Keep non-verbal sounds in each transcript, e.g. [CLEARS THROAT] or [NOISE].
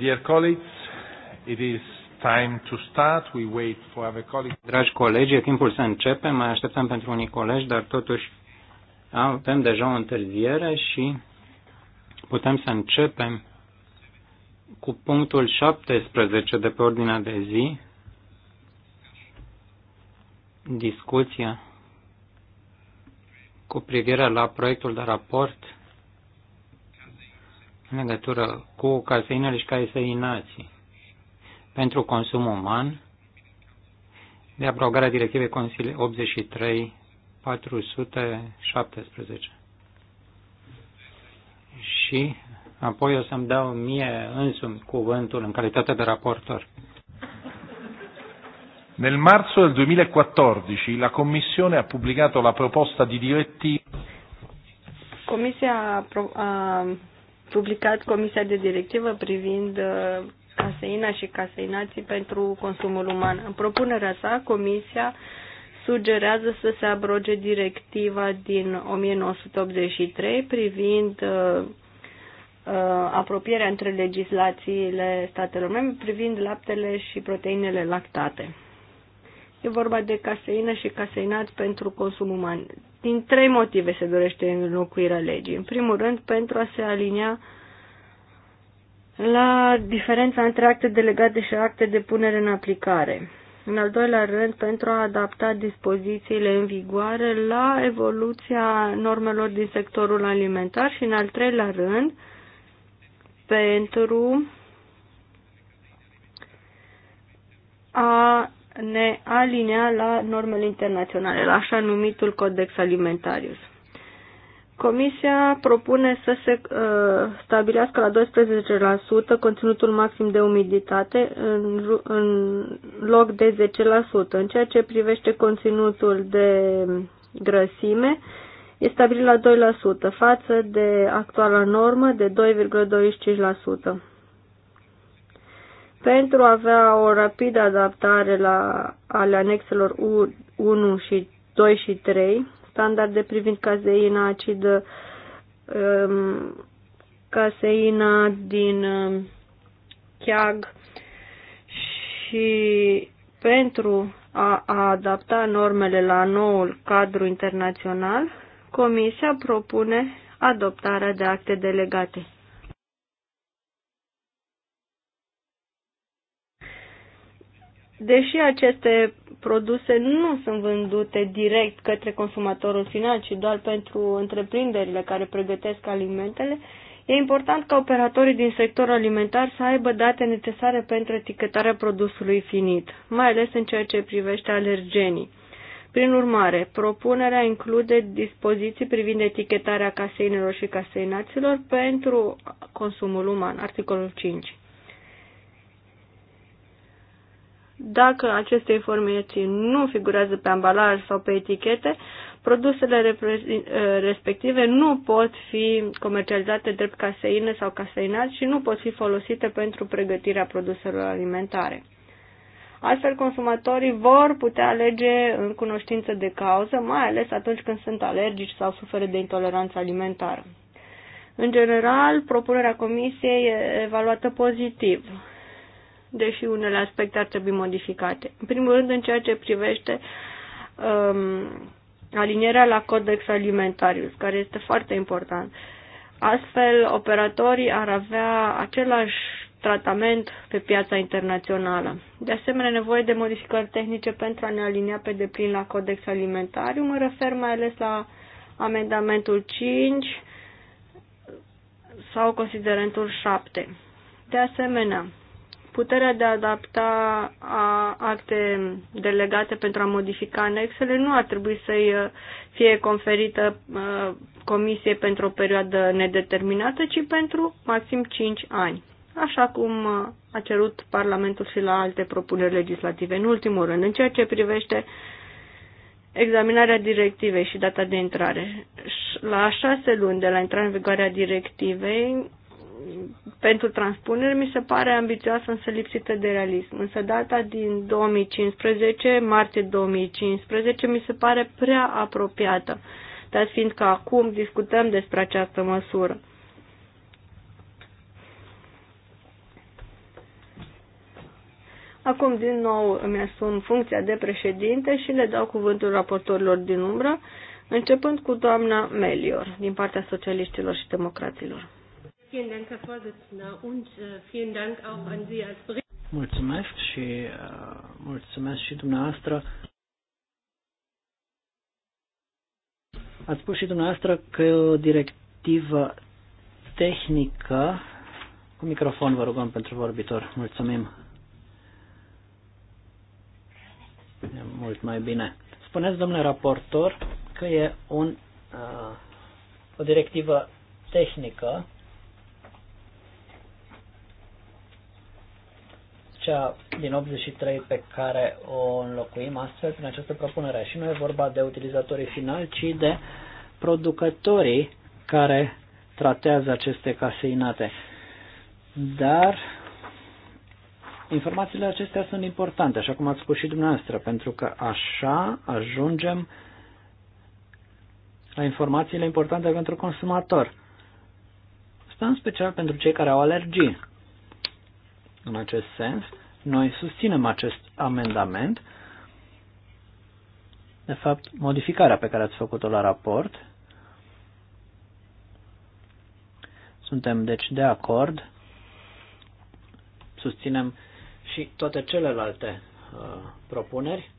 Dear colleagues, it is time to start. We wait for our colleagues. Dragi colegi, e timpul să începem. Mai așteptăm pentru unii colegi, dar totuși avem deja o întârziere și putem să începem cu punctul 17 de pe ordinea de zi, discuția cu privire la proiectul de raport în legătură cu caseinele și caseinații pentru consum uman de abrogarea directivei Consiliului 83 417. Și apoi o să-mi dau mie însumi cuvântul în calitate de raportor. Nel marzo del 2014 la Commissione ha pubblicato la proposta di direttiva Commissione ha, pro- publicat Comisia de Directivă privind uh, caseina și caseinații pentru consumul uman. În propunerea sa, Comisia sugerează să se abroge directiva din 1983 privind uh, uh, apropierea între legislațiile statelor membre privind laptele și proteinele lactate. E vorba de caseină și caseinat pentru consum uman. Din trei motive se dorește înlocuirea legii. În primul rând, pentru a se alinia la diferența între acte delegate și acte de punere în aplicare. În al doilea rând, pentru a adapta dispozițiile în vigoare la evoluția normelor din sectorul alimentar și, în al treilea rând, pentru a ne alinea la normele internaționale, la așa numitul Codex Alimentarius. Comisia propune să se uh, stabilească la 12% conținutul maxim de umiditate în, în loc de 10%. În ceea ce privește conținutul de grăsime, e stabilit la 2% față de actuala normă de 2,25%. Pentru a avea o rapidă adaptare la, ale anexelor 1 și 2 și 3, standarde privind caseina acidă, um, caseina din um, cheag și pentru a, a adapta normele la noul cadru internațional, Comisia propune adoptarea de acte delegate. deși aceste produse nu sunt vândute direct către consumatorul final, ci doar pentru întreprinderile care pregătesc alimentele, e important ca operatorii din sectorul alimentar să aibă date necesare pentru etichetarea produsului finit, mai ales în ceea ce privește alergenii. Prin urmare, propunerea include dispoziții privind etichetarea caseinelor și caseinaților pentru consumul uman, articolul 5. Dacă aceste informații nu figurează pe ambalaj sau pe etichete, produsele eh, respective nu pot fi comercializate drept caseină sau caseinat și nu pot fi folosite pentru pregătirea produselor alimentare. Astfel, consumatorii vor putea alege în cunoștință de cauză, mai ales atunci când sunt alergici sau suferă de intoleranță alimentară. În general, propunerea comisiei e evaluată pozitiv deși unele aspecte ar trebui modificate. În primul rând, în ceea ce privește um, alinierea la Codex Alimentarius, care este foarte important. Astfel, operatorii ar avea același tratament pe piața internațională. De asemenea, nevoie de modificări tehnice pentru a ne alinia pe deplin la Codex Alimentariu. Mă refer mai ales la amendamentul 5 sau considerentul 7. De asemenea, puterea de a adapta a acte delegate pentru a modifica anexele nu ar trebui să uh, fie conferită uh, comisiei pentru o perioadă nedeterminată, ci pentru maxim 5 ani, așa cum uh, a cerut Parlamentul și la alte propuneri legislative. În ultimul rând, în ceea ce privește examinarea directivei și data de intrare. La șase luni de la intrarea în vigoare a directivei, pentru transpunere mi se pare ambițioasă, însă lipsită de realism. Însă data din 2015, martie 2015, mi se pare prea apropiată, dar fiindcă acum discutăm despre această măsură. Acum din nou îmi asum funcția de președinte și le dau cuvântul raportorilor din umbră, începând cu doamna Melior, din partea socialiștilor și democraților. Vielen Dank, Herr Vorsitzender, und äh, vielen Dank auch an Sie als Bericht. Mulțumesc și uh, mulțumesc și dumneavoastră. Ați spus și dumneavoastră că e o directivă tehnică. Cu microfon vă rugăm pentru vorbitor. Mulțumim. E mult mai bine. Spuneți, domnule raportor, că e un, uh, o directivă tehnică legea din 83 pe care o înlocuim astfel prin această propunere. Și nu e vorba de utilizatorii finali, ci de producătorii care tratează aceste caseinate. Dar informațiile acestea sunt importante, așa cum ați spus și dumneavoastră, pentru că așa ajungem la informațiile importante pentru consumator. Asta în special pentru cei care au alergii în acest sens, noi susținem acest amendament, de fapt, modificarea pe care ați făcut-o la raport. Suntem, deci, de acord. Susținem și toate celelalte uh, propuneri.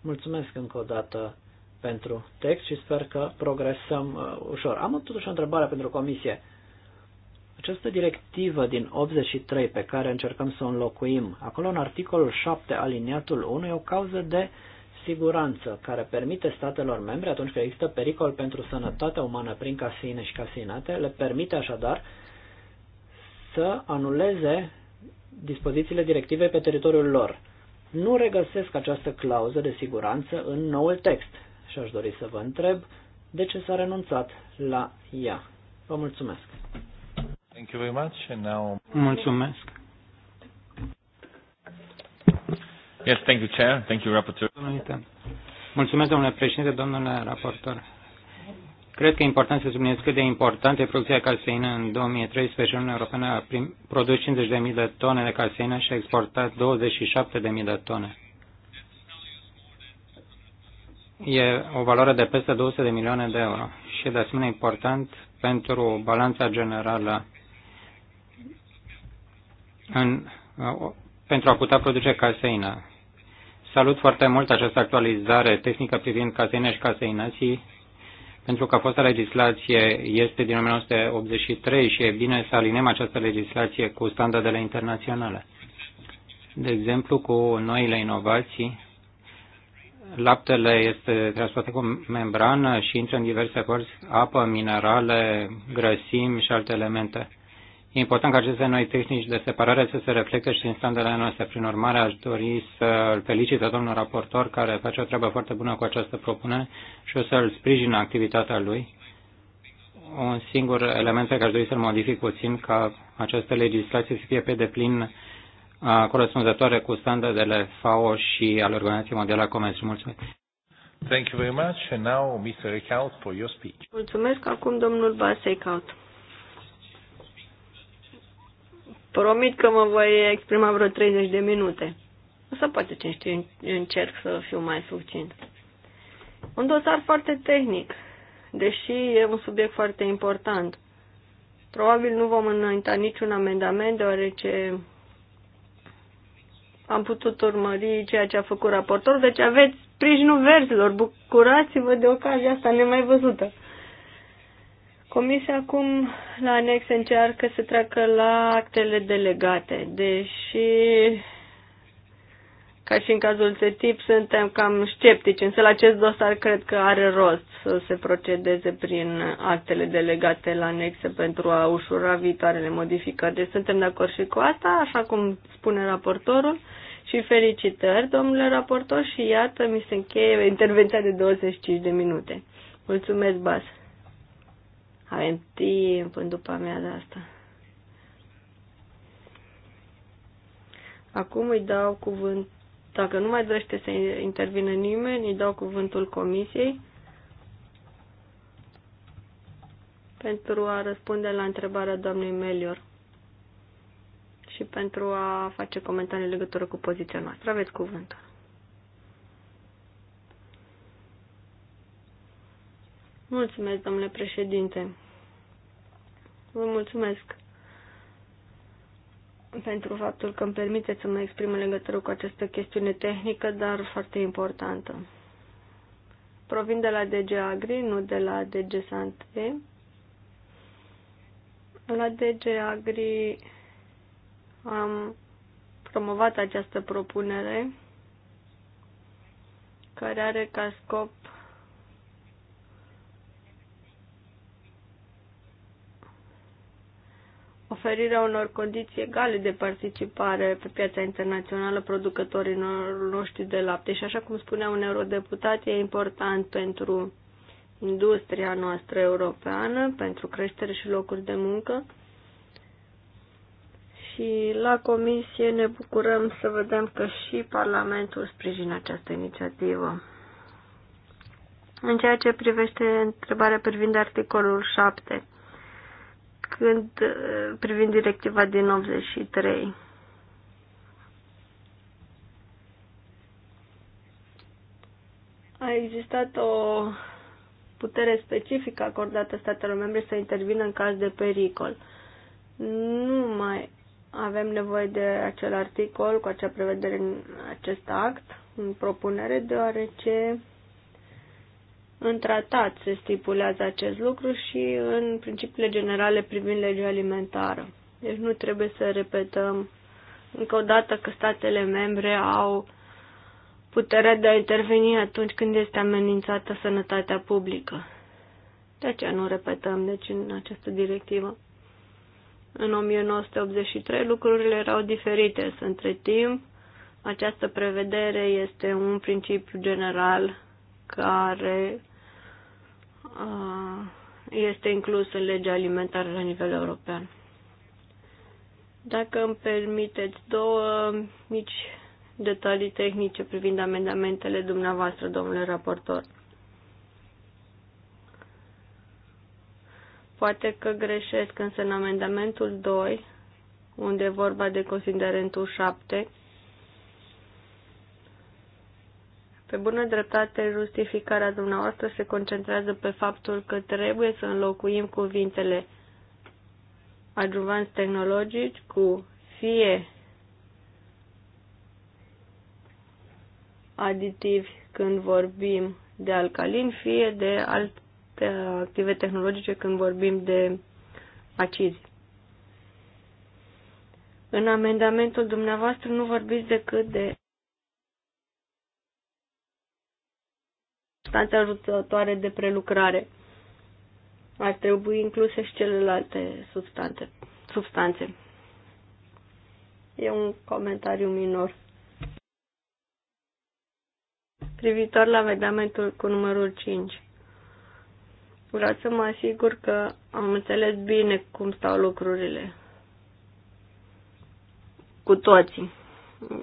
Mulțumesc încă o dată pentru text și sper că progresăm uh, ușor. Am totuși o întrebare pentru comisie. Uh, această directivă din 83 pe care încercăm să o înlocuim, acolo în articolul 7 aliniatul 1 e o cauză de siguranță care permite statelor membre, atunci când există pericol pentru sănătatea umană prin caseine și caseinate, le permite așadar să anuleze dispozițiile directivei pe teritoriul lor. Nu regăsesc această clauză de siguranță în noul text și aș dori să vă întreb de ce s-a renunțat la ea. Vă mulțumesc! Thank you very much. And now... Mulțumesc. Yes, thank you, Chair. Thank you, Rapporteur. Mulțumesc, domnule președinte, domnule raportor. Cred că e important să subliniez cât de importantă e producția caseină în 2013. Uniunea Europeană a produs 50.000 de tone de caseină și a exportat 27.000 de tone. E o valoare de peste 200 de milioane de euro și e de asemenea important pentru balanța generală în, uh, pentru a putea produce caseină. Salut foarte mult această actualizare tehnică privind caseină și caseinații, pentru că fosta legislație este din 1983 și e bine să alinem această legislație cu standardele internaționale. De exemplu, cu noile inovații, laptele este transportat cu membrană și intră în diverse părți apă, minerale, grăsimi și alte elemente E important ca aceste noi tehnici de separare să se reflecte și în standardele noastre. Prin urmare, aș dori să-l felicit pe domnul raportor care face o treabă foarte bună cu această propunere și o să-l sprijin în activitatea lui. Un singur element pe care aș dori să-l modific puțin ca această legislație să fie pe deplin corespunzătoare cu standardele FAO și al Organizației Mondiale a Comerțului. Mulțumesc! Thank you very much. And now, Mr. Eckhout, for your speech. Mulțumesc. Acum, domnul Bas Promit că mă voi exprima vreo 30 de minute. O să poate ce știu, încerc să fiu mai succint. Un dosar foarte tehnic, deși e un subiect foarte important. Probabil nu vom înainta niciun amendament, deoarece am putut urmări ceea ce a făcut raportor, deci aveți sprijinul verzilor, bucurați-vă de ocazia asta nemai văzută. Comisia acum la anex încearcă să treacă la actele delegate, deși ca și în cazul TTIP suntem cam sceptici, însă la acest dosar cred că are rost să se procedeze prin actele delegate la anexe pentru a ușura viitoarele modificări. Deci suntem de acord și cu asta, așa cum spune raportorul. Și felicitări, domnule raportor, și iată, mi se încheie intervenția de 25 de minute. Mulțumesc, Bas. Avem timp în după amiaza asta. Acum îi dau cuvânt, dacă nu mai dorește să intervină nimeni, îi dau cuvântul comisiei pentru a răspunde la întrebarea doamnei Melior și pentru a face comentarii în legătură cu poziția noastră. Aveți cuvântul. Mulțumesc, domnule președinte. Vă mulțumesc pentru faptul că îmi permiteți să mă exprim în legătură cu această chestiune tehnică, dar foarte importantă. Provin de la DG Agri, nu de la DG Sante. La DG Agri am promovat această propunere care are ca scop oferirea unor condiții egale de participare pe piața internațională producătorilor noștri de lapte. Și așa cum spunea un eurodeputat, e important pentru industria noastră europeană, pentru creștere și locuri de muncă. Și la comisie ne bucurăm să vedem că și Parlamentul sprijină această inițiativă. În ceea ce privește întrebarea privind articolul 7, când uh, privind directiva din 83. A existat o putere specifică acordată statelor membre să intervină în caz de pericol. Nu mai avem nevoie de acel articol cu acea prevedere în acest act, în propunere, deoarece în tratat se stipulează acest lucru și în principiile generale privind legea alimentară. Deci nu trebuie să repetăm încă o dată că statele membre au puterea de a interveni atunci când este amenințată sănătatea publică. De aceea nu repetăm, deci, în această directivă. În 1983 lucrurile erau diferite, între timp această prevedere este un principiu general care este inclus în legea alimentară la nivel european. Dacă îmi permiteți două mici detalii tehnice privind amendamentele dumneavoastră, domnule raportor. Poate că greșesc, însă în amendamentul 2, unde e vorba de considerentul 7, Pe bună dreptate, justificarea dumneavoastră se concentrează pe faptul că trebuie să înlocuim cuvintele adjuvanți tehnologici cu fie aditivi când vorbim de alcalin, fie de alte active tehnologice când vorbim de acizi. În amendamentul dumneavoastră nu vorbiți decât de substanțe ajutătoare de prelucrare. Ar trebui incluse și celelalte substanțe. substanțe. E un comentariu minor. Privitor la vedamentul cu numărul 5. Vreau să mă asigur că am înțeles bine cum stau lucrurile. Cu toții.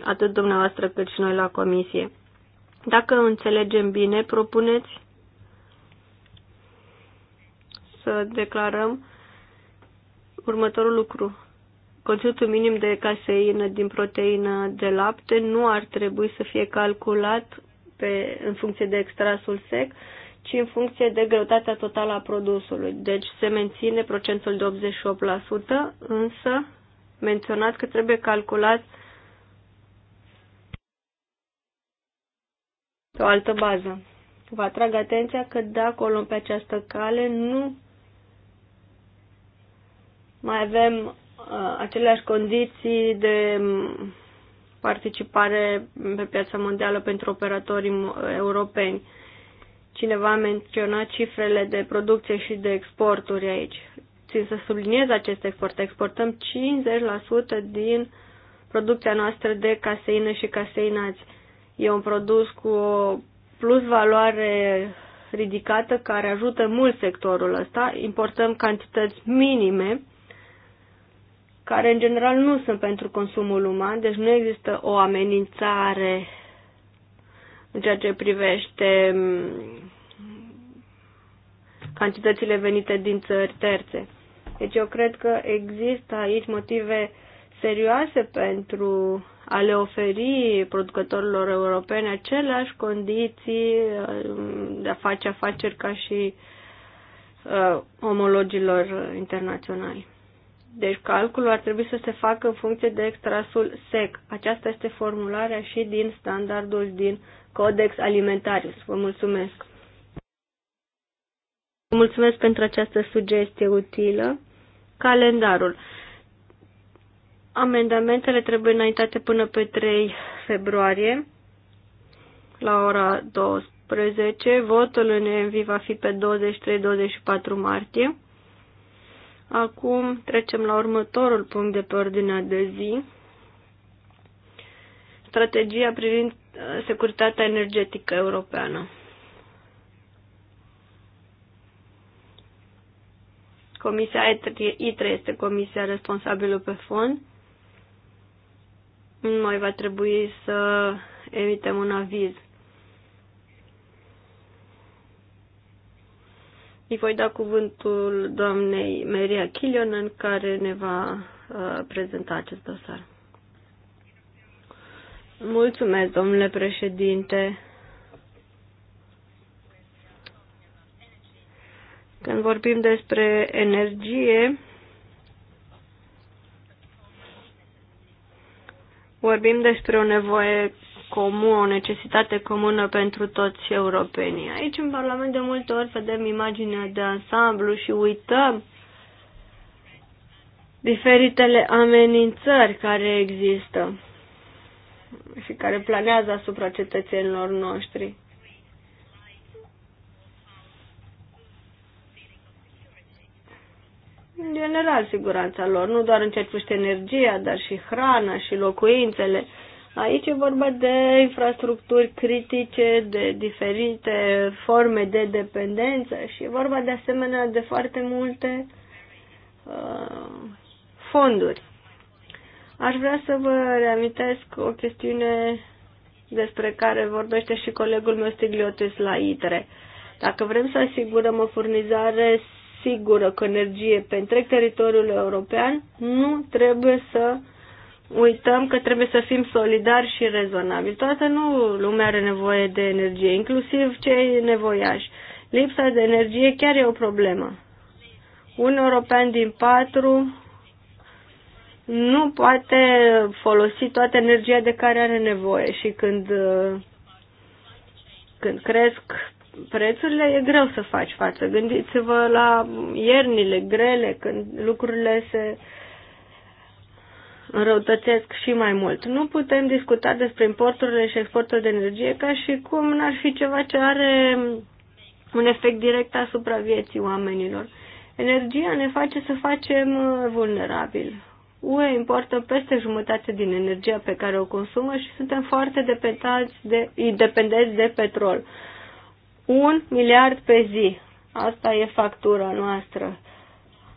Atât dumneavoastră cât și noi la comisie. Dacă înțelegem bine, propuneți să declarăm următorul lucru. Conținutul minim de caseină din proteină de lapte nu ar trebui să fie calculat pe, în funcție de extrasul sec, ci în funcție de greutatea totală a produsului. Deci se menține procentul de 88%, însă menționat că trebuie calculat pe o altă bază. Vă atrag atenția că dacă o luăm pe această cale, nu mai avem uh, aceleași condiții de mm, participare pe piața mondială pentru operatorii mm, europeni. Cineva a menționat cifrele de producție și de exporturi aici. Țin să subliniez acest export. Exportăm 50% din producția noastră de caseină și caseinați. E un produs cu o plus valoare ridicată care ajută mult sectorul ăsta. Importăm cantități minime care în general nu sunt pentru consumul uman, deci nu există o amenințare în ceea ce privește mm, cantitățile venite din țări terțe. Deci eu cred că există aici motive serioase pentru a le oferi producătorilor europene aceleași condiții um, de a face afaceri ca și uh, omologilor internaționali. Deci calculul ar trebui să se facă în funcție de extrasul sec. Aceasta este formularea și din standardul din Codex Alimentarius. Vă mulțumesc! Vă mulțumesc pentru această sugestie utilă. Calendarul. Amendamentele trebuie înaintate până pe 3 februarie la ora 12. Votul în EMV va fi pe 23-24 martie. Acum trecem la următorul punct de pe ordinea de zi. Strategia privind uh, securitatea energetică europeană. Comisia ITRE este comisia responsabilă pe fond noi va trebui să emitem un aviz. Îi voi da cuvântul doamnei Maria în care ne va uh, prezenta acest dosar. Mulțumesc, domnule președinte. Când vorbim despre energie, vorbim despre o nevoie comună, o necesitate comună pentru toți europenii. Aici, în Parlament, de multe ori vedem imaginea de ansamblu și uităm diferitele amenințări care există și care planează asupra cetățenilor noștri. în general siguranța lor, nu doar în ceea ce privește energia, dar și hrana și locuințele. Aici e vorba de infrastructuri critice, de diferite forme de dependență și e vorba de asemenea de foarte multe uh, fonduri. Aș vrea să vă reamintesc o chestiune despre care vorbește și colegul meu Stigliotis la ITRE. Dacă vrem să asigurăm o furnizare sigură cu energie pe întreg teritoriul european, nu trebuie să uităm că trebuie să fim solidari și rezonabili. Toată nu lumea are nevoie de energie, inclusiv cei nevoiași. Lipsa de energie chiar e o problemă. Un european din patru nu poate folosi toată energia de care are nevoie și când, uh, când cresc prețurile, e greu să faci față. Gândiți-vă la iernile grele, când lucrurile se înrăutățesc și mai mult. Nu putem discuta despre importurile și exportul de energie ca și cum n-ar fi ceva ce are un efect direct asupra vieții oamenilor. Energia ne face să facem vulnerabil. UE importă peste jumătate din energia pe care o consumă și suntem foarte dependenți de, dependenți de petrol. Un miliard pe zi. Asta e factura noastră.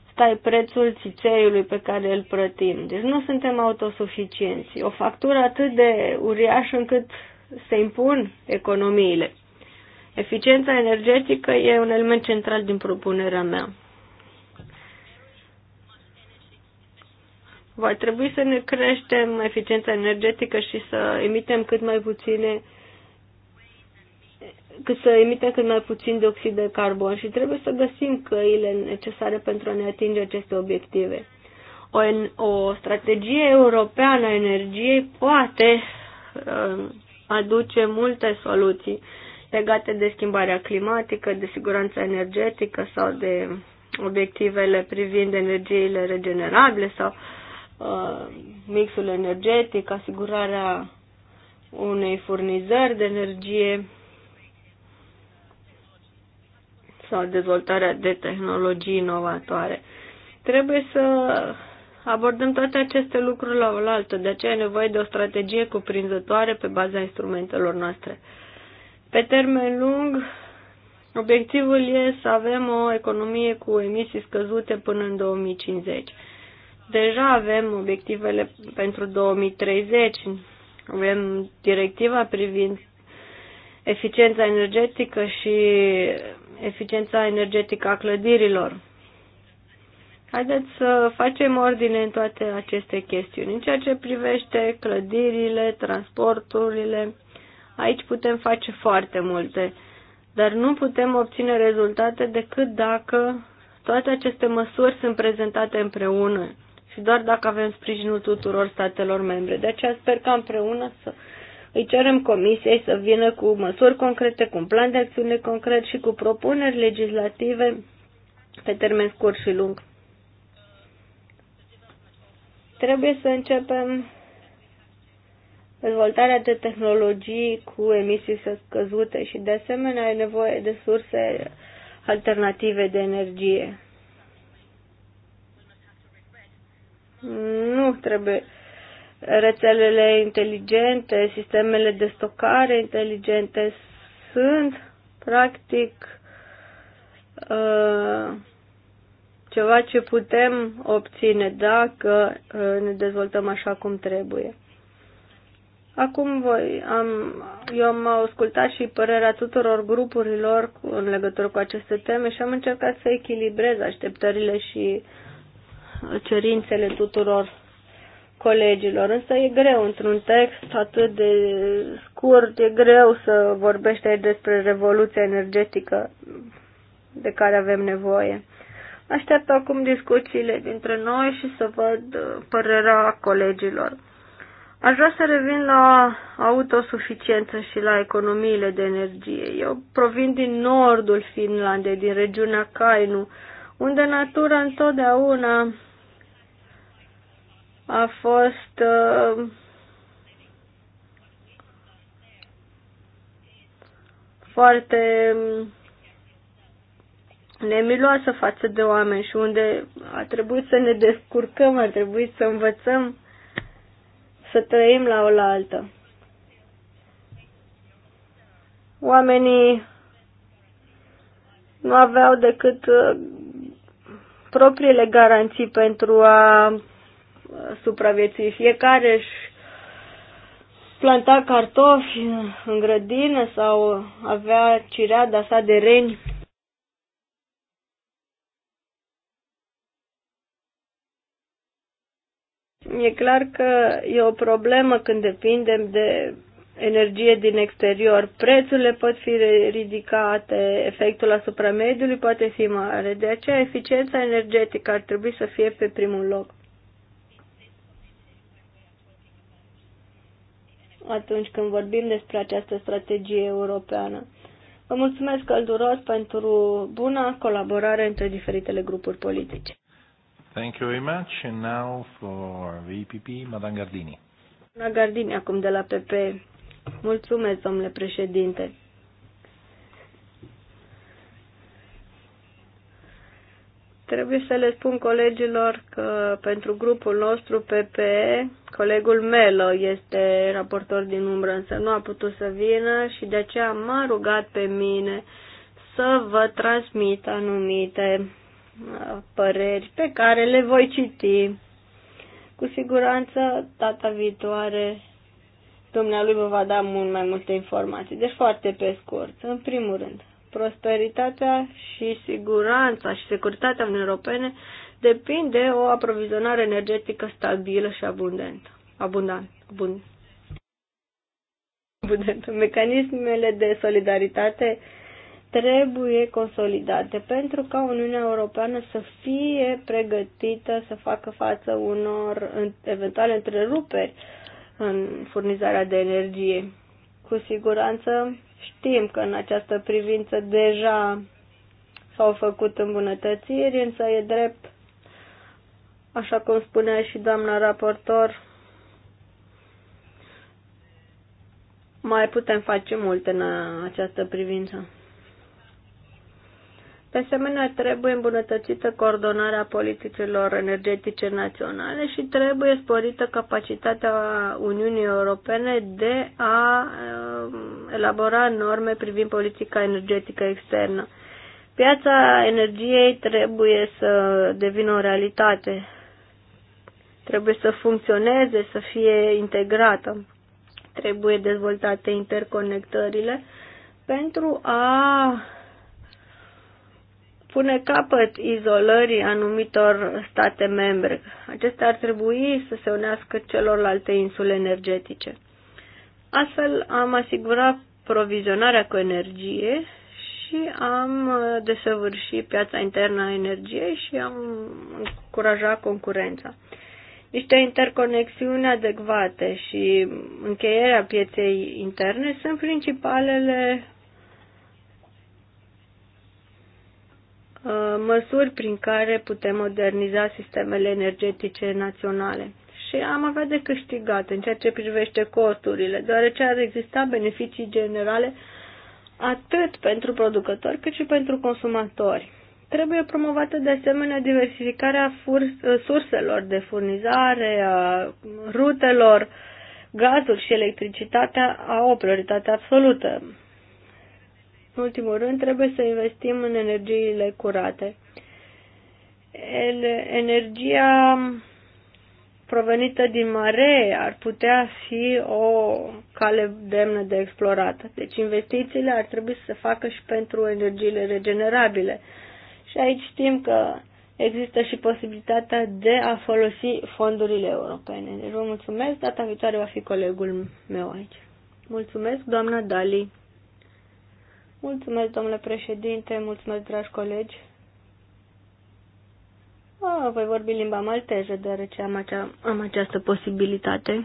Asta e prețul țițeiului pe care îl plătim. Deci nu suntem autosuficienți. O factură atât de uriașă încât se impun economiile. Eficiența energetică e un element central din propunerea mea. Va trebui să ne creștem eficiența energetică și să emitem cât mai puține uh, cât să emitem cât mai puțin dioxid de, de carbon și trebuie să găsim căile necesare pentru a ne atinge aceste obiective. O, o strategie europeană a energiei poate uh, aduce multe soluții legate de schimbarea climatică, de siguranța energetică sau de obiectivele privind energiile regenerabile sau uh, mixul energetic, asigurarea unei furnizări de energie sau dezvoltarea de tehnologii inovatoare. Trebuie să abordăm toate aceste lucruri la oaltă, de aceea e nevoie de o strategie cuprinzătoare pe baza instrumentelor noastre. Pe termen lung, obiectivul e să avem o economie cu emisii scăzute până în 2050. Deja avem obiectivele pentru 2030, avem directiva privind eficiența energetică și eficiența energetică a clădirilor. Haideți să facem ordine în toate aceste chestiuni. În ceea ce privește clădirile, transporturile, aici putem face foarte multe, dar nu putem obține rezultate decât dacă toate aceste măsuri sunt prezentate împreună și doar dacă avem sprijinul tuturor statelor membre. De aceea sper că împreună să îi cerem comisiei să vină cu măsuri concrete, cu un plan de acțiune concret și cu propuneri legislative pe termen scurt și lung. Trebuie să începem dezvoltarea de tehnologii cu emisii scăzute și de asemenea ai nevoie de surse alternative de energie. Nu trebuie rețelele inteligente, sistemele de stocare inteligente sunt practic uh, ceva ce putem obține dacă uh, ne dezvoltăm așa cum trebuie. Acum voi, am, eu am ascultat și părerea tuturor grupurilor în legătură cu aceste teme și am încercat să echilibrez așteptările și cerințele tuturor colegilor, însă e greu într-un text atât de scurt, e greu să vorbești aici despre revoluția energetică de care avem nevoie. Aștept acum discuțiile dintre noi și să văd uh, părerea colegilor. Aș vrea să revin la autosuficiență și la economiile de energie. Eu provin din nordul Finlandei, din regiunea Kainu, unde natura întotdeauna a fost uh, foarte nemiloasă față de oameni și unde a trebuit să ne descurcăm, a trebuit să învățăm să trăim la o la altă. Oamenii nu aveau decât uh, propriile garanții pentru a supraviețui. Fiecare își planta cartofi în grădină sau avea cireada sa de reni. E clar că e o problemă când depindem de energie din exterior. Prețurile pot fi ridicate, efectul asupra mediului poate fi mare. De aceea eficiența energetică ar trebui să fie pe primul loc. atunci când vorbim despre această strategie europeană. Vă mulțumesc călduros pentru buna colaborare între diferitele grupuri politice. Thank you very much. And now for VPP, EPP, Madame Gardini. Madame Gardini, acum de la PP. Mulțumesc, domnule președinte. Trebuie să le spun colegilor că pentru grupul nostru PPE, colegul Melo este raportor din umbră, însă nu a putut să vină și de aceea m-a rugat pe mine să vă transmit anumite uh, păreri pe care le voi citi. Cu siguranță, data viitoare, dumnealui vă va da mult mai multe informații. Deci foarte pe scurt. În primul rând, prosperitatea și siguranța și securitatea Uniunii Europene depind de o aprovizionare energetică stabilă și abundentă. Abundant. bun, Abundent. Mecanismele de solidaritate trebuie consolidate pentru ca Uniunea Europeană să fie pregătită să facă față unor eventuale întreruperi în furnizarea de energie. Cu siguranță Știm că în această privință deja s-au făcut îmbunătățiri, însă e drept, așa cum spunea și doamna raportor, mai putem face multe în această privință. De asemenea, trebuie îmbunătățită coordonarea politicilor energetice naționale și trebuie sporită capacitatea Uniunii Europene de a um, elabora norme privind politica energetică externă. Piața energiei trebuie să devină o realitate, trebuie să funcționeze, să fie integrată, trebuie dezvoltate interconectările pentru a pune capăt izolării anumitor state membre. Acestea ar trebui să se unească celorlalte insule energetice. Astfel am asigurat provizionarea cu energie și am uh, desăvârșit piața internă a energiei și am încurajat concurența. Niște interconexiuni adecvate și încheierea pieței interne sunt principalele Uh, măsuri prin care putem moderniza sistemele energetice naționale. Și am avea de câștigat în ceea ce privește costurile, deoarece ar exista beneficii generale atât pentru producători cât și pentru consumatori. Trebuie promovată de asemenea diversificarea uh, surselor de furnizare, a rutelor, gazul și electricitatea au o prioritate absolută. În ultimul rând, trebuie să investim în energiile curate. Energia provenită din mare ar putea fi o cale demnă de explorată. Deci investițiile ar trebui să se facă și pentru energiile regenerabile. Și aici știm că există și posibilitatea de a folosi fondurile europene. Deci vă mulțumesc, data viitoare va fi colegul meu aici. Mulțumesc, doamna Dali. Mulțumesc, domnule președinte, mulțumesc, dragi colegi. A, voi vorbi limba malteză, deoarece am, acea, am această posibilitate.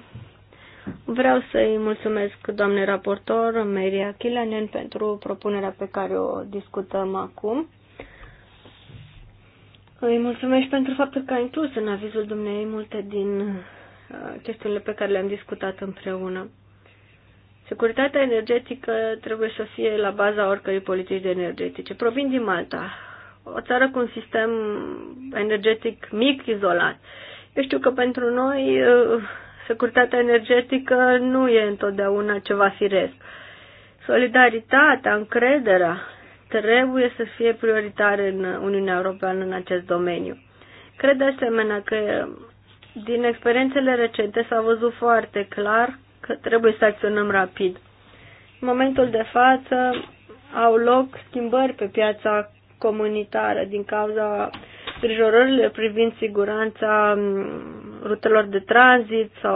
Vreau să-i mulțumesc doamne raportor, Maria Chilanen, pentru propunerea pe care o discutăm acum. Îi mulțumesc pentru faptul că a inclus în avizul dumneei multe din uh, chestiunile pe care le-am discutat împreună. Securitatea energetică trebuie să fie la baza oricărei politici de energetice. Provin din Malta, o țară cu un sistem energetic mic, izolat. Eu știu că pentru noi uh, securitatea energetică nu e întotdeauna ceva firesc. Solidaritatea, încrederea trebuie să fie prioritare în Uniunea Europeană în acest domeniu. Cred de asemenea că din experiențele recente s-a văzut foarte clar că trebuie să acționăm rapid. În momentul de față au loc schimbări pe piața comunitară din cauza grijorările privind siguranța mm, rutelor de tranzit sau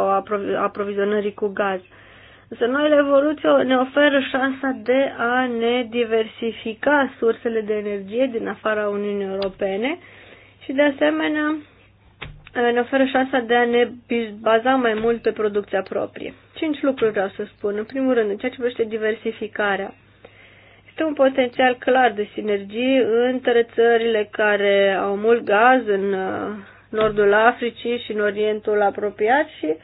aprovizionării cu gaz. Însă noile evoluții ne oferă șansa de a ne diversifica sursele de energie din afara Uniunii Europene și de asemenea Eh, ne oferă șansa de a ne baza mai mult pe producția proprie. Cinci lucruri vreau să spun. În primul rând, în ceea ce privește diversificarea. Este un potențial clar de sinergie între țările care au mult gaz în eh, nordul Africii și în Orientul apropiat și eh,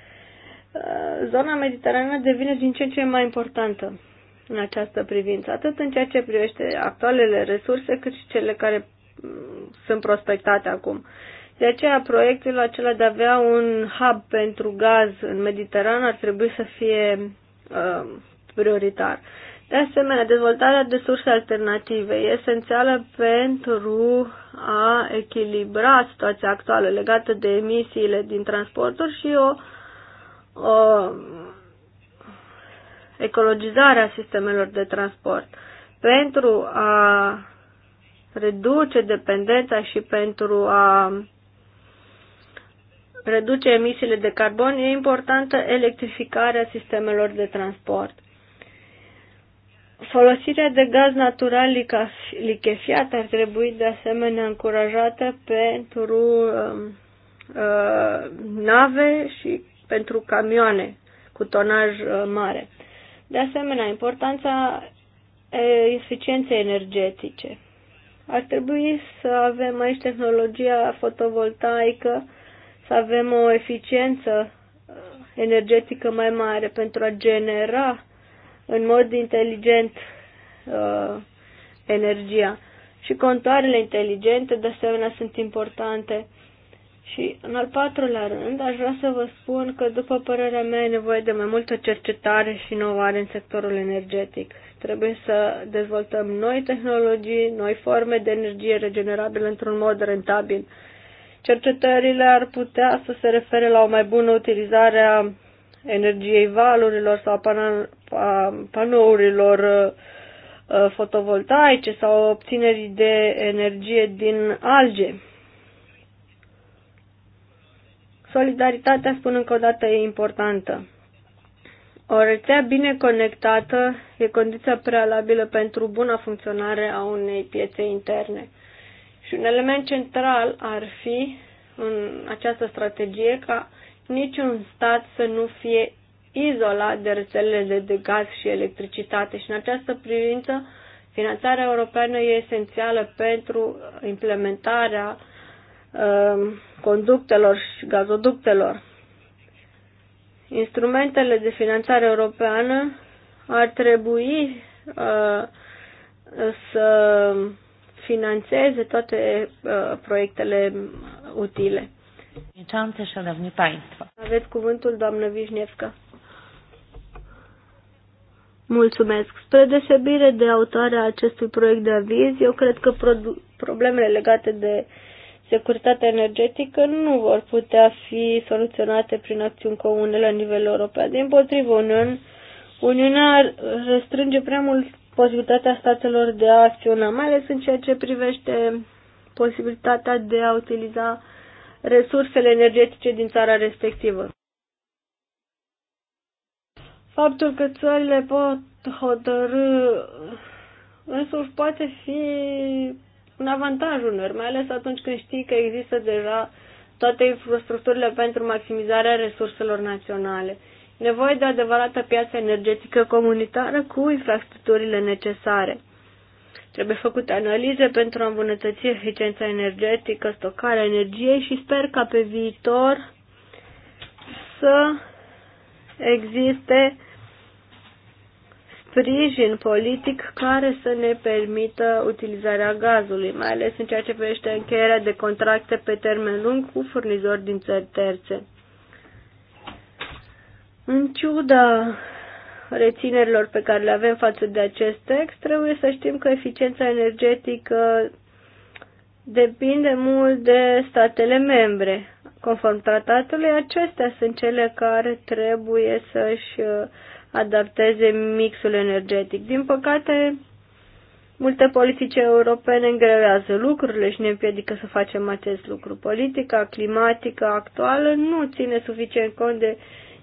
zona mediterană devine din ce în ce mai importantă în această privință, atât în ceea ce privește actualele resurse, cât și cele care mm, sunt prospectate acum. De aceea, proiectul acela de a avea un hub pentru gaz în Mediterană ar trebui să fie uh, prioritar. De asemenea, dezvoltarea de surse alternative e esențială pentru a echilibra situația actuală legată de emisiile din transporturi și o, o ecologizare a sistemelor de transport. Pentru a reduce dependența și pentru a reduce emisiile de carbon, e importantă electrificarea sistemelor de transport. Folosirea de gaz natural lichefiat ar trebui de asemenea încurajată pentru uh, uh, nave și pentru camioane cu tonaj uh, mare. De asemenea, importanța eficienței energetice. Ar trebui să avem aici tehnologia fotovoltaică să avem o eficiență uh, energetică mai mare pentru a genera în mod inteligent uh, energia. Și contoarele inteligente, de asemenea, sunt importante. Și în al patrulea rând, aș vrea să vă spun că, după părerea mea, e nevoie de mai multă cercetare și inovare în sectorul energetic. Trebuie să dezvoltăm noi tehnologii, noi forme de energie regenerabilă într-un mod rentabil. Uh, Cercetările ar putea să se refere la o mai bună utilizare a energiei valurilor sau a panourilor uh, uh, fotovoltaice sau obținerii de energie din alge. Solidaritatea, spun încă o dată, e importantă. O rețea bine conectată e condiția prealabilă pentru buna funcționare a unei piețe interne. Și un element central ar fi în această strategie ca niciun stat să nu fie izolat de rețelele de gaz și electricitate și în această privință finanțarea europeană e esențială pentru implementarea um, conductelor și gazoductelor. Instrumentele de finanțare europeană ar trebui uh, să financeze toate uh, proiectele utile. Aveți cuvântul, doamnă Vișnevska. Mulțumesc. Spre desebire de autoarea acestui proiect de aviz, eu cred că problemele legate de securitatea energetică nu vor putea fi soluționate prin acțiuni comune la nivel european. Din potrivă, Uniunea restrânge prea mult posibilitatea statelor de a acționa, mai ales în ceea ce privește posibilitatea de a utiliza resursele energetice din țara respectivă. Faptul că țările pot hotărâ însuși poate fi un avantaj uneori, mai ales atunci când știi că există deja toate infrastructurile pentru maximizarea resurselor naționale nevoie de o adevărată piață energetică comunitară cu infrastructurile necesare. Trebuie făcute analize pentru a îmbunătăți eficiența energetică, stocarea energiei și sper ca pe viitor să existe sprijin politic care să ne permită utilizarea gazului, mai ales în ceea ce privește încheierea de contracte pe termen lung cu furnizori din țări terțe. În ciuda reținerilor pe care le avem față de acest text, trebuie să știm că eficiența energetică depinde mult de statele membre. Conform tratatului, acestea sunt cele care trebuie să-și uh, adapteze mixul energetic. Din păcate, multe politici europene îngrevează lucrurile și ne împiedică să facem acest lucru. Politica climatică actuală nu ține suficient cont de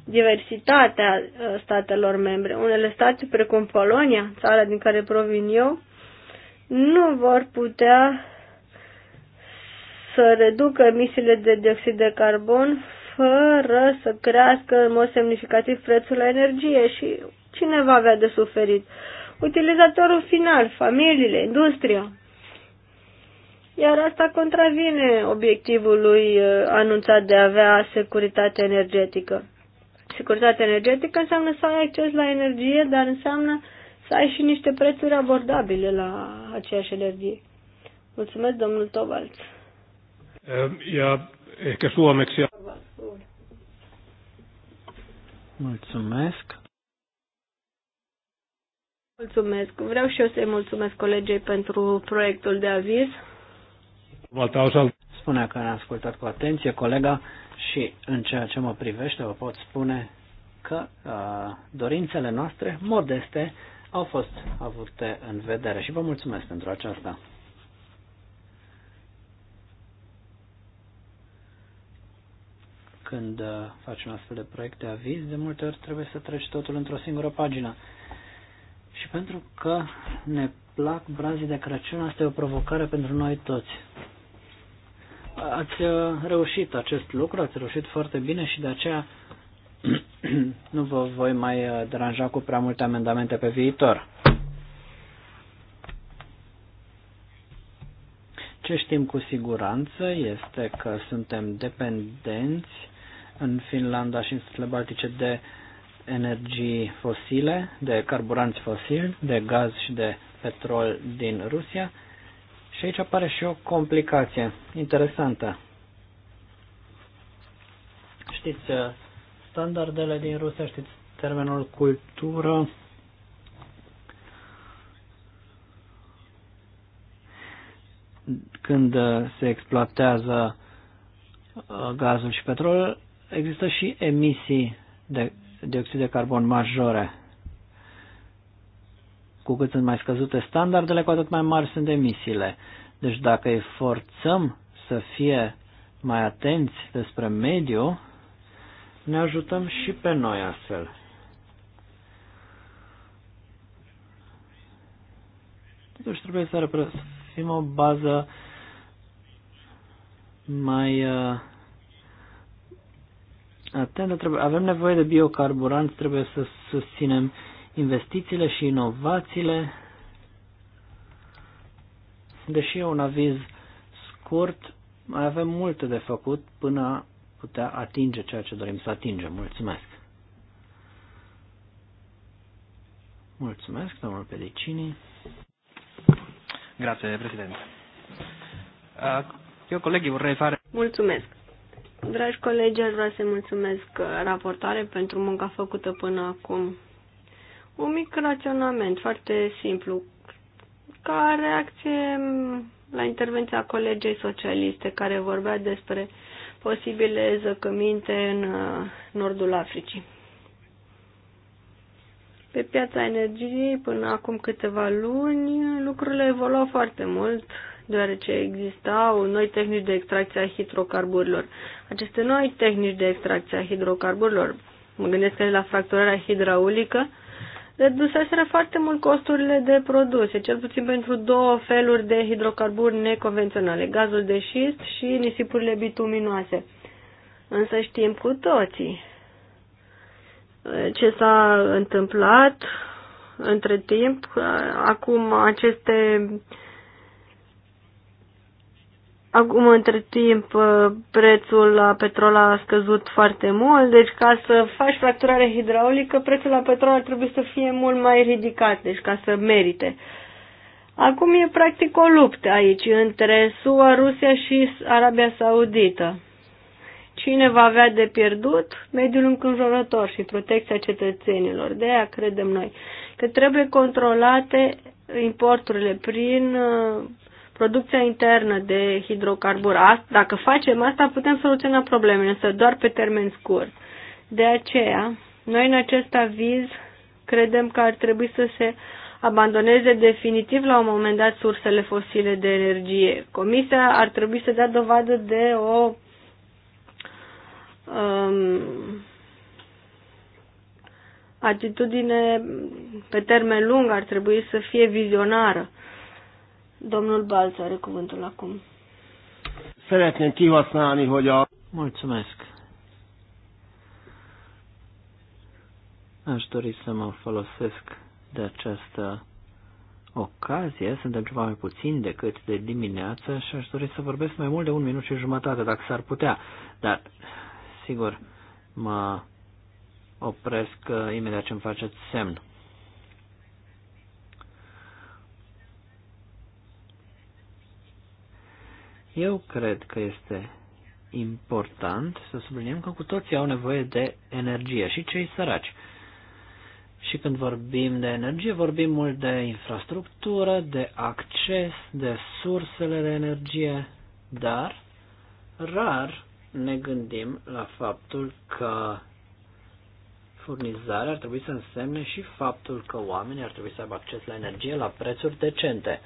diversitatea uh, statelor membre. Unele state, precum Polonia, țara din care provin eu, nu vor putea să reducă emisiile de dioxid de carbon fără să crească în mod semnificativ prețul la energie și cine va avea de suferit? Utilizatorul final, familiile, industria. Iar asta contravine obiectivului uh, anunțat de a avea securitate energetică securitate energetică înseamnă să ai acces la energie, dar înseamnă să ai și niște prețuri abordabile la aceeași energie. Mulțumesc, domnul Tovalț. E că suomeksi. Mulțumesc. Mulțumesc. Vreau și eu să-i mulțumesc colegei pentru proiectul de aviz. Spunea că ne-a ascultat cu atenție colega. Și în ceea ce mă privește, vă pot spune că uh, dorințele noastre modeste au fost avute în vedere și vă mulțumesc pentru aceasta. Când uh, faci un astfel de proiect de aviz, de multe ori trebuie să treci totul într-o singură pagină. Și pentru că ne plac brazii de Crăciun, asta e o provocare pentru noi toți ați uh, reușit acest lucru, ați reușit foarte bine și de aceea [CLEARS THROAT] nu vă voi mai uh, deranja cu prea multe amendamente pe viitor. Ce știm cu siguranță este că suntem dependenți în Finlanda și în statele Baltice de energii fosile, de carburanți fosili, de gaz și de petrol din Rusia și aici apare și o complicație interesantă. Știți, uh, standardele din Rusia, știți, termenul cultură, când uh, se exploatează uh, gazul și petrolul, există și emisii de dioxid de carbon majore. Cu cât sunt mai scăzute standardele, cu atât mai mari sunt emisiile. Deci dacă îi forțăm să fie mai atenți despre mediu, ne ajutăm și pe noi astfel. Totuși deci trebuie să fim o bază mai uh, atentă. Trebuie, avem nevoie de biocarburanți, trebuie să susținem investițiile și inovațiile. Deși e un aviz scurt, mai avem multe de făcut până a putea atinge ceea ce dorim să atingem. Mulțumesc! Mulțumesc, domnul Pedicini. Grazie, președinte. Eu, colegii, vor refare. Mulțumesc. Dragi colegi, aș vrea să mulțumesc uh, raportare pentru munca făcută până acum un mic raționament foarte simplu, ca reacție la intervenția colegei socialiste care vorbea despre posibile zăcăminte în uh, nordul Africii. Pe piața energiei, până acum câteva luni, lucrurile evoluau foarte mult, deoarece existau noi tehnici de extracție a hidrocarburilor. Aceste noi tehnici de extracție a hidrocarburilor, mă gândesc la fracturarea hidraulică, reduseseră foarte mult costurile de produse, cel puțin pentru două feluri de hidrocarburi neconvenționale, gazul de șist și nisipurile bituminoase. Însă știm cu toții ce s-a întâmplat între timp. Acum aceste uh, Acum, între timp, uh, prețul la petrol a scăzut foarte mult, deci ca să faci fracturare hidraulică, prețul la petrol ar trebui să fie mult mai ridicat, deci ca să merite. Acum e practic o luptă aici între SUA, Rusia și Arabia Saudită. Cine va avea de pierdut? Mediul înconjurător și protecția cetățenilor. De aia credem noi că trebuie controlate importurile prin uh, producția internă de hidrocarburi. Dacă facem asta, putem soluționa problemele, însă doar pe termen scurt. De aceea, noi în acest aviz credem că ar trebui să se abandoneze definitiv la un moment dat sursele fosile de energie. Comisia ar trebui să dea dovadă de o um, atitudine pe termen lung, ar trebui să fie vizionară. Uh, Domnul Balț are cuvântul acum. Szeretném kihasználni, hogy a... Mulțumesc. Aș dori să mă folosesc de această ocazie, suntem ceva mai puțin decât de dimineață și aș dori să vorbesc mai mult de un minut și jumătate, dacă s-ar putea. Dar, sigur, mă opresc uh, imediat ce îmi faceți semn. Eu cred că este important să subliniem că cu toții au nevoie de energie și cei săraci. Și când vorbim de energie, vorbim mult de infrastructură, de acces, de sursele de energie, dar rar ne gândim la faptul că furnizarea ar trebui să însemne și faptul că oamenii ar trebui să aibă acces la energie la prețuri decente.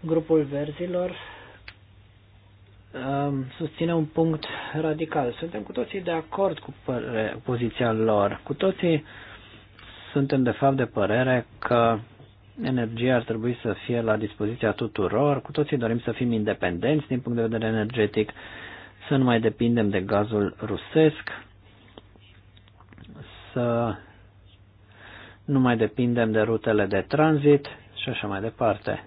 Grupul verzilor Um, susține un punct radical. Suntem cu toții de acord cu poziția lor. Cu toții suntem de fapt de părere că energia ar trebui să fie la dispoziția tuturor. Cu toții dorim să fim independenți din punct de vedere energetic, să nu mai depindem de gazul rusesc, să nu mai depindem de rutele de tranzit și așa mai departe.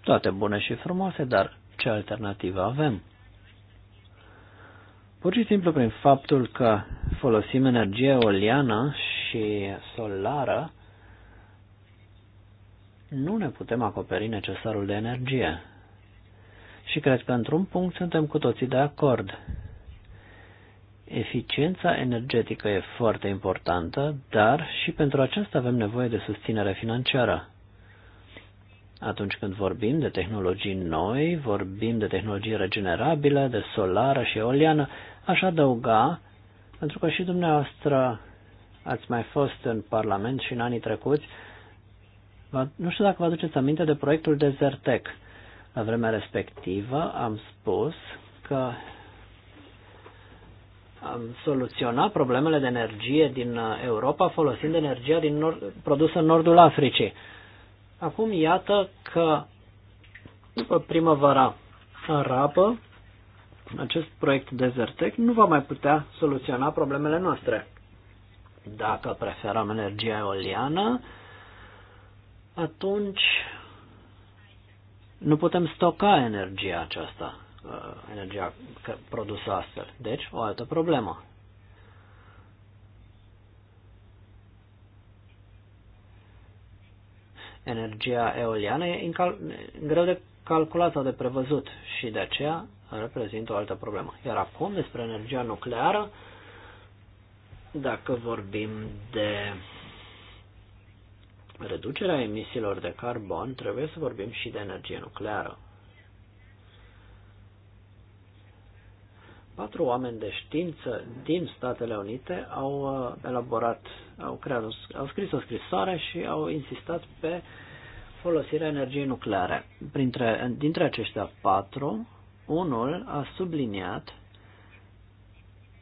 Toate bune și frumoase, dar ce alternativă avem. Pur și simplu prin faptul că folosim energie eoliană și solară, nu ne putem acoperi necesarul de energie. Și cred că într-un punct suntem cu toții de acord. Eficiența energetică e foarte importantă, dar și pentru aceasta avem nevoie de susținere financiară. Atunci când vorbim de tehnologii noi, vorbim de tehnologie regenerabilă, de solară și eoliană, aș adăuga, pentru că și dumneavoastră ați mai fost în Parlament și în anii trecuți, nu știu dacă vă aduceți aminte de proiectul Desertec. La vremea respectivă am spus că am soluționat problemele de energie din Europa folosind energia din nord, produsă în nordul Africii. Acum iată că după primăvara arabă, acest proiect Desertec nu va mai putea soluționa problemele noastre. Dacă preferăm energia eoliană, atunci nu putem stoca energia aceasta, uh, energia produsă astfel. Deci, o altă problemă. energia eoliană e greu de calculat sau de prevăzut și de aceea reprezintă o altă problemă. Iar acum despre energia nucleară, dacă vorbim de reducerea emisiilor de carbon, trebuie să vorbim și de energie nucleară. Patru oameni de știință din Statele Unite au uh, elaborat, au, creat, au scris o scrisoare și au insistat pe folosirea energiei nucleare. Printre, dintre aceștia patru, unul a subliniat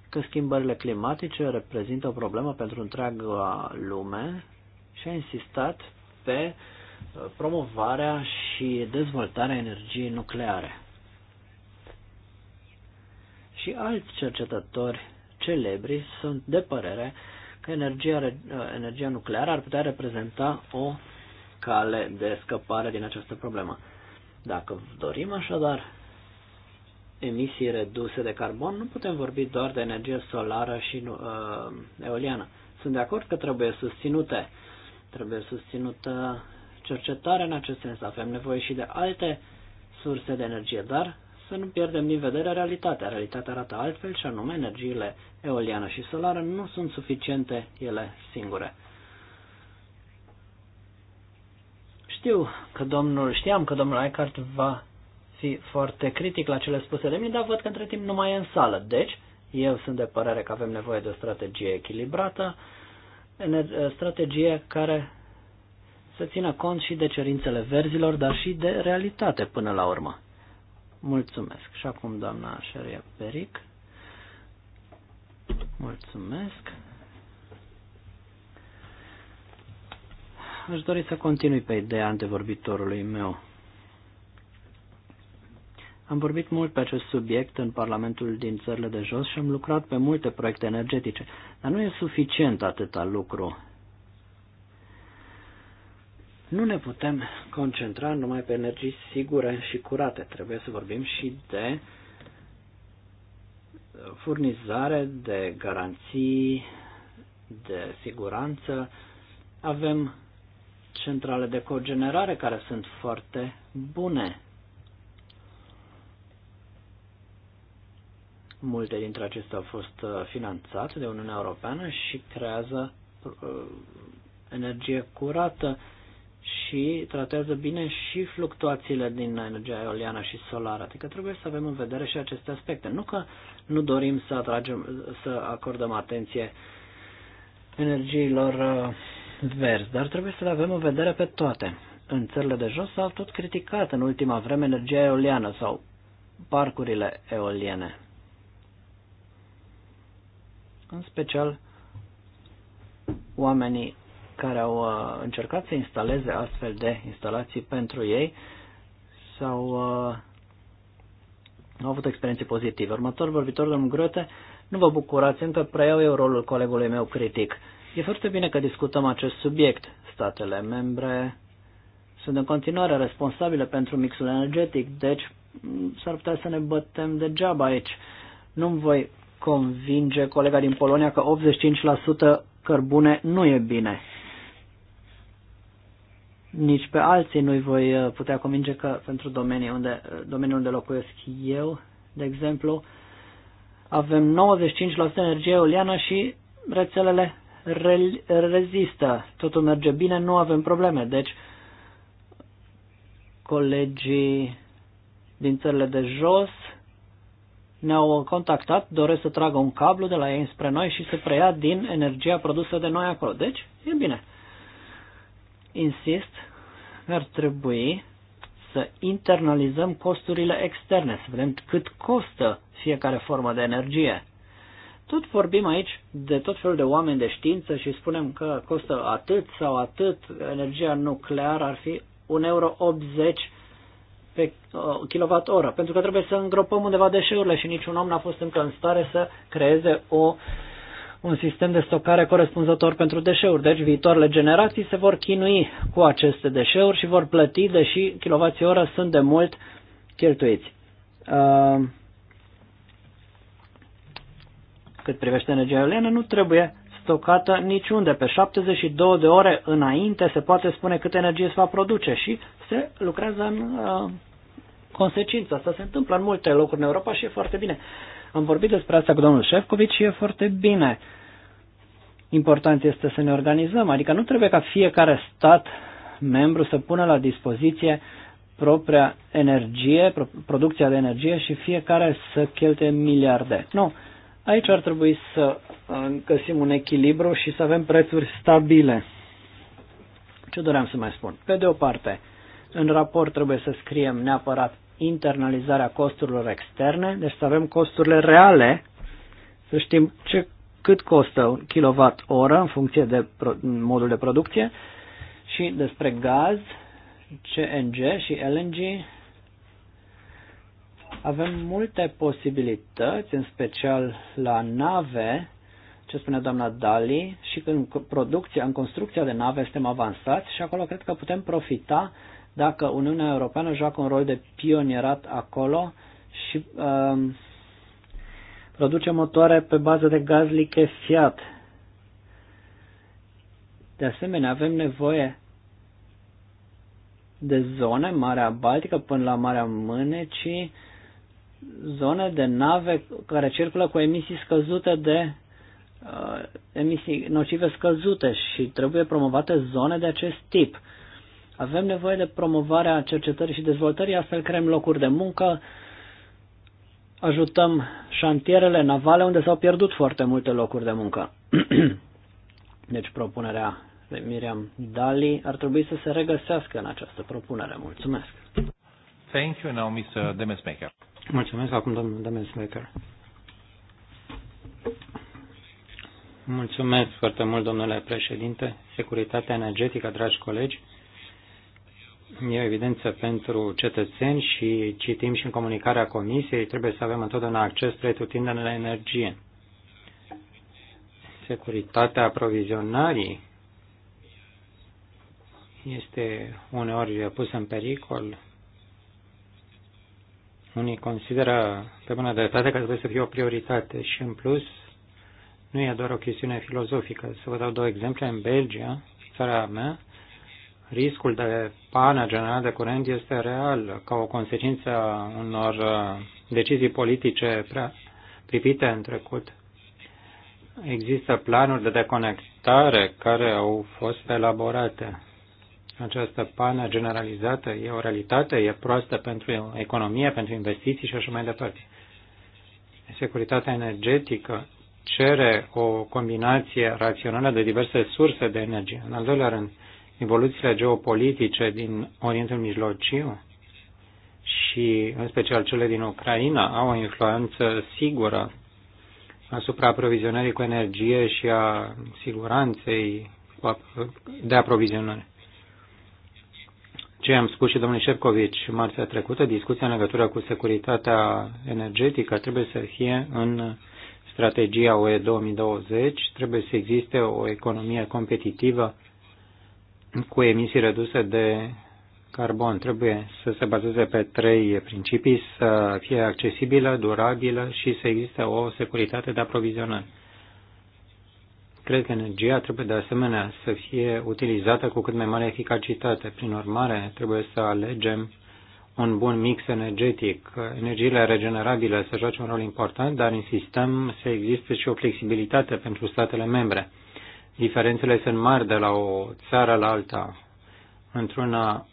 că schimbările climatice reprezintă o problemă pentru întreaga lume și a insistat pe uh, promovarea și dezvoltarea energiei nucleare și alți cercetători celebri sunt de părere că energia, uh, energia nucleară ar putea reprezenta o cale de scăpare din această problemă. Dacă dorim așadar emisii reduse de carbon, nu putem vorbi doar de energie solară și uh, eoliană. Sunt de acord că trebuie susținute, trebuie susținută cercetarea în acest sens. Avem nevoie și de alte surse de energie, dar să nu pierdem din vedere realitatea. Realitatea arată altfel și anume energiile eoliană și solară nu sunt suficiente ele singure. Știu că domnul, știam că domnul Eckhart va fi foarte critic la cele spuse de mine, dar văd că între timp nu mai e în sală. Deci, eu sunt de părere că avem nevoie de o strategie echilibrată, strategie care să țină cont și de cerințele verzilor, dar și de realitate până la urmă. Mulțumesc. Și acum doamna Șeria Peric. Mulțumesc. Aș dori să continui pe ideea antevorbitorului meu. Am vorbit mult pe acest subiect în Parlamentul din țările de jos și am lucrat pe multe proiecte energetice, dar nu e suficient atâta lucru. Nu ne putem concentra numai pe energii sigure și curate. Trebuie să vorbim și de furnizare, de garanții, de siguranță. Avem centrale de cogenerare care sunt foarte bune. Multe dintre acestea au fost uh, finanțate de Uniunea Europeană și creează uh, energie curată și tratează bine și fluctuațiile din energia eoliană și solară. Adică trebuie să avem în vedere și aceste aspecte. Nu că nu dorim să, atragem, să acordăm atenție energiilor uh, verzi, dar trebuie să le avem în vedere pe toate. În țările de jos s-au tot criticat în ultima vreme energia eoliană sau parcurile eoliene. În special oamenii care au uh, încercat să instaleze astfel de instalații pentru ei sau uh, au avut experiențe pozitive. Următorul vorbitor, domnul Grote, nu vă bucurați, încă preiau eu rolul colegului meu critic. E foarte bine că discutăm acest subiect. Statele membre sunt în continuare responsabile pentru mixul energetic, deci s-ar putea să ne bătem degeaba aici. Nu-mi voi convinge colega din Polonia că 85% cărbune nu e bine nici pe alții nu-i voi uh, putea convinge că pentru domenii unde, uh, domeniul unde locuiesc eu, de exemplu, avem 95% energie eoliană și rețelele re- rezistă. Totul merge bine, nu avem probleme. Deci, colegii din țările de jos ne-au contactat, doresc să tragă un cablu de la ei spre noi și să preia din energia produsă de noi acolo. Deci, e bine insist, ar trebui să internalizăm costurile externe, să vedem cât costă fiecare formă de energie. Tot vorbim aici de tot felul de oameni de știință și spunem că costă atât sau atât, energia nucleară ar fi 1,80 euro pe kWh, uh, pentru că trebuie să îngropăm undeva deșeurile și niciun om n-a fost încă în stare să creeze o uh, un sistem de stocare corespunzător pentru deșeuri. Deci viitoarele generații se vor chinui cu aceste deșeuri și vor plăti, deși kilovații oră sunt de mult cheltuiți. Uh, cât privește energia eoliană, nu trebuie stocată niciunde. Pe 72 de ore înainte se poate spune cât energie se va produce și se lucrează în uh, consecință. Asta se întâmplă în multe locuri în Europa și e foarte bine. Am vorbit despre asta cu domnul Șefcovici și e foarte bine. Important este să ne organizăm, adică nu trebuie ca fiecare stat membru să pună la dispoziție propria energie, producția de energie și fiecare să cheltuie miliarde. Nu. Aici ar trebui să uh, găsim un echilibru și să avem prețuri stabile. Ce doream să mai spun? Pe de o parte, în raport trebuie să scriem neapărat internalizarea costurilor externe, deci să avem costurile reale, să știm ce, cât costă un kilowatt oră în funcție de modul de producție și despre gaz, CNG și LNG. Avem multe posibilități, în special la nave, ce spune doamna Dali, și în producția, în construcția de nave suntem avansați și acolo cred că putem profita dacă Uniunea Europeană joacă un rol de pionierat acolo și um, produce motoare pe bază de gaz lichefiat. De asemenea, avem nevoie de zone, Marea Baltică până la Marea Mânecii, zone de nave care circulă cu emisii scăzute de uh, emisii nocive scăzute și trebuie promovate zone de acest tip. Avem nevoie de promovarea cercetării și dezvoltării, astfel creăm locuri de muncă, ajutăm șantierele navale unde s-au pierdut foarte multe locuri de muncă. [CLEARS THROAT] deci propunerea de Miriam Dali ar trebui să se regăsească în această propunere. Mulțumesc! Thank you now, Mr. Demesmaker. Mulțumesc acum, domnul Demesmaker. Mulțumesc foarte mult, domnule președinte. Securitatea energetică, dragi colegi, e o evidență pentru cetățeni și citim și în comunicarea Comisiei, trebuie să avem întotdeauna acces pretutindeni la energie. Securitatea aprovizionării este uneori pusă în pericol. Unii consideră pe bună dreptate că trebuie să fie o prioritate și în plus nu e doar o chestiune filozofică. Să vă dau două exemple. În Belgia, țara mea, riscul de pană generală de curent este real ca o consecință a unor uh, decizii politice prea privite în trecut. Există planuri de deconectare care au fost elaborate. Această pană generalizată e o realitate, e proastă pentru economie, pentru investiții și așa mai departe. Securitatea energetică cere o combinație rațională de diverse surse de energie. În al doilea rând, evoluțiile geopolitice din Orientul Mijlociu și în special cele din Ucraina au o influență sigură asupra aprovizionării cu energie și a siguranței de aprovizionare. Ce am spus și domnul Șepcovici marțea trecută, discuția în legătură cu securitatea energetică trebuie să fie în strategia UE 2020, trebuie să existe o economie competitivă cu emisii reduse de carbon. Trebuie să se bazeze pe trei principii, să fie accesibilă, durabilă și să existe o securitate de aprovizionare. Cred că energia trebuie de asemenea să fie utilizată cu cât mai mare eficacitate. Prin urmare, trebuie să alegem un bun mix energetic. Energiile regenerabile să joace un rol important, dar insistăm să existe și o flexibilitate pentru statele membre Diferențele sunt mari de la o țară la alta. Într-una,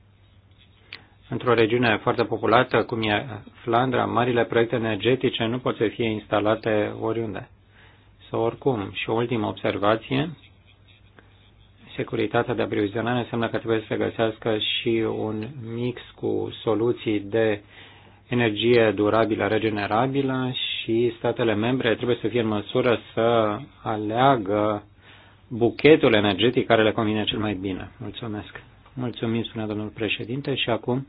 [CLEARS THROAT] într-o regiune foarte populată, cum e Flandra, marile proiecte energetice nu pot să fie instalate oriunde. Sau oricum. Și o ultimă observație, securitatea de aprovizionare înseamnă că trebuie să se găsească și un mix cu soluții de energie durabilă, regenerabilă și statele membre trebuie să fie în măsură să aleagă buchetul energetic care le convine cel mai bine. Mulțumesc. Mulțumim, spunea domnul președinte, și acum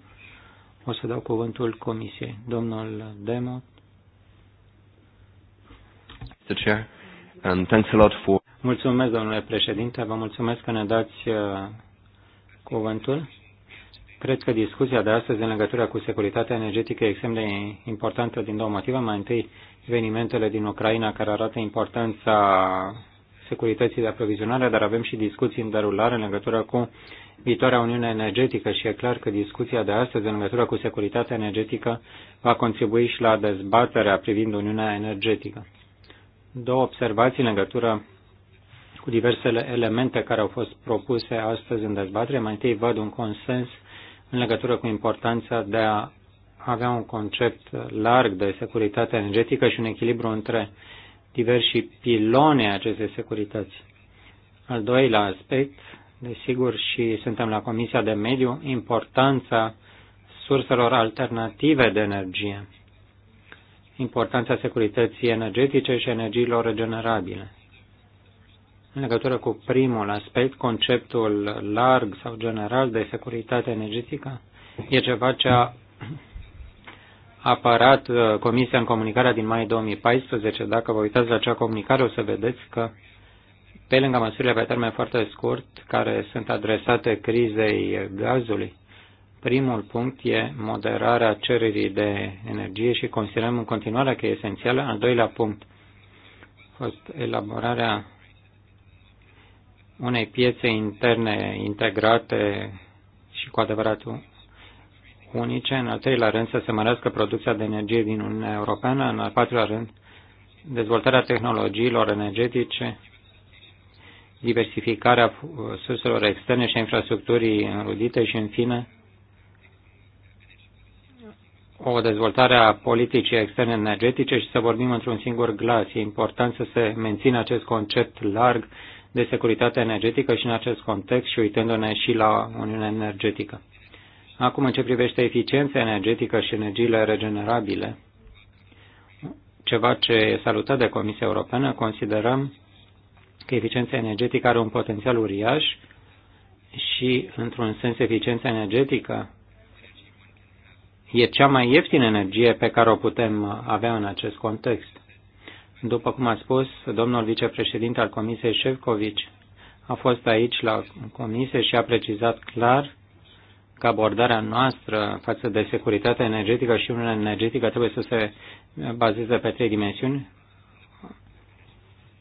o să dau cuvântul comisiei. Domnul Demo. Mulțumesc, domnule președinte, vă mulțumesc că ne dați uh, cuvântul. Cred că discuția de astăzi în legătură cu securitatea energetică e extrem de importantă din două motive. Mai întâi, evenimentele din Ucraina care arată importanța securității de aprovizionare, dar avem și discuții în derulare în legătură cu viitoarea Uniune Energetică și e clar că discuția de astăzi în legătură cu securitatea energetică va contribui și la dezbaterea privind Uniunea Energetică. Două observații în legătură cu diversele elemente care au fost propuse astăzi în dezbatere. Mai întâi văd un consens în legătură cu importanța de a avea un concept larg de securitate energetică și un echilibru între diversi pilone acestei securități. Al doilea aspect, desigur, și suntem la Comisia de Mediu, importanța surselor alternative de energie, importanța securității energetice și energiilor regenerabile. În legătură cu primul aspect, conceptul larg sau general de securitate energetică, e ceva ce a [CLEARS THROAT] apărat uh, Comisia în comunicarea din mai 2014. Dacă vă uitați la acea comunicare, o să vedeți că pe lângă măsurile pe termen foarte scurt care sunt adresate crizei gazului, primul punct e moderarea cererii de energie și considerăm în continuare că e esențială. Al doilea punct a fost elaborarea unei piețe interne integrate și cu adevărat unice, în al treilea rând să se mărească producția de energie din Uniunea Europeană, în al patrulea rând dezvoltarea tehnologiilor energetice, diversificarea surselor externe și a infrastructurii înrudite și, în fine, o dezvoltare a politicii externe energetice și să vorbim într-un singur glas. E important să se mențină acest concept larg de securitate energetică și în acest context și uitându-ne și la Uniunea Energetică. Acum, în ce privește eficiența energetică și energiile regenerabile, ceva ce e salutat de Comisia Europeană, considerăm că eficiența energetică are un potențial uriaș și, într-un sens, eficiența energetică e cea mai ieftină energie pe care o putem avea în acest context. După cum a spus, domnul vicepreședinte al Comisiei Șefcovici a fost aici la Comisie și a precizat clar că abordarea noastră față de securitatea energetică și uniunea energetică trebuie să se bazeze pe trei dimensiuni.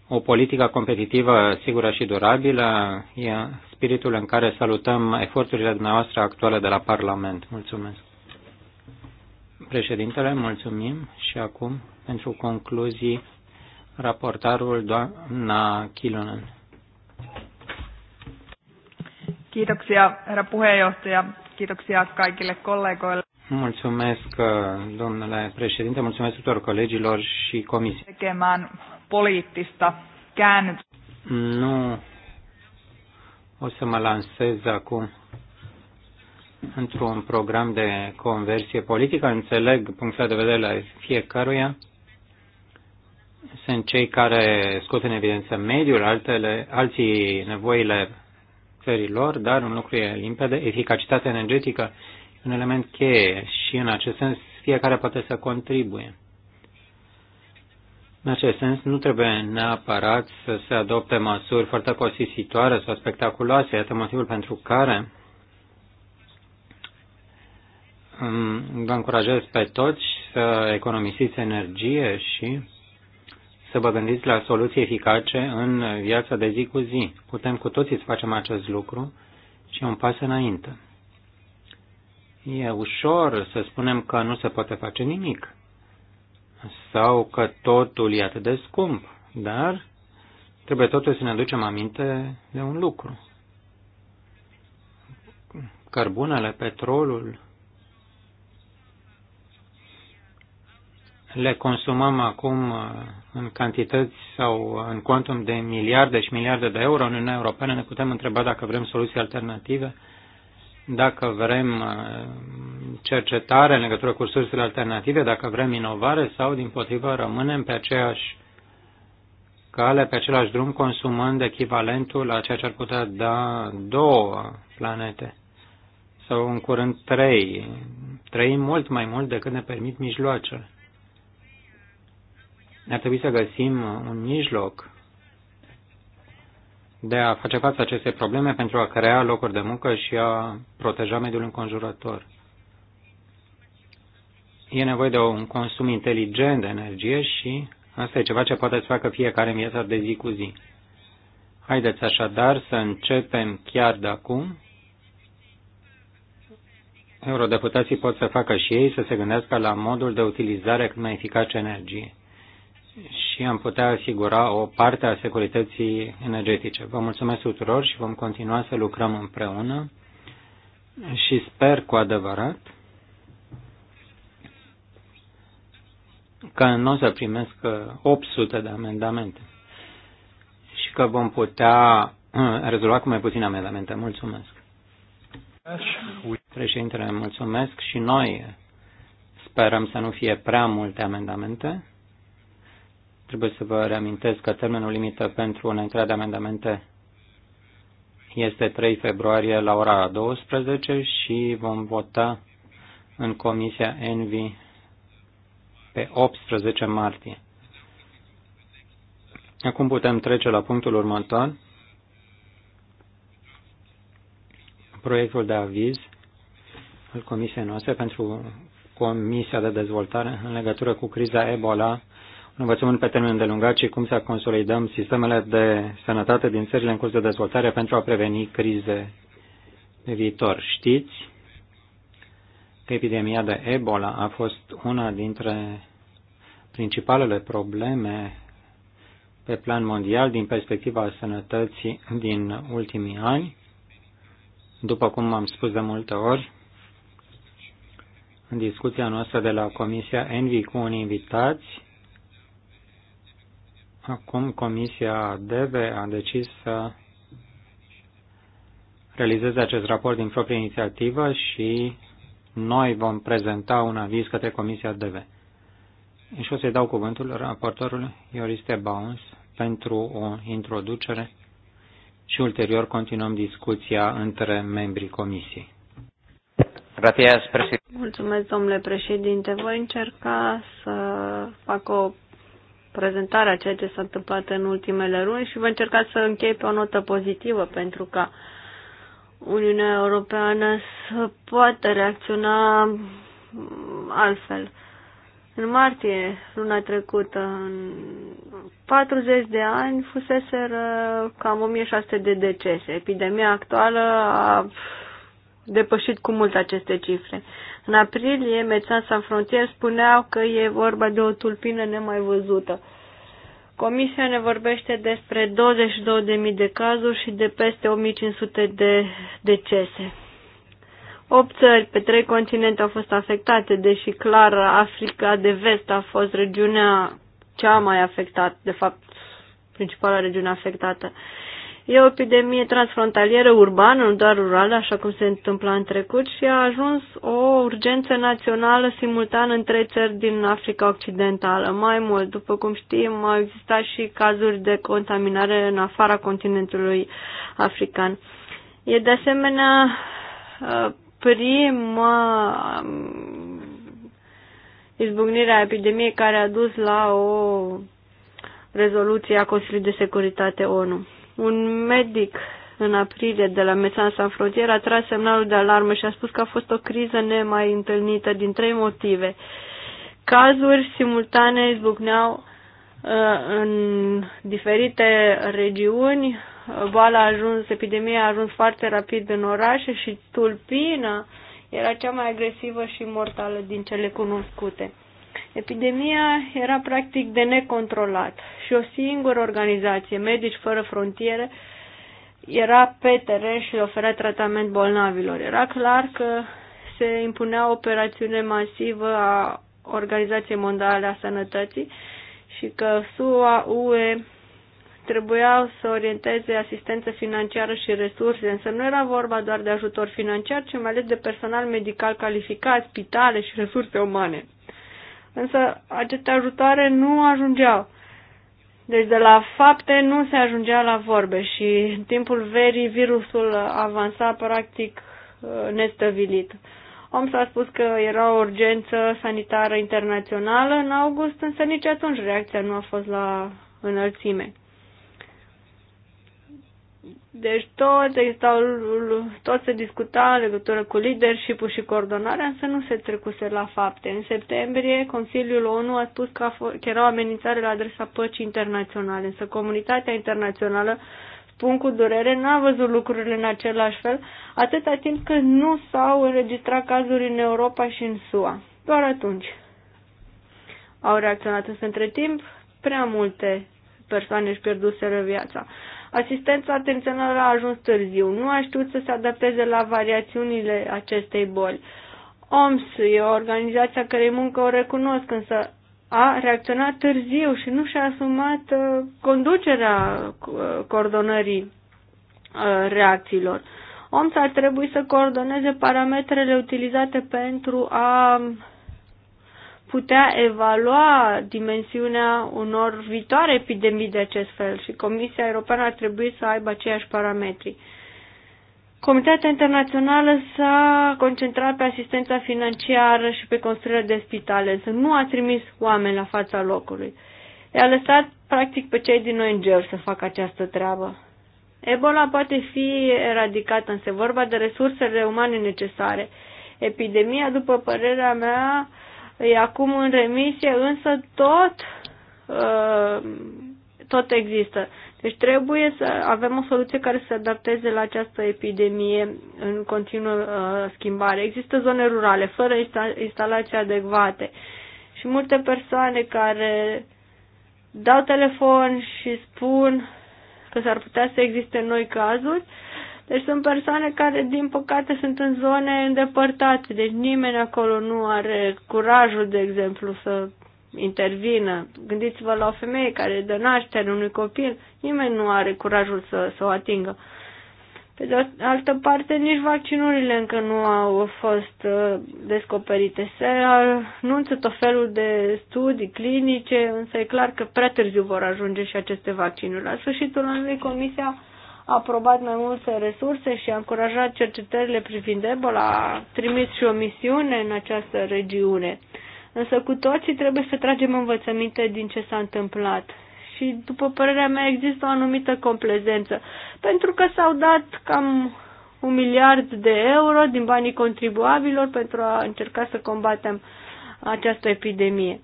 O politică competitivă sigură și durabilă e spiritul în care salutăm eforturile dumneavoastră actuale de la Parlament. Mulțumesc. Președintele, mulțumim și acum pentru concluzii Raportarul doamna Kilonen. Kiitoksia, herra puheenjohtaja. Kiitoksia kaikille kollegoille. Mulțumesc, uh, domnule președinte, mulțumesc tuturor colegilor și comisiei. Tekemään poliittista käännyt. Nu o să mă lansez acum într-un program de conversie politică. Înțeleg punctul de vedere la fiecăruia sunt cei care scot în evidență mediul, altele, alții nevoile țărilor, dar un lucru e limpede, eficacitatea energetică e un element cheie și în acest sens fiecare poate să contribuie. În acest sens, nu trebuie neapărat să se adopte măsuri foarte costisitoare sau spectaculoase. Iată motivul pentru care mm, vă încurajez pe toți să economisiți energie și să vă gândiți la soluții eficace în viața de zi cu zi. Putem cu toții să facem acest lucru și un pas înainte. E ușor să spunem că nu se poate face nimic sau că totul e atât de scump, dar trebuie totuși să ne ducem aminte de un lucru. Cărbunele, petrolul, le consumăm acum uh, în cantități sau în quantum de miliarde și miliarde de euro în Uniunea Europeană, ne putem întreba dacă vrem soluții alternative, dacă vrem uh, cercetare în legătură cu sursele alternative, dacă vrem inovare sau, din potrivă, rămânem pe aceeași cale, pe același drum, consumând echivalentul la ceea ce ar putea da două planete sau în curând trei. Trăim mult mai mult decât ne permit mijloacele. Ar trebui să găsim un mijloc de a face față aceste probleme pentru a crea locuri de muncă și a proteja mediul înconjurător. E nevoie de un consum inteligent de energie și asta e ceva ce poate să facă fiecare în viața de zi cu zi. Haideți așadar să începem chiar de acum. Eurodeputații pot să facă și ei să se gândească la modul de utilizare cât mai eficace energie și am putea asigura o parte a securității energetice. Vă mulțumesc tuturor și vom continua să lucrăm împreună și sper cu adevărat că nu o să primesc 800 uh, de amendamente și că vom putea uh, rezolva cu mai puține amendamente. Mulțumesc. Președintele, mulțumesc și noi sperăm să nu fie prea multe amendamente. Trebuie să vă reamintesc că termenul limită pentru un de amendamente este 3 februarie la ora 12 și vom vota în Comisia Envi pe 18 martie. Acum putem trece la punctul următor. Proiectul de aviz al Comisiei noastre pentru Comisia de Dezvoltare în legătură cu criza Ebola învățământ pe termen îndelungat și cum să consolidăm sistemele de sănătate din țările în curs de dezvoltare pentru a preveni crize de viitor. Știți că epidemia de Ebola a fost una dintre principalele probleme pe plan mondial din perspectiva sănătății din ultimii ani. După cum am spus de multe ori, în discuția noastră de la Comisia Envi cu unii invitați, Acum Comisia DEVE a decis să realizeze acest raport din proprie inițiativă și noi vom prezenta un aviz către Comisia DEVE. Și o să-i dau cuvântul raportorului Ioriste Bauns pentru o introducere și ulterior continuăm discuția între membrii Comisiei. Mulțumesc, domnule președinte. Voi încerca să fac o prezentarea ceea ce s-a întâmplat în ultimele luni și vă încerca să închei pe o notă pozitivă pentru ca Uniunea Europeană să poată reacționa altfel. În martie, luna trecută, în 40 de ani, fuseseră uh, cam 1600 de decese. Epidemia actuală a depășit cu mult aceste cifre. În aprilie, Médecins San Frontier spuneau că e vorba de o tulpină nemai văzută. Comisia ne vorbește despre 22.000 de cazuri și de peste 1.500 de decese. 8 țări pe 3 continente au fost afectate, deși clar Africa de vest a fost regiunea cea mai afectată, de fapt principala regiune afectată. E o epidemie transfrontalieră urbană, nu doar rurală, așa cum se întâmpla în trecut, și a ajuns o urgență națională simultan în trei țări din Africa Occidentală. Mai mult, după cum știm, au existat și cazuri de contaminare în afara continentului african. E de asemenea ă, prima mm, izbucnire a epidemiei care a dus la o rezoluție a Consiliului de Securitate ONU. Un medic în aprilie de la Mețan San Frontier a tras semnalul de alarmă și a spus că a fost o criză nemai întâlnită din trei motive. Cazuri simultane izbucneau uh, în diferite regiuni, boala a ajuns, epidemia a ajuns foarte rapid în orașe și tulpina era cea mai agresivă și mortală din cele cunoscute. Epidemia era practic de necontrolat și o singură organizație, Medici Fără Frontiere, era pe teren și oferea tratament bolnavilor. Era clar că se impunea o operațiune masivă a Organizației Mondiale a Sănătății și că SUA, UE trebuiau să orienteze asistență financiară și resurse, însă nu era vorba doar de ajutor financiar, ci mai ales de personal medical calificat, spitale și resurse umane. Însă aceste ajutoare nu ajungeau. Deci de la fapte nu se ajungea la vorbe și în timpul verii virusul avansa practic uh, nestăvilit. Om s-a spus că era o urgență sanitară internațională în august, însă nici atunci reacția nu a fost la înălțime. Deci tot, existau, tot se discuta în legătură cu leadership-ul și coordonarea, însă nu se trecuse la fapte. În septembrie, Consiliul ONU a spus că, a f- că era o amenințare la adresa păcii internaționale, însă comunitatea internațională, spun cu durere, n-a văzut lucrurile în același fel, atâta timp cât nu s-au înregistrat cazuri în Europa și în SUA. Doar atunci au reacționat, însă între timp prea multe persoane își pierduseră viața. Asistența atențională a ajuns târziu, nu a știut să se adapteze la variațiunile acestei boli. OMS e o organizație cărei muncă o recunosc, însă a reacționat târziu și nu și-a asumat uh, conducerea uh, coordonării uh, reacțiilor. OMS ar trebui să coordoneze parametrele utilizate pentru a putea evalua dimensiunea unor viitoare epidemii de acest fel și Comisia Europeană ar trebui să aibă aceiași parametri. Comunitatea internațională s-a concentrat pe asistența financiară și pe construirea de spitale, însă nu a trimis oameni la fața locului. I-a lăsat practic pe cei din ong să facă această treabă. Ebola poate fi eradicată, însă vorba de resursele umane necesare. Epidemia, după părerea mea, uh, e acum în remisie, însă tot, uh, tot există. Deci trebuie să avem o soluție care să se adapteze la această epidemie în continuă uh, schimbare. Există zone rurale fără instalații adecvate și multe persoane care dau telefon și spun că s-ar putea să existe noi cazuri, uh, deci sunt persoane care, din păcate, sunt în zone îndepărtate, deci nimeni acolo nu are curajul, de exemplu, să intervină. Gândiți-vă la o femeie care dă naștere unui copil, nimeni nu are curajul să, să o atingă. Pe de altă parte, nici vaccinurile încă nu au fost uh, descoperite. Se anunță tot felul de studii clinice, însă e clar că prea târziu vor ajunge și aceste vaccinuri. La sfârșitul anului, Comisia aprobat mai multe resurse și a încurajat cercetările privind Ebola, a trimis și o misiune în această regiune. Însă cu toții trebuie să tragem învățăminte din ce s-a întâmplat. Și după părerea mea există o anumită complezență, pentru că s-au dat cam un miliard de euro din banii contribuabilor pentru a încerca să combatem această epidemie.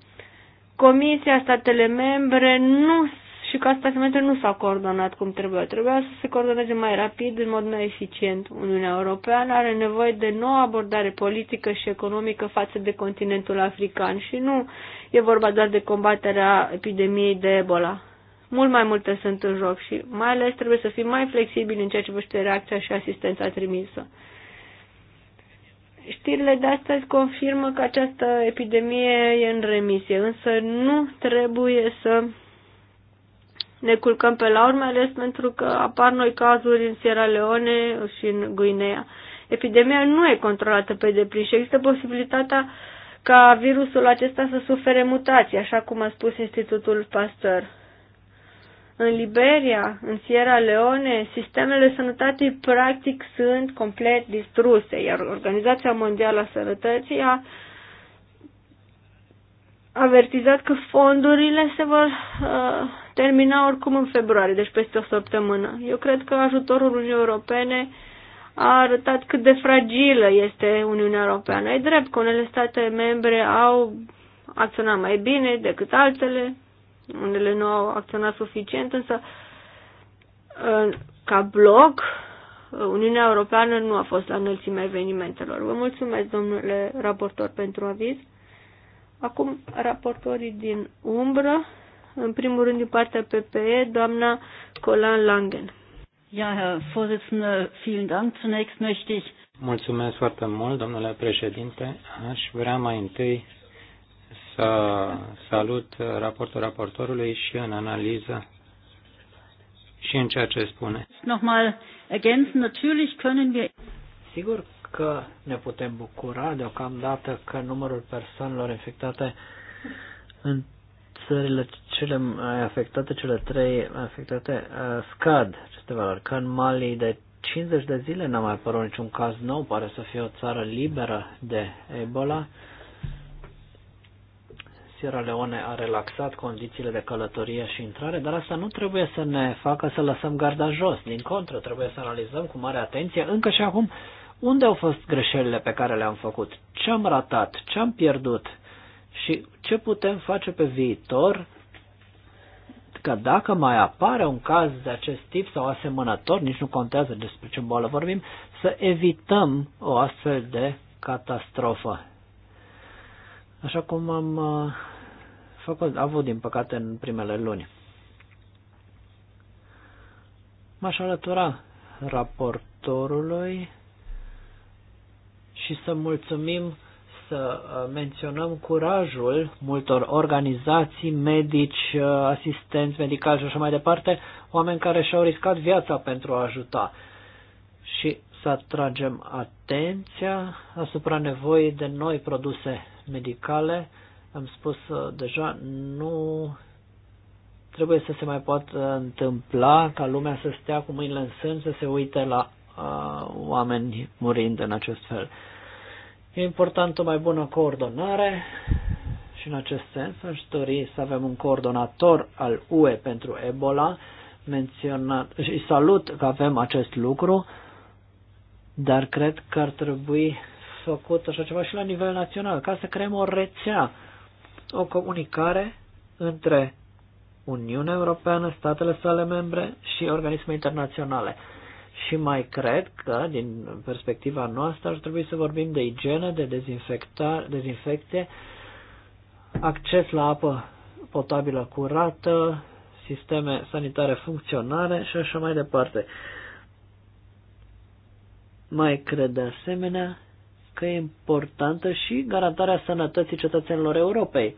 Comisia, statele membre nu și că statele nu s-au coordonat cum trebuia. Trebuia să se coordoneze mai rapid, în mod mai eficient. Uniunea Europeană are nevoie de nouă abordare politică și economică față de continentul african și nu e vorba doar de combaterea epidemiei de Ebola. Mult mai multe sunt în joc și mai ales trebuie să fim mai flexibili în ceea ce privește reacția și asistența trimisă. Știrile de astăzi confirmă că această epidemie e în remisie, însă nu trebuie să ne culcăm pe la urmă, ales pentru că apar noi cazuri în Sierra Leone și în Guinea. Epidemia nu e controlată pe deplin și există posibilitatea ca virusul acesta să sufere mutații, așa cum a spus Institutul Pasteur. În Liberia, în Sierra Leone, sistemele sănătate practic sunt complet distruse, iar Organizația Mondială a Sănătății a avertizat că fondurile se vor uh, termina oricum în februarie, deci peste o săptămână. Eu cred că ajutorul Uniunii Europene a arătat cât de fragilă este Uniunea Europeană. E drept că unele state membre au acționat mai bine decât altele, unele nu au acționat suficient, însă ca bloc, Uniunea Europeană nu a fost la înălțimea evenimentelor. Vă mulțumesc, domnule raportor, pentru aviz. Acum, raportorii din umbră, în primul rând din partea PPE, doamna Colan Langen. Ja, Herr Vorsitzender, vielen Dank. Zunächst möchte ich Mulțumesc foarte mult, domnule președinte. Aș vrea mai întâi să salut raportul raportorului și în analiză și în ceea ce spune. Nochmal ergänzen, natürlich können wir Sigur că ne putem bucura deocamdată că numărul persoanelor infectate în țările cele mai afectate, cele trei afectate, uh, scad aceste valori. Că în Mali de 50 de zile n-a mai apărut niciun caz nou, pare să fie o țară liberă de Ebola. Sierra Leone a relaxat condițiile de călătorie și intrare, dar asta nu trebuie să ne facă să lăsăm garda jos. Din contră, trebuie să analizăm cu mare atenție încă și acum unde au fost greșelile pe care le-am făcut, ce am ratat, ce am pierdut, și ce putem face pe viitor că dacă mai apare un caz de acest tip sau asemănător, nici nu contează despre ce boală vorbim, să evităm o astfel de catastrofă. Așa cum am uh, făcut, avut din păcate în primele luni. M-aș alătura raportorului și să mulțumim să uh, menționăm curajul multor organizații, medici, uh, asistenți medicali și așa mai departe, oameni care și-au riscat viața pentru a ajuta. Și să atragem atenția asupra nevoii de noi produse medicale. Am spus uh, deja, nu trebuie să se mai poată întâmpla ca lumea să stea cu mâinile în sân, să se uite la uh, oameni murind în acest fel. E important o mai bună coordonare și în acest sens aș dori să avem un coordonator al UE pentru Ebola menționat și salut că avem acest lucru, dar cred că ar trebui făcut așa ceva și la nivel național, ca să creăm o rețea, o comunicare între Uniunea Europeană, statele sale membre și organisme internaționale. Și mai cred că, din perspectiva noastră, ar trebui să vorbim de igienă, de dezinfecție, acces la apă potabilă curată, sisteme sanitare funcționare și așa mai departe. Mai cred de asemenea că e importantă și garantarea sănătății cetățenilor Europei.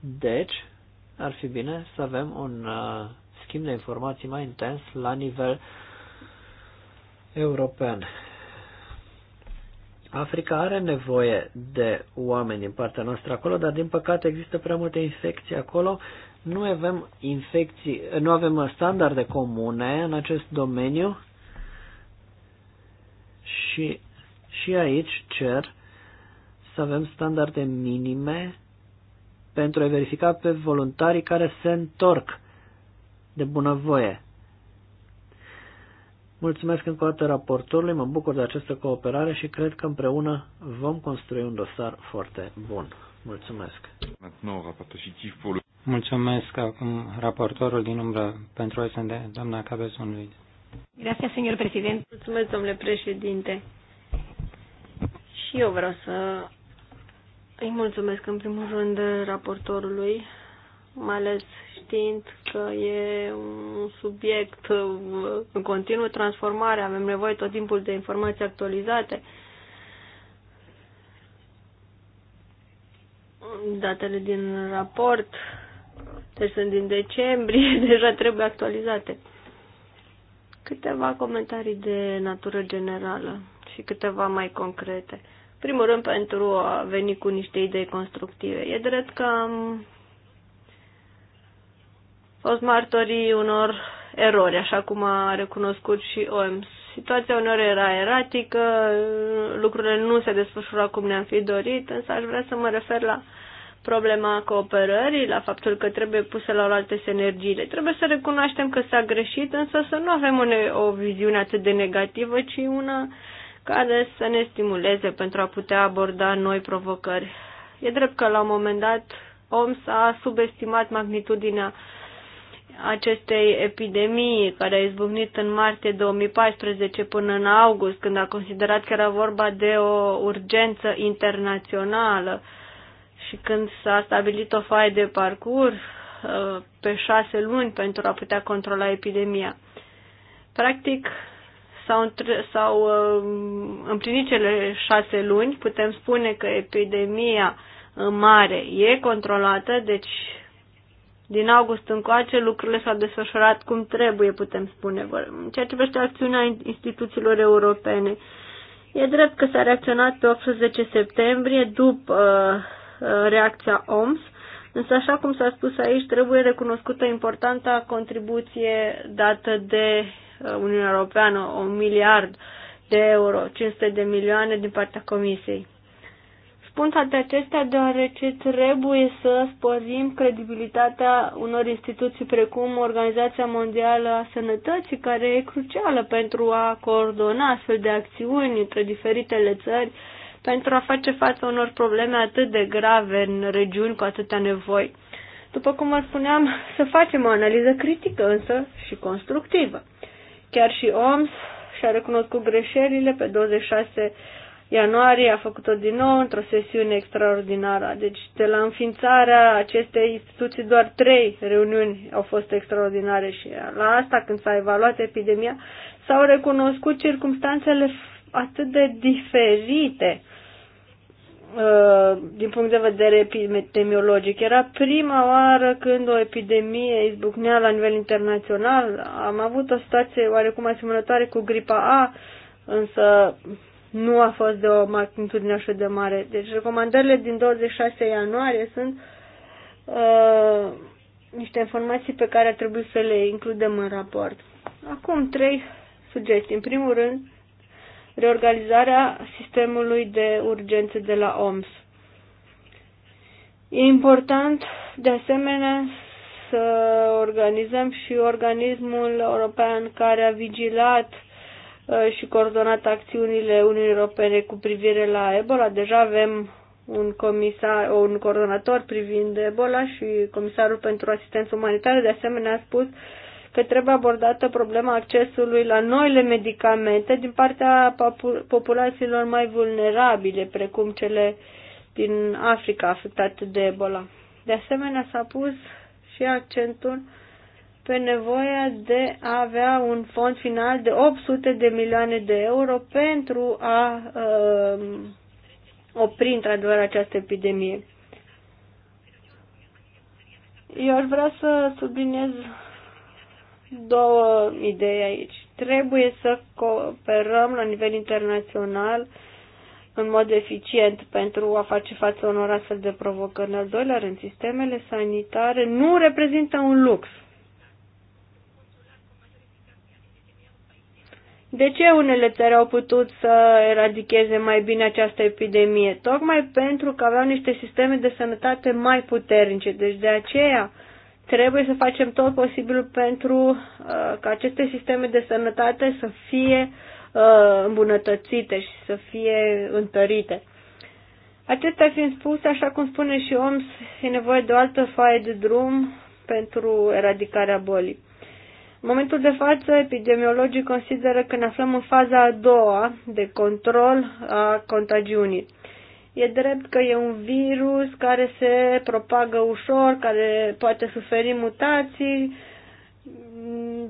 Deci, ar fi bine să avem un uh, schimb de informații mai intens la nivel european. Africa are nevoie de oameni din partea noastră acolo, dar din păcate există prea multe infecții acolo. Nu avem infecții, nu avem standarde comune în acest domeniu și, și aici cer să avem standarde minime pentru a verifica pe voluntarii care se întorc de bunăvoie. Mulțumesc încă o dată raportorului, mă bucur de această cooperare și cred că împreună vom construi un dosar foarte bun. Mulțumesc! Mulțumesc acum raportorul din umbră pentru SND, doamna Cabezon Luid. Gracias, señor presidente. Mulțumesc, domnule președinte. Și eu vreau să îi mulțumesc în primul rând raportorului mai ales știind că e un subiect în continuă transformare, avem nevoie tot timpul de informații actualizate. Datele din raport, deci sunt din decembrie, [LAUGHS] deja trebuie actualizate. Câteva comentarii de natură generală și câteva mai concrete. Primul rând pentru a veni cu niște idei constructive. E drept că am fost martorii unor erori, așa cum a recunoscut și OMS. Situația uneori era eratică, lucrurile nu se desfășurau cum ne-am fi dorit, însă aș vrea să mă refer la problema cooperării, la faptul că trebuie puse la alte sinergiile. Trebuie să recunoaștem că s-a greșit, însă să nu avem o, o viziune atât de negativă, ci una care să ne stimuleze pentru a putea aborda noi provocări. E drept că la un moment dat OMS a subestimat magnitudinea acestei epidemii care a izbucnit în martie 2014 până în august, când a considerat că era vorba de o urgență internațională și când s-a stabilit o faie de parcurs uh, pe șase luni pentru a putea controla epidemia. Practic, s-au, s-au uh, împlinit cele șase luni, putem spune că epidemia mare e controlată, deci din august încoace lucrurile s-au desfășurat cum trebuie, putem spune. ceea ce vește acțiunea instituțiilor europene, e drept că s-a reacționat pe 18 septembrie după uh, uh, reacția OMS, însă așa cum s-a spus aici, trebuie recunoscută importanta contribuție dată de uh, Uniunea Europeană, un miliard de euro, 500 de milioane din partea Comisiei spun toate acestea deoarece trebuie să sporim credibilitatea unor instituții precum Organizația Mondială a Sănătății, care e crucială pentru a coordona astfel de acțiuni între diferitele țări, pentru a face față unor probleme atât de grave în regiuni cu atâtea nevoi. După cum vă spuneam, să facem o analiză critică însă și constructivă. Chiar și OMS și-a recunoscut greșelile pe 26 ianuarie a făcut-o din nou într-o sesiune extraordinară. Deci de la înființarea acestei instituții doar trei reuniuni au fost extraordinare și la asta când s-a evaluat epidemia s-au recunoscut circumstanțele atât de diferite uh, din punct de vedere epidemiologic. Era prima oară când o epidemie izbucnea la nivel internațional. Am avut o situație oarecum asemănătoare cu gripa A, însă nu a fost de o magnitudine așa de mare. Deci recomandările din 26 ianuarie sunt uh, niște informații pe care ar trebui să le includem în raport. Acum trei sugestii. În primul rând, reorganizarea sistemului de urgențe de la OMS. E important, de asemenea, să organizăm și organismul european care a vigilat Uh, și coordonat acțiunile Uniunii Europene cu privire la Ebola. Deja avem un comisar, un coordonator privind Ebola și comisarul pentru asistență umanitară de asemenea a spus că trebuie abordată problema accesului la noile medicamente din partea populațiilor mai vulnerabile, precum cele din Africa afectate de Ebola. De asemenea, s-a pus și accentul uh, pe nevoia de a avea un fond final de 800 de milioane de euro pentru a uh, opri într-adevăr această epidemie. Eu aș vrea să subliniez două idei aici. Trebuie să cooperăm la nivel internațional în mod eficient pentru a face față unor astfel de provocări. În al doilea rând, sistemele sanitare nu reprezintă un lux De ce unele țări au putut să eradicheze mai bine această epidemie? Tocmai pentru că aveau niște sisteme de sănătate mai puternice. Deci de aceea trebuie să facem tot posibilul pentru uh, ca aceste sisteme de sănătate să fie uh, îmbunătățite și să fie întărite. Acestea fiind spuse, așa cum spune și OMS, e nevoie de o altă faie de drum pentru eradicarea bolii. În momentul de față, epidemiologii consideră că ne aflăm în faza a doua de control a contagiunii. E drept că e un virus care se propagă ușor, care poate suferi mutații, mm,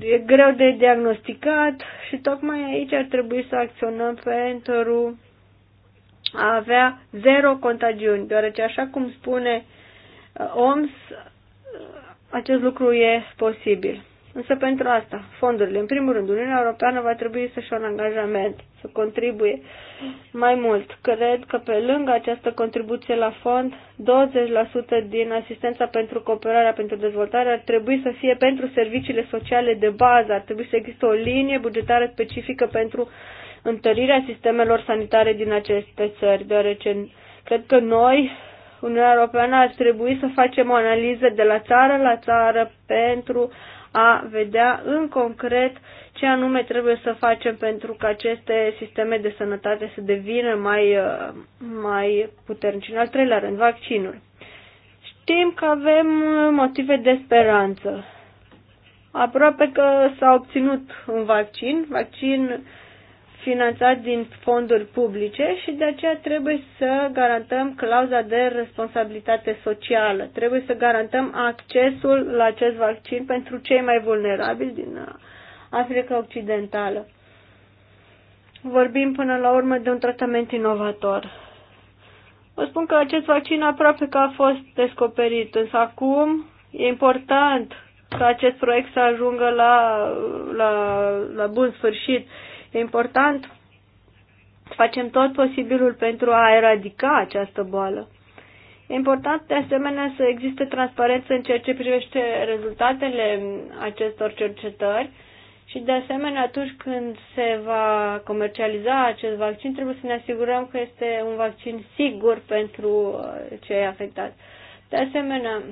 e greu de diagnosticat și tocmai aici ar trebui să acționăm pentru a avea zero contagiuni, deoarece așa cum spune uh, OMS, uh, acest lucru e posibil. Însă pentru asta, fondurile, în primul rând, Uniunea Europeană va trebui să-și un angajament, să contribuie mai mult. Cred că pe lângă această contribuție la fond, 20% din asistența pentru cooperarea pentru dezvoltare ar trebui să fie pentru serviciile sociale de bază, ar trebui să există o linie bugetară specifică pentru întărirea sistemelor sanitare din aceste țări, deoarece cred că noi, Uniunea Europeană, ar trebui să facem o analiză de la țară la țară pentru a vedea în concret ce anume trebuie să facem pentru ca aceste sisteme de sănătate să devină mai, uh, mai puternice. În al treilea rând, vaccinul. Știm că avem uh, motive de speranță. Aproape că s-a obținut un vaccin, vaccin Finanțat din fonduri publice și de aceea trebuie să garantăm clauza de responsabilitate socială. Trebuie să garantăm accesul la acest vaccin pentru cei mai vulnerabili din uh, Africa Occidentală. Vorbim până la urmă de un tratament inovator. Vă spun că acest vaccin aproape că a fost descoperit, însă acum e important ca acest proiect să ajungă la, la, la bun sfârșit E important să facem tot posibilul pentru a eradica această boală. E important de asemenea să existe transparență în ceea ce privește rezultatele acestor cercetări și de asemenea atunci când se va comercializa acest vaccin trebuie să ne asigurăm că este un vaccin sigur pentru uh, cei afectați. De asemenea,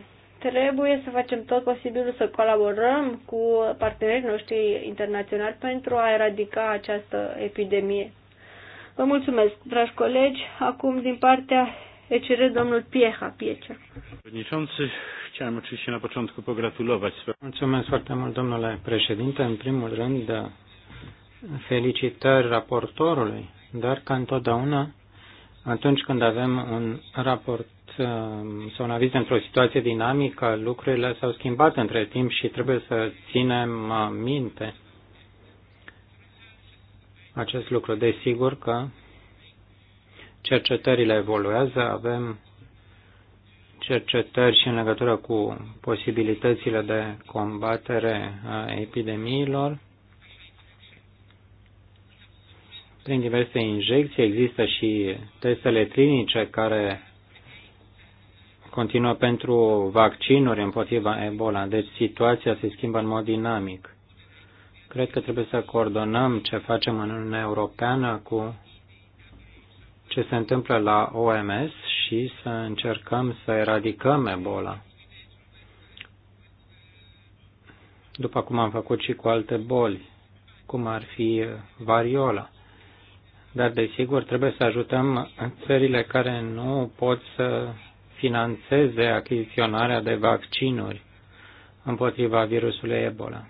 trebuie să facem tot posibilul să colaborăm cu partenerii noștri internaționali pentru a eradica această epidemie. Vă mulțumesc, dragi colegi. Acum, din partea ECR, domnul Pieha, Piecea. Chciałem oczywiście na początku pogratulować. Mulțumesc foarte mult, domnule președinte. În primul rând, felicitări raportorului, dar ca întotdeauna atunci când avem un raport uh, sau un aviz într-o situație dinamică, lucrurile s-au schimbat între timp și trebuie să ținem uh, minte acest lucru. Desigur că cercetările evoluează, avem cercetări și în legătură cu posibilitățile de combatere a epidemiilor. prin diverse injecții. Există și testele clinice care continuă pentru vaccinuri împotriva Ebola, deci situația se schimbă în mod dinamic. Cred că trebuie să coordonăm ce facem în Uniunea Europeană cu ce se întâmplă la OMS și să încercăm să eradicăm Ebola. După cum am făcut și cu alte boli, cum ar fi variola dar desigur trebuie să ajutăm țările care nu pot să financeze achiziționarea de vaccinuri împotriva virusului Ebola.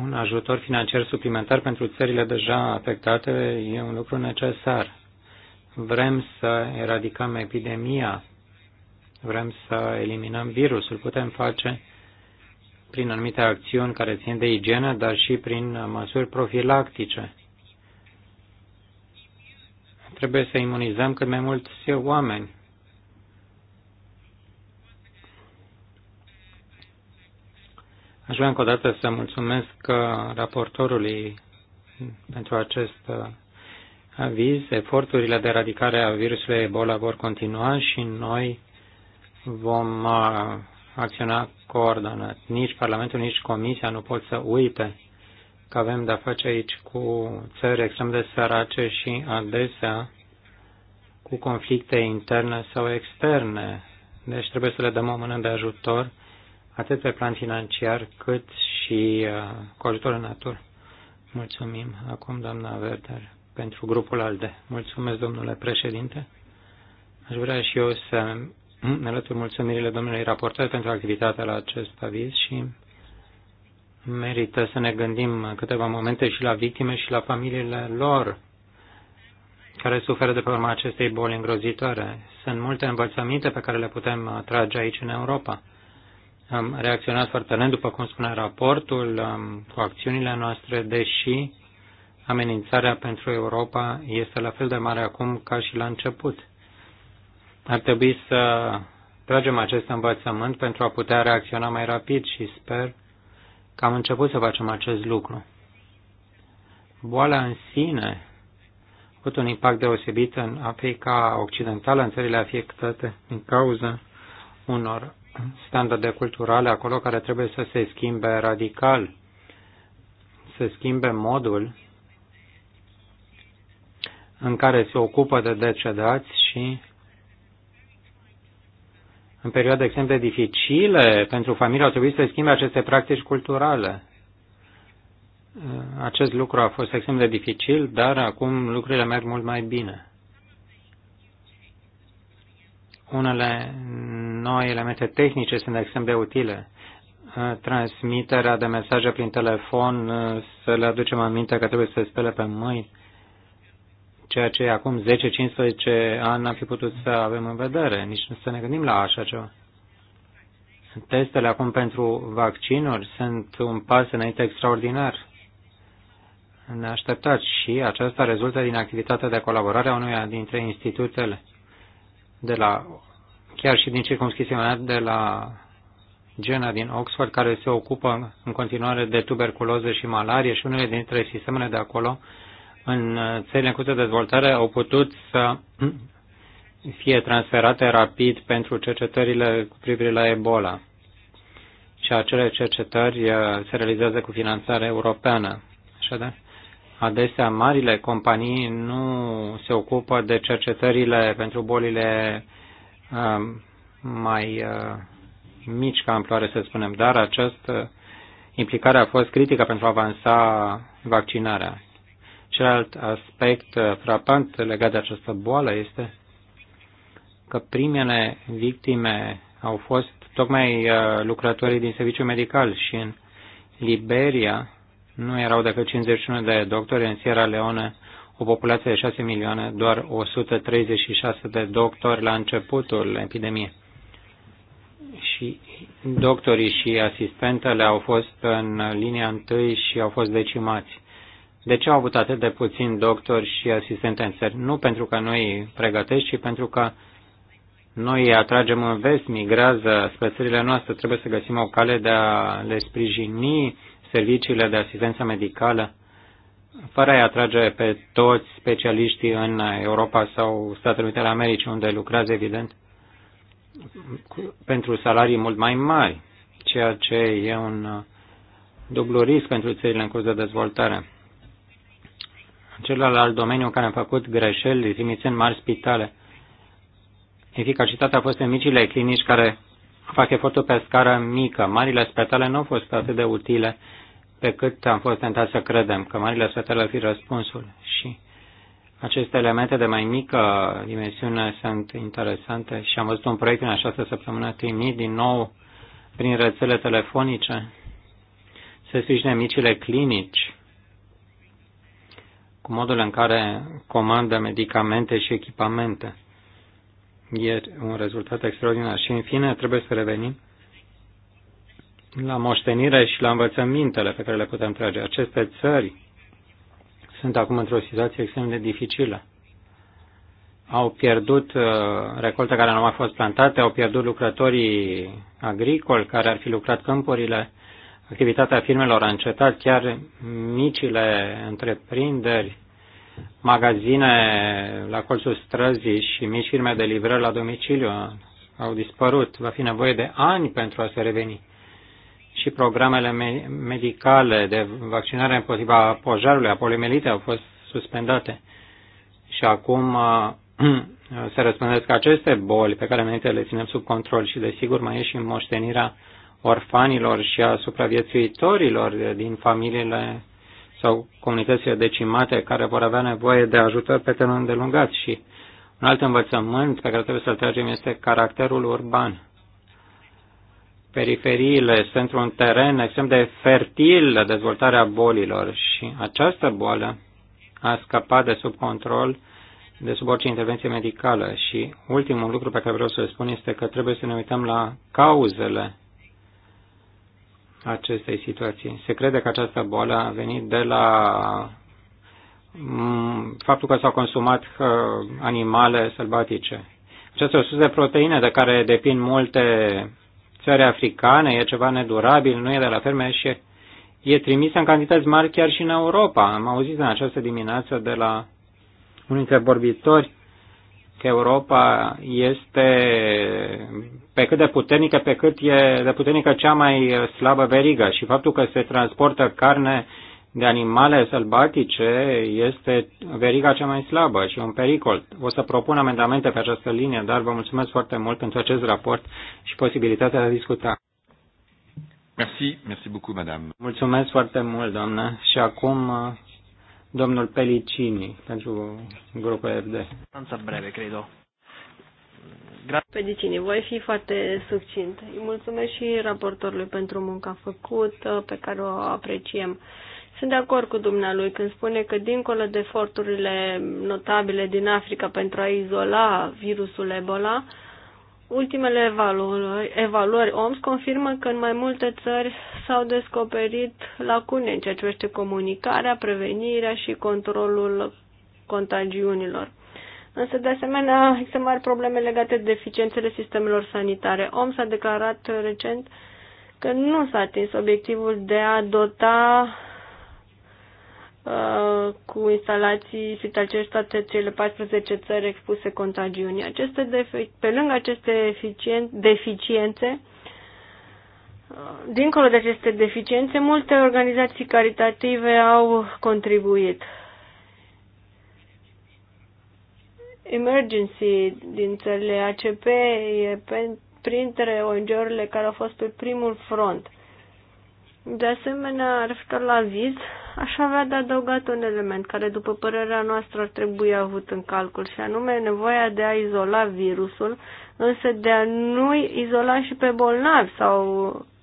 Un ajutor financiar suplimentar pentru țările deja afectate e un lucru necesar. Vrem să eradicăm epidemia, vrem să eliminăm virusul, putem face prin anumite acțiuni care țin de igienă, dar și prin măsuri profilactice. Trebuie să imunizăm cât mai mulți oameni. Aș vrea încă o dată să mulțumesc raportorului pentru acest aviz. Eforturile de eradicare a virusului Ebola vor continua și noi vom acționa coordonat. Nici Parlamentul, nici Comisia nu pot să uite că avem de-a face aici cu țări extrem de sărace și adesea cu conflicte interne sau externe. Deci trebuie să le dăm o mână de ajutor, atât pe plan financiar, cât și uh, cu ajutor în Mulțumim acum, doamna Verder, pentru grupul ALDE. Mulțumesc, domnule președinte. Aș vrea și eu să ne mm, alătur mulțumirile domnului raportor pentru activitatea la acest aviz și merită să ne gândim câteva momente și la victime și la familiile lor care suferă de pe urma acestei boli îngrozitoare. Sunt multe învățăminte pe care le putem trage aici în Europa. Am reacționat foarte lent, după cum spune raportul, cu acțiunile noastre, deși amenințarea pentru Europa este la fel de mare acum ca și la început. Ar trebui să tragem acest învățământ pentru a putea reacționa mai rapid și sper că am început să facem acest lucru. Boala în sine a avut un impact deosebit în Africa Occidentală, în țările afectate din cauza unor standarde culturale acolo care trebuie să se schimbe radical, să schimbe modul în care se ocupă de decedați și în perioade extrem de dificile pentru familie au trebuit să schimbe aceste practici culturale. Uh, acest lucru a fost extrem de dificil, dar acum lucrurile merg mult mai bine. Unele noi elemente tehnice sunt extrem de utile uh, transmiterea de mesaje prin telefon, uh, să le aducem aminte că trebuie să se spele pe mâini ceea ce acum 10-15 ani n-am fi putut să avem în vedere, nici să ne gândim la așa ceva. Testele acum pentru vaccinuri sunt un pas înainte extraordinar. așteptat și aceasta rezultă din activitatea de colaborare a unuia dintre institutele de la, chiar și din circumscripția mea, de la Gena din Oxford, care se ocupă în continuare de tuberculoză și malarie și unele dintre sistemele de acolo uh, în uh, țările în curs de dezvoltare au putut să [CLEARS THROAT] fie transferate rapid pentru cercetările cu privire la Ebola. Și acele cercetări uh, se realizează cu finanțare europeană. Așadar, adesea marile companii nu se ocupă de cercetările pentru bolile uh, mai mici ca amploare, să spunem, dar această implicare a fost critică pentru a avansa vaccinarea. Celălalt aspect uh, frapant legat de această boală este că primele victime au fost tocmai uh, lucrătorii din serviciu medical și în Liberia nu erau decât 51 de doctori, în Sierra Leone o populație de 6 milioane, doar 136 de doctori la începutul epidemiei. Și doctorii și asistentele au fost în linia întâi și au fost decimați. De ce au avut atât de puțin doctori și asistente în țări? Nu pentru că noi îi pregătești, ci pentru că noi îi atragem în vest, migrează spre țările noastre. Trebuie să găsim o cale de a le sprijini serviciile de asistență medicală fără a-i atrage pe toți specialiștii în Europa sau Statele Unite ale Americii, unde lucrează, evident, pentru salarii mult mai mari, ceea ce e un dublu risc pentru țările în curs de dezvoltare celălalt domeniu în care am făcut greșeli, trimițând mari spitale. Eficacitatea a fost în micile clinici care fac efortul pe scară mică. Marile spitale nu au fost atât de utile pe cât am fost tentați să credem că marile spitale ar fi răspunsul. Și aceste elemente de mai mică dimensiune sunt interesante și am văzut un proiect în această săptămână trimit din nou prin rețele telefonice să sprijine micile clinici cu modul în care comandă medicamente și echipamente. E un rezultat extraordinar. Și, în fine, trebuie să revenim la moștenire și la învățămintele pe care le putem trage. Aceste țări sunt acum într-o situație extrem de dificilă. Au pierdut uh, recolte care nu au mai fost plantate, au pierdut lucrătorii agricoli care ar fi lucrat câmpurile, activitatea firmelor a încetat, chiar micile întreprinderi, magazine la colțul străzii și mici firme de livrări la domiciliu au dispărut. Va fi nevoie de ani pentru a se reveni. Și programele medicale de vaccinare împotriva pojarului, a polimelitei au fost suspendate. Și acum uh, [CLEARS THROAT] se răspândesc aceste boli pe care înainte le ținem sub control și desigur mai e și moștenirea orfanilor și a supraviețuitorilor din familiile sau comunitățile decimate care vor avea nevoie de ajutor pe termen îndelungat și un alt învățământ pe care trebuie să-l tragem este caracterul urban. Periferiile sunt un teren extrem de fertil la dezvoltarea bolilor și această boală a scăpat de sub control de sub orice intervenție medicală. Și ultimul lucru pe care vreau să-l spun este că trebuie să ne uităm la cauzele acestei situații. Se crede că această boală a venit de la mm, faptul că s-au consumat uh, animale sălbatice. Aceste sus de proteine de care depind multe țări africane e ceva nedurabil, nu e de la ferme și e trimisă în cantități mari chiar și în Europa. Am auzit în această dimineață de la unii dintre vorbitori că Europa este pe cât de puternică, pe cât e de puternică cea mai slabă verigă și faptul că se transportă carne de animale sălbatice este veriga cea mai slabă și un pericol. O să propun amendamente pe această linie, dar vă mulțumesc foarte mult pentru acest raport și posibilitatea de a discuta. Merci, merci beaucoup, madame. Mulțumesc foarte mult, doamnă. Și acum Domnul Pelicini, pentru grupul FD. Anța breve, credo. Pelicini, voi fi foarte succint. Îi mulțumesc și raportorului pentru munca făcută, pe care o apreciem. Sunt de acord cu dumnealui când spune că, dincolo de eforturile notabile din Africa pentru a izola virusul Ebola, Ultimele evaluări, evaluări OMS confirmă că în mai multe țări s-au descoperit lacune în ceea ce privește comunicarea, prevenirea și controlul contagiunilor. Însă, de asemenea, există mari probleme legate de deficiențele sistemelor sanitare. OMS a declarat recent că nu s-a atins obiectivul de a dota Uh, cu instalații spitalicești toate cele 14 țări expuse contagiunii. Aceste defi- pe lângă aceste deficiențe, uh, dincolo de aceste deficiențe, multe organizații caritative au contribuit. Emergency din țările ACP e printre ONG-urile care au fost pe primul front de asemenea, referitor la viz, aș avea de adăugat un element care, după părerea noastră, ar trebui avut în calcul, și anume nevoia de a izola virusul, însă de a nu izola și pe bolnavi sau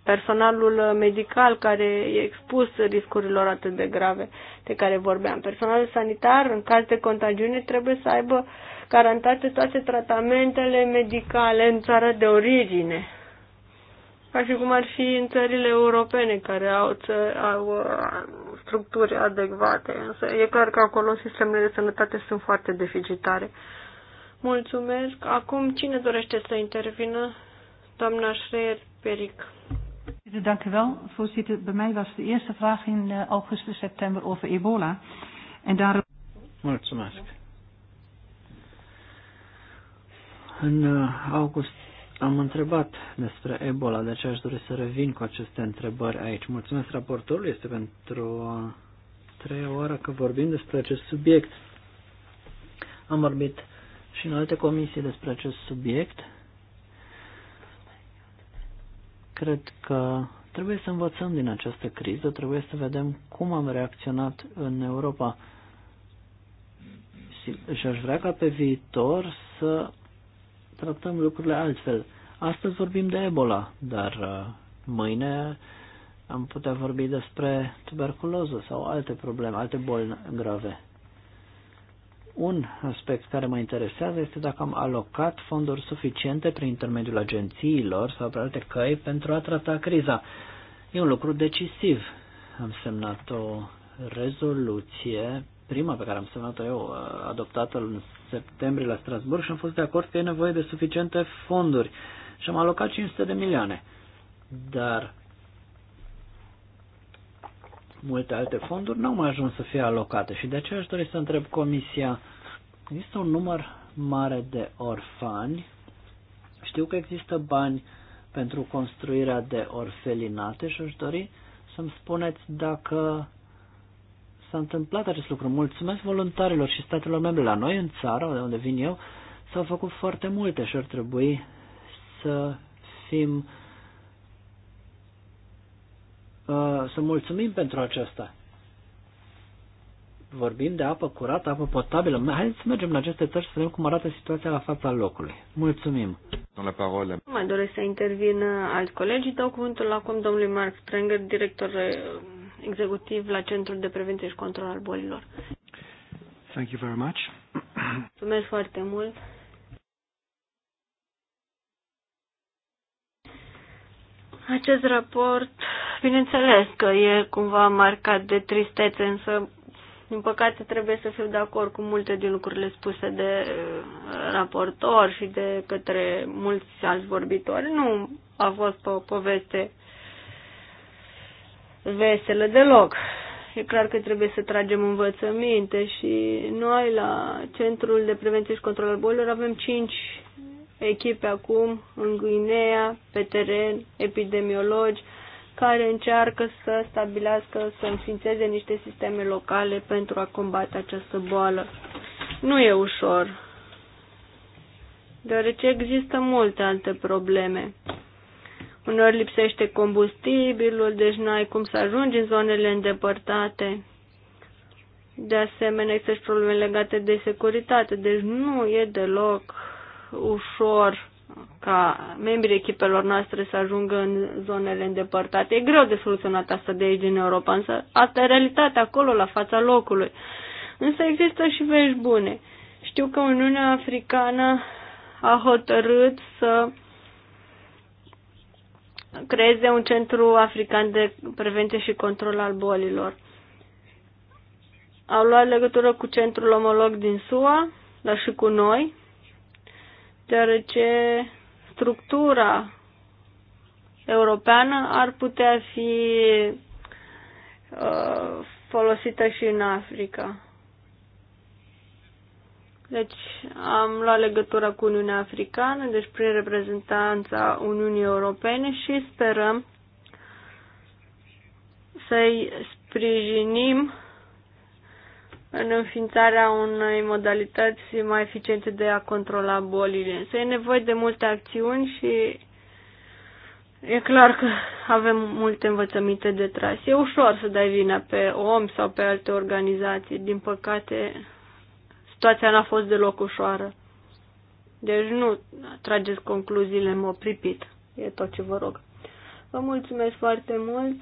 personalul medical care e expus riscurilor atât de grave de care vorbeam. Personalul sanitar, în caz de contagiune, trebuie să aibă garantate toate tratamentele medicale în țara de origine ca și cum ar fi în țările europene care au, ță, au uh, structuri adecvate. Însă e clar că acolo sistemele de sănătate sunt foarte deficitare. Mulțumesc. Acum cine dorește să intervină? Doamna Schreier Peric. Dank u wel. Voorzitter, bij mij was de eerste vraag in eh, augustus, september over ebola. En daar... Mulțumesc. În eh, august am întrebat despre Ebola, de aceea aș dori să revin cu aceste întrebări aici. Mulțumesc raportorului, este pentru a treia oară că vorbim despre acest subiect. Am vorbit și în alte comisii despre acest subiect. Cred că trebuie să învățăm din această criză, trebuie să vedem cum am reacționat în Europa. Și aș vrea ca pe viitor să tratăm lucrurile altfel. Astăzi vorbim de Ebola, dar uh, mâine am putea vorbi despre tuberculoză sau alte probleme, alte boli grave. Un aspect care mă interesează este dacă am alocat fonduri suficiente prin intermediul agențiilor sau pe alte căi pentru a trata criza. E un lucru decisiv. Am semnat o rezoluție, prima pe care am semnat-o eu, adoptată în septembrie la Strasburg și am fost de acord că e nevoie de suficiente fonduri și am alocat 500 de milioane. Dar multe alte fonduri nu au mai ajuns să fie alocate și de aceea aș dori să întreb Comisia, există un număr mare de orfani, știu că există bani pentru construirea de orfelinate și aș dori să-mi spuneți dacă s-a întâmplat acest lucru. Mulțumesc voluntarilor și statelor membre. La noi în țară, de unde vin eu, s-au făcut foarte multe și ar trebui să fim uh, să mulțumim pentru aceasta. Vorbim de apă curată, apă potabilă. Haideți să mergem în aceste țări să vedem cum arată situația la fața locului. Mulțumim. Nu mai doresc să intervin alți colegi. Dau cuvântul acum domnului Mark Strenger, director executiv la Centrul de Prevenție și Control al Bolilor. Thank you very much. Mulțumesc foarte mult. Acest raport, bineînțeles că e cumva marcat de tristețe, însă, din păcate, trebuie să fiu de acord cu multe din lucrurile spuse de uh, raportor și de către mulți alți vorbitori. Nu a fost o poveste veselă deloc. E clar că trebuie să tragem învățăminte și noi la Centrul de Prevenție și Control al Bolilor avem cinci echipe acum în Guinea, pe teren, epidemiologi, care încearcă să stabilească, să înființeze niște sisteme locale pentru a combate această boală. Nu e ușor, deoarece există multe alte probleme uneori lipsește combustibilul, deci nu ai cum să ajungi în zonele îndepărtate. De asemenea, există și probleme legate de securitate, deci nu e deloc ușor ca membrii echipelor noastre să ajungă în zonele îndepărtate. E greu de soluționat asta de aici din Europa, însă asta e realitatea acolo, la fața locului. Însă există și vești bune. Știu că Uniunea Africană a hotărât să creeze un centru african de prevenție și control al bolilor. Au luat legătură cu centrul omolog din SUA, dar și cu noi, deoarece structura europeană ar putea fi uh, folosită și în Africa. Deci am luat legătura cu Uniunea Africană, deci prin reprezentanța Uniunii Europene și sperăm să-i sprijinim în înființarea unei modalități mai eficiente de a controla bolile. Să e nevoie de multe acțiuni și e clar că avem multe învățăminte de tras. E ușor să dai vina pe om sau pe alte organizații. Din păcate, situația n-a fost deloc ușoară. Deci nu trageți concluziile mă pripit. E tot ce vă rog. Vă mulțumesc foarte mult.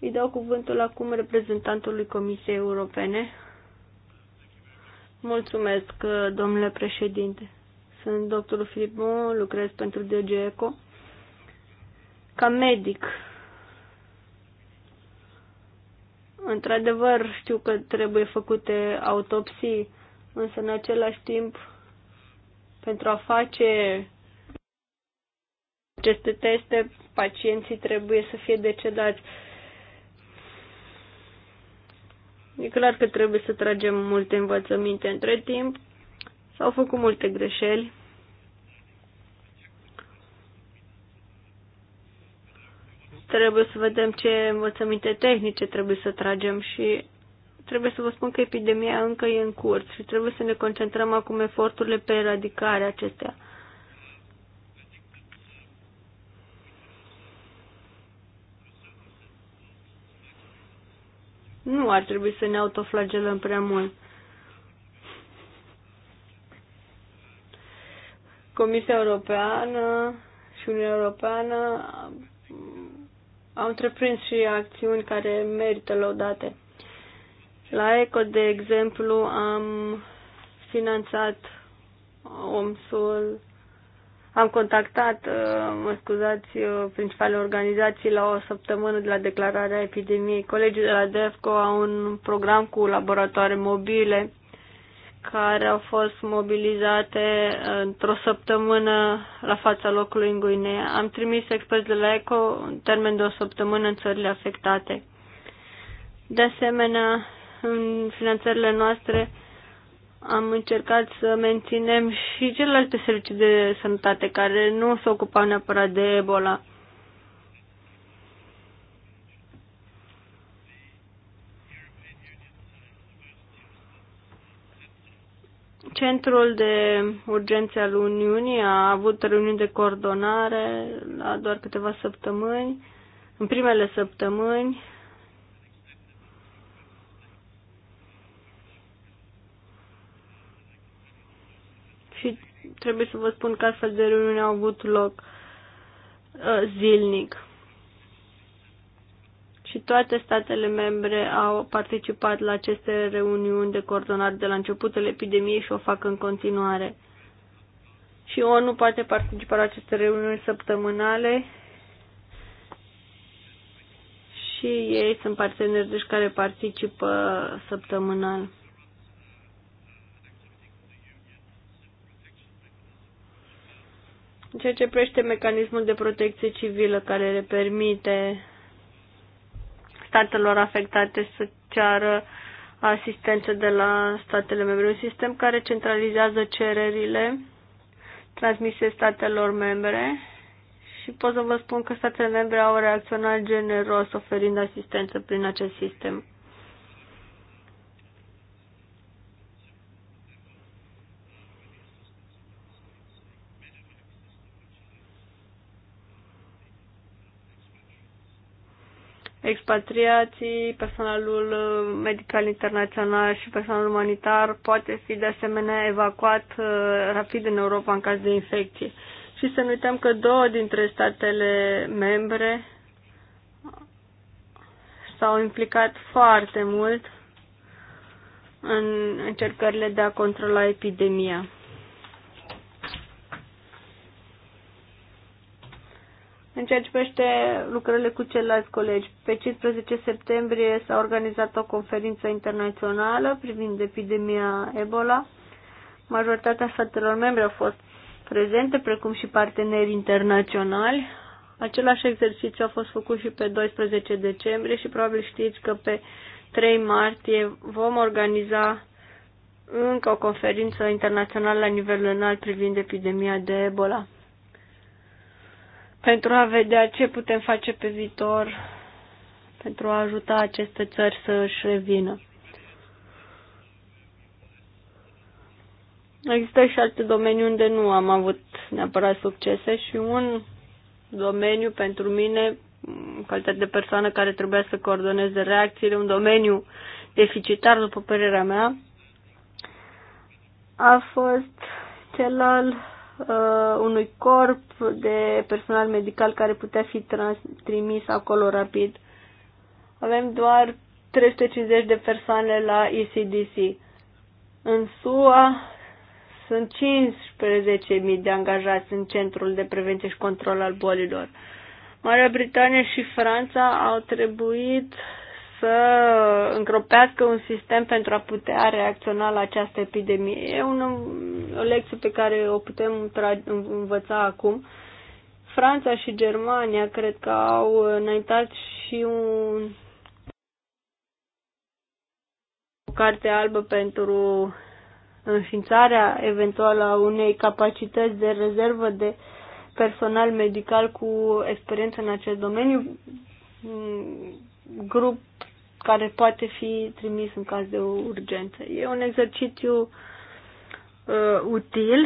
Îi dau cuvântul acum reprezentantului Comisiei Europene. Mulțumesc, domnule președinte. Sunt doctorul Filip Mo, lucrez pentru DG ECO. Ca medic, într-adevăr știu că trebuie făcute autopsii însă în același timp pentru a face aceste teste, pacienții trebuie să fie decedați. E clar că trebuie să tragem multe învățăminte între timp. S-au făcut multe greșeli. Trebuie să vedem ce învățăminte tehnice trebuie să tragem și trebuie să vă spun că epidemia încă e în curs și trebuie să ne concentrăm acum eforturile pe eradicarea acestea. Nu ar trebui să ne autoflagelăm prea mult. Comisia Europeană și Uniunea Europeană au întreprins și acțiuni care merită lăudate. La ECO, de exemplu, am finanțat OMSUL, am contactat, uh, mă scuzați, uh, principalele organizații la o săptămână de la declararea epidemiei. Colegii de la DEFCO au un program cu laboratoare mobile care au fost mobilizate uh, într-o săptămână la fața locului în Guinea. Am trimis experți de la ECO în termen de o săptămână în țările afectate. De asemenea, în finanțările noastre am încercat să menținem și celelalte servicii de sănătate care nu se ocupau neapărat de Ebola. Centrul de urgențe al Uniunii a avut reuniuni de coordonare la doar câteva săptămâni, în primele săptămâni, și trebuie să vă spun că astfel de reuniuni au avut loc uh, zilnic. Și toate statele membre au participat la aceste reuniuni de coordonare de la începutul epidemiei și o fac în continuare. Și ONU poate participa la aceste reuniuni săptămânale și ei sunt parteneri deci care participă săptămânal. ceea ce prește mecanismul de protecție civilă care le permite statelor afectate să ceară asistență de la statele membre. Un sistem care centralizează cererile transmise statelor membre și pot să vă spun că statele membre au reacționat generos oferind asistență prin acest sistem. expatriații, personalul uh, medical internațional și personalul umanitar poate fi de asemenea evacuat uh, rapid în Europa în caz de infecție. Și să nu uităm că două dintre statele membre s-au implicat foarte mult în încercările de a controla epidemia. În ceea ce privește lucrările cu ceilalți colegi, pe 15 septembrie s-a organizat o conferință internațională privind epidemia Ebola. Majoritatea statelor membre au fost prezente, precum și parteneri internaționali. Același exercițiu a fost făcut și pe 12 decembrie și probabil știți că pe 3 martie vom organiza încă o conferință internațională la nivel înalt privind epidemia de Ebola pentru a vedea ce putem face pe viitor pentru a ajuta aceste țări să își revină. Există și alte domenii unde nu am avut neapărat succese și un domeniu pentru mine, în calitate de persoană care trebuia să coordoneze reacțiile, un domeniu deficitar, după părerea mea, a fost cel al uh, unui corp de personal medical care putea fi trans- trimis acolo rapid. Avem doar 350 de persoane la ECDC. În SUA sunt 15.000 de angajați în Centrul de Prevenție și Control al Bolilor. Marea Britanie și Franța au trebuit să încropească un sistem pentru a putea reacționa la această epidemie. E un, o lecție pe care o putem învăța acum. Franța și Germania cred că au înaintat și un, o carte albă pentru înființarea eventuală a unei capacități de rezervă de personal medical cu experiență în acest domeniu. Mm, grup care poate fi trimis în caz de urgență. E un exercițiu uh, util,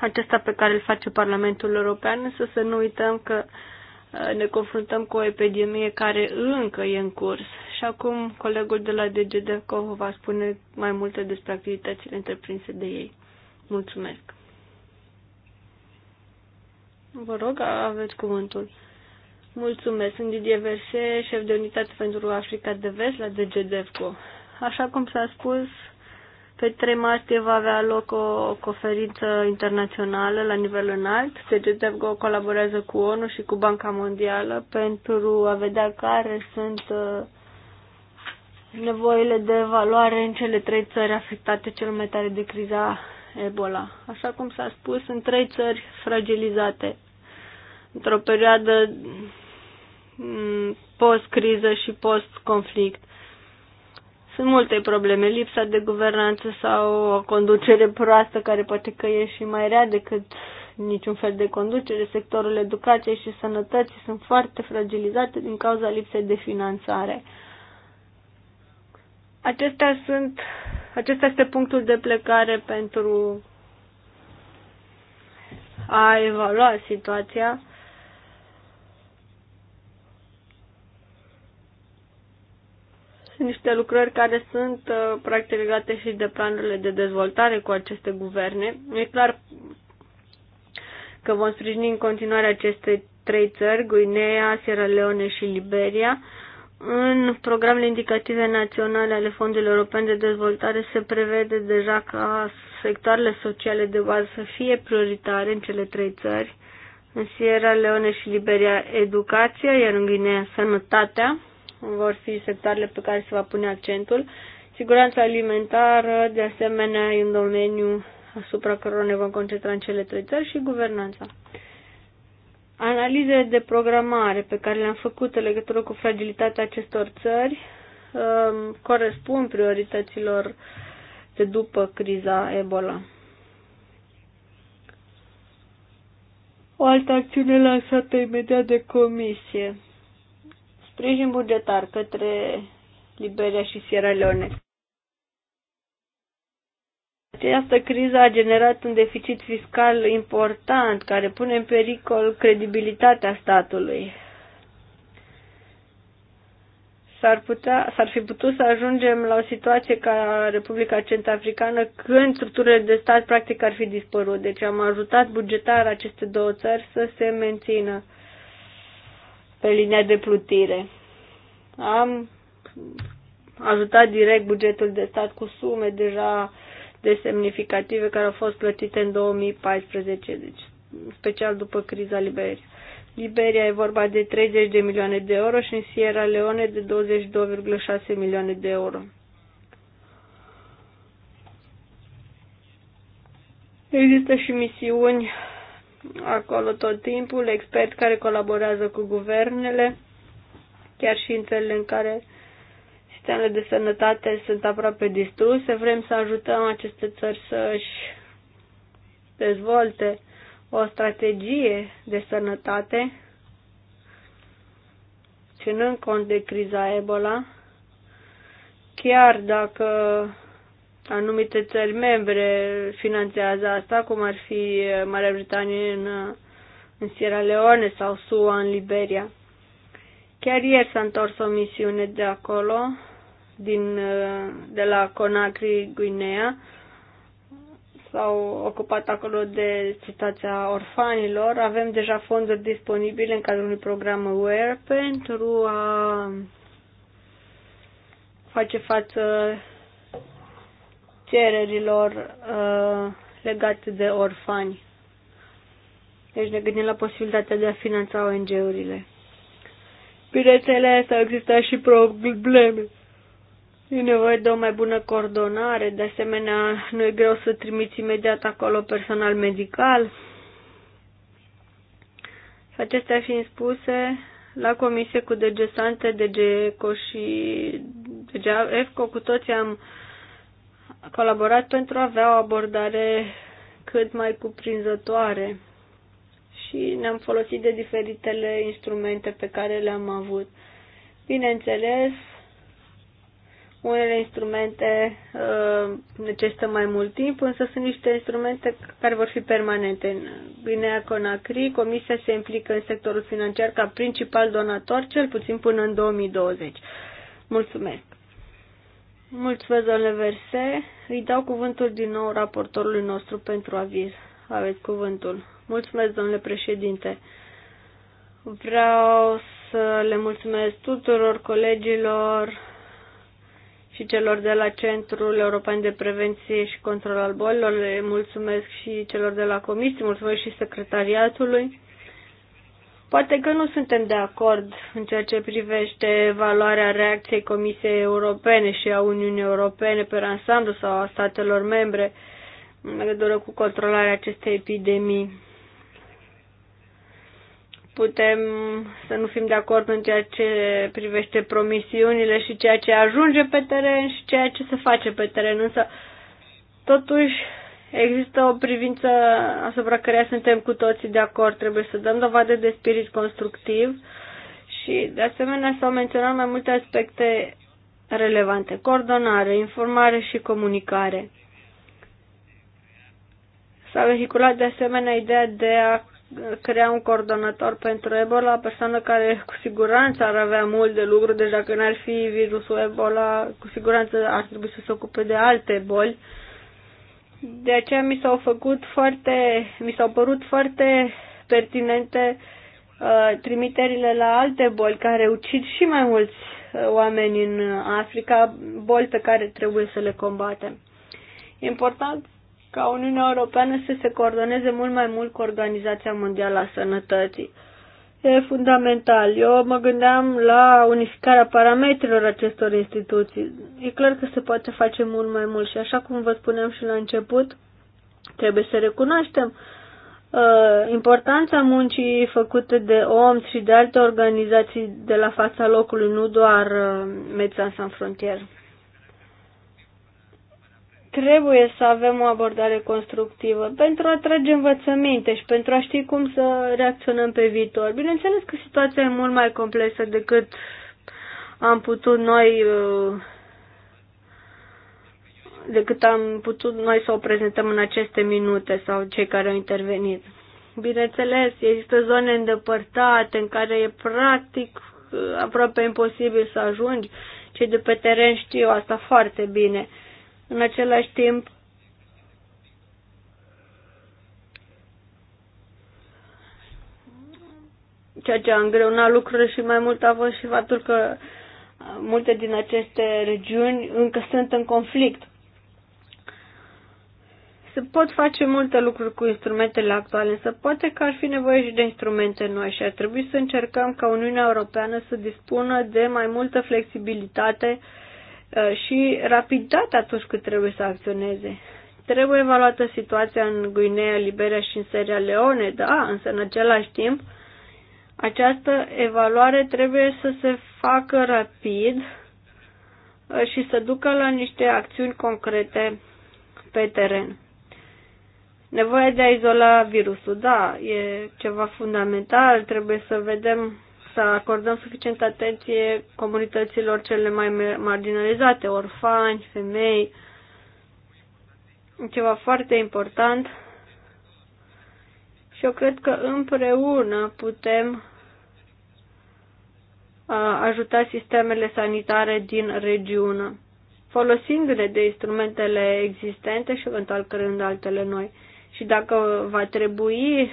acesta pe care îl face Parlamentul European, însă să nu uităm că uh, ne confruntăm cu o epidemie care încă e în curs. Și acum colegul de la DGDCO va spune mai multe despre activitățile întreprinse de ei. Mulțumesc! Vă rog, aveți cuvântul. Mulțumesc, sunt Didier Verse, șef de unitate pentru Africa de Vest la DGDFCO. Așa cum s-a spus, pe 3 martie va avea loc o conferință internațională la nivel înalt. DGDFCO colaborează cu ONU și cu Banca Mondială pentru a vedea care sunt uh, nevoile de evaluare în cele trei țări afectate cel mai tare de criza Ebola. Așa cum s-a spus, sunt trei țări fragilizate într-o perioadă Mm, post-criză și post-conflict. Sunt multe probleme, lipsa de guvernanță sau o conducere proastă care poate că e și mai rea decât niciun fel de conducere. Sectorul educației și sănătății sunt foarte fragilizate din cauza lipsei de finanțare. Acestea sunt, acesta este punctul de plecare pentru a evalua situația Sunt niște lucrări care sunt uh, practic legate și de planurile de dezvoltare cu aceste guverne. E clar că vom sprijini în continuare aceste trei țări, Guinea, Sierra Leone și Liberia. În programele indicative naționale ale Fondului European de Dezvoltare se prevede deja ca sectoarele sociale de bază să fie prioritare în cele trei țări. În Sierra Leone și Liberia, educația, iar în Guinea, sănătatea vor fi sectoarele pe care se va pune accentul. Siguranța alimentară, de asemenea, e un domeniu asupra cărora ne vom concentra în cele trei țări și guvernanța. Analizele de programare pe care le-am făcut în legătură cu fragilitatea acestor țări um, corespund priorităților de după criza Ebola. O altă acțiune lansată imediat de comisie sprijin bugetar către Liberia și Sierra Leone. Această criză a generat un deficit fiscal important care pune în pericol credibilitatea statului. S-ar, putea, s-ar fi putut să ajungem la o situație ca Republica Centrafricană când structurile de stat practic ar fi dispărut. Deci am ajutat bugetar aceste două țări să se mențină pe linia de plutire. Am ajutat direct bugetul de stat cu sume deja de semnificative care au fost plătite în 2014, deci special după criza Liberiei. Liberia e vorba de 30 de milioane de euro și în Sierra Leone de 22,6 milioane de euro. Există și misiuni acolo tot timpul, expert care colaborează cu guvernele, chiar și în țările în care sistemele de sănătate sunt aproape distruse. Vrem să ajutăm aceste țări să își dezvolte o strategie de sănătate, ținând cont de criza Ebola, chiar dacă Anumite țări membre finanțează asta, cum ar fi Marea Britanie în, în Sierra Leone sau SUA în Liberia. Chiar ieri s-a întors o misiune de acolo, din, de la Conakry, Guinea. S-au ocupat acolo de situația orfanilor. Avem deja fonduri disponibile în cadrul unui program WARE pentru a face față cererilor uh, legate de orfani. Deci ne gândim la posibilitatea de a finanța ONG-urile. Bineînțeles, au existat și probleme. E nevoie de o mai bună coordonare, de asemenea, nu e greu să trimiți imediat acolo personal medical. Și acestea fiind spuse, la comisie cu DG Sante, DG ECO și DG EFCO, cu toții am colaborat pentru a avea o abordare cât mai cuprinzătoare și ne-am folosit de diferitele instrumente pe care le-am avut. Bineînțeles, unele instrumente uh, necesită mai mult timp, însă sunt niște instrumente care vor fi permanente. În Guinea Conakry, Comisia se implică în sectorul financiar ca principal donator, cel puțin până în 2020. Mulțumesc! Mulțumesc, domnule Verse. Îi dau cuvântul din nou raportorului nostru pentru aviz. Aveți cuvântul. Mulțumesc, domnule președinte. Vreau să le mulțumesc tuturor colegilor și celor de la Centrul European de Prevenție și Control al Bolilor, le mulțumesc și celor de la Comisie, mulțumesc și secretariatului Poate că nu suntem de acord în ceea ce privește valoarea reacției Comisiei Europene și a Uniunii Europene pe ansamblu sau a statelor membre în legătură cu controlarea acestei epidemii. Putem să nu fim de acord în ceea ce privește promisiunile și ceea ce ajunge pe teren și ceea ce se face pe teren, însă totuși Există o privință asupra căreia suntem cu toții de acord. Trebuie să dăm dovadă de spirit constructiv și, de asemenea, s-au menționat mai multe aspecte relevante. Coordonare, informare și comunicare. S-a vehiculat, de asemenea, ideea de a crea un coordonator pentru Ebola, o persoană care cu siguranță ar avea mult de lucru, deci dacă n-ar fi virusul Ebola, cu siguranță ar trebui să se ocupe de alte boli. Uh, de aceea mi s-au făcut foarte, mi s-au părut foarte pertinente uh, trimiterile la alte boli care ucid și mai mulți uh, oameni în Africa, boli pe care trebuie să le combatem. E important ca Uniunea Europeană să se coordoneze mult mai mult cu Organizația Mondială a Sănătății. Uh, e fundamental. Eu mă gândeam la unificarea parametrilor acestor instituții. E clar că se poate face mult mai mult și așa cum vă spuneam și la început, trebuie să recunoaștem uh, importanța muncii făcute de OMS și de alte organizații de la fața locului, nu doar uh, Medecins Sans Frontières. Trebuie să avem o abordare constructivă pentru a trage învățăminte și pentru a ști cum să reacționăm pe viitor. Bineînțeles că situația e mult mai complexă decât am putut noi uh, decât am putut noi să o prezentăm în aceste minute sau cei care au intervenit. Bineînțeles, există zone îndepărtate în care e practic uh, aproape imposibil să ajungi. Cei de pe teren știu asta foarte bine. În același timp, ceea ce a îngreunat lucrurile și mai mult a fost și faptul că multe din aceste regiuni încă sunt în conflict. Se pot face multe lucruri cu instrumentele actuale, însă poate că ar fi nevoie și de instrumente noi și ar trebui să încercăm ca Uniunea Europeană să dispună de mai multă flexibilitate uh, Uh, și rapiditate atunci când trebuie să acționeze. Trebuie evaluată situația în Guinea, Liberia și în Sierra Leone, da, însă în același timp această evaluare trebuie să se facă rapid uh, și să ducă la niște acțiuni concrete pe teren. Nevoia de a izola virusul, da, e ceva fundamental, trebuie să vedem să acordăm suficientă atenție comunităților cele mai marginalizate, orfani, femei. Ceva foarte important. Și eu cred că împreună putem ajuta sistemele sanitare din regiune, folosindu-ne de instrumentele existente și eventual creând altele noi. Și dacă va trebui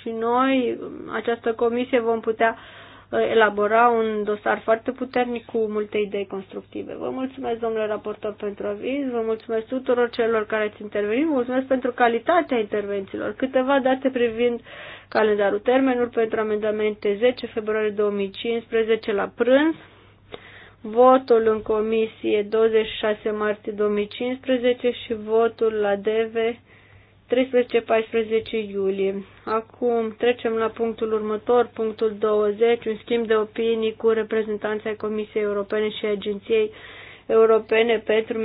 și noi, această comisie, vom putea uh, elabora un dosar foarte puternic cu multe idei constructive. Vă mulțumesc, domnule raportor, pentru aviz, vă mulțumesc tuturor celor care ați intervenit, vă mulțumesc pentru calitatea intervențiilor. Câteva date privind calendarul termenul pentru amendamente 10 februarie 2015 la prânz, votul în comisie 26 martie 2015 și votul la DV 13-14 iulie. Acum trecem la punctul următor, punctul 20, un schimb de opinii cu reprezentanța Comisiei Europene și Agenției Europene pentru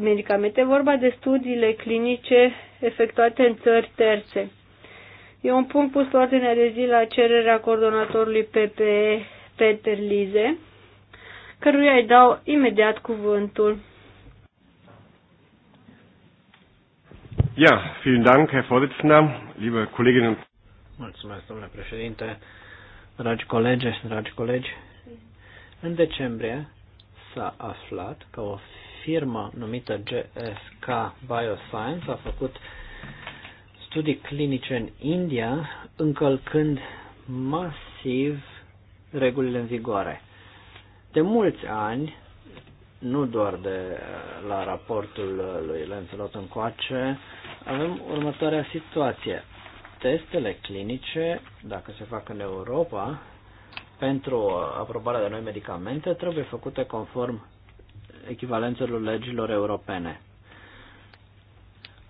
Medicamente, vorba de studiile clinice efectuate în țări terțe. E un punct pus pe ordinea de zi la cererea coordonatorului PPE Peter Lize, căruia îi dau imediat cuvântul. Ja, vielen Dank, Herr Vorsitzender, liebe Kolleginnen und Mulțumesc, domnule președinte, dragi colegi dragi colegi. În decembrie s-a aflat că o firmă numită GSK Bioscience a făcut studii clinice în India, încălcând masiv regulile în vigoare. De mulți ani, nu doar de la raportul lui Lancelot încoace, avem următoarea situație. Testele clinice, dacă se fac în Europa, pentru aprobarea de noi medicamente trebuie făcute conform echivalențelor legilor europene.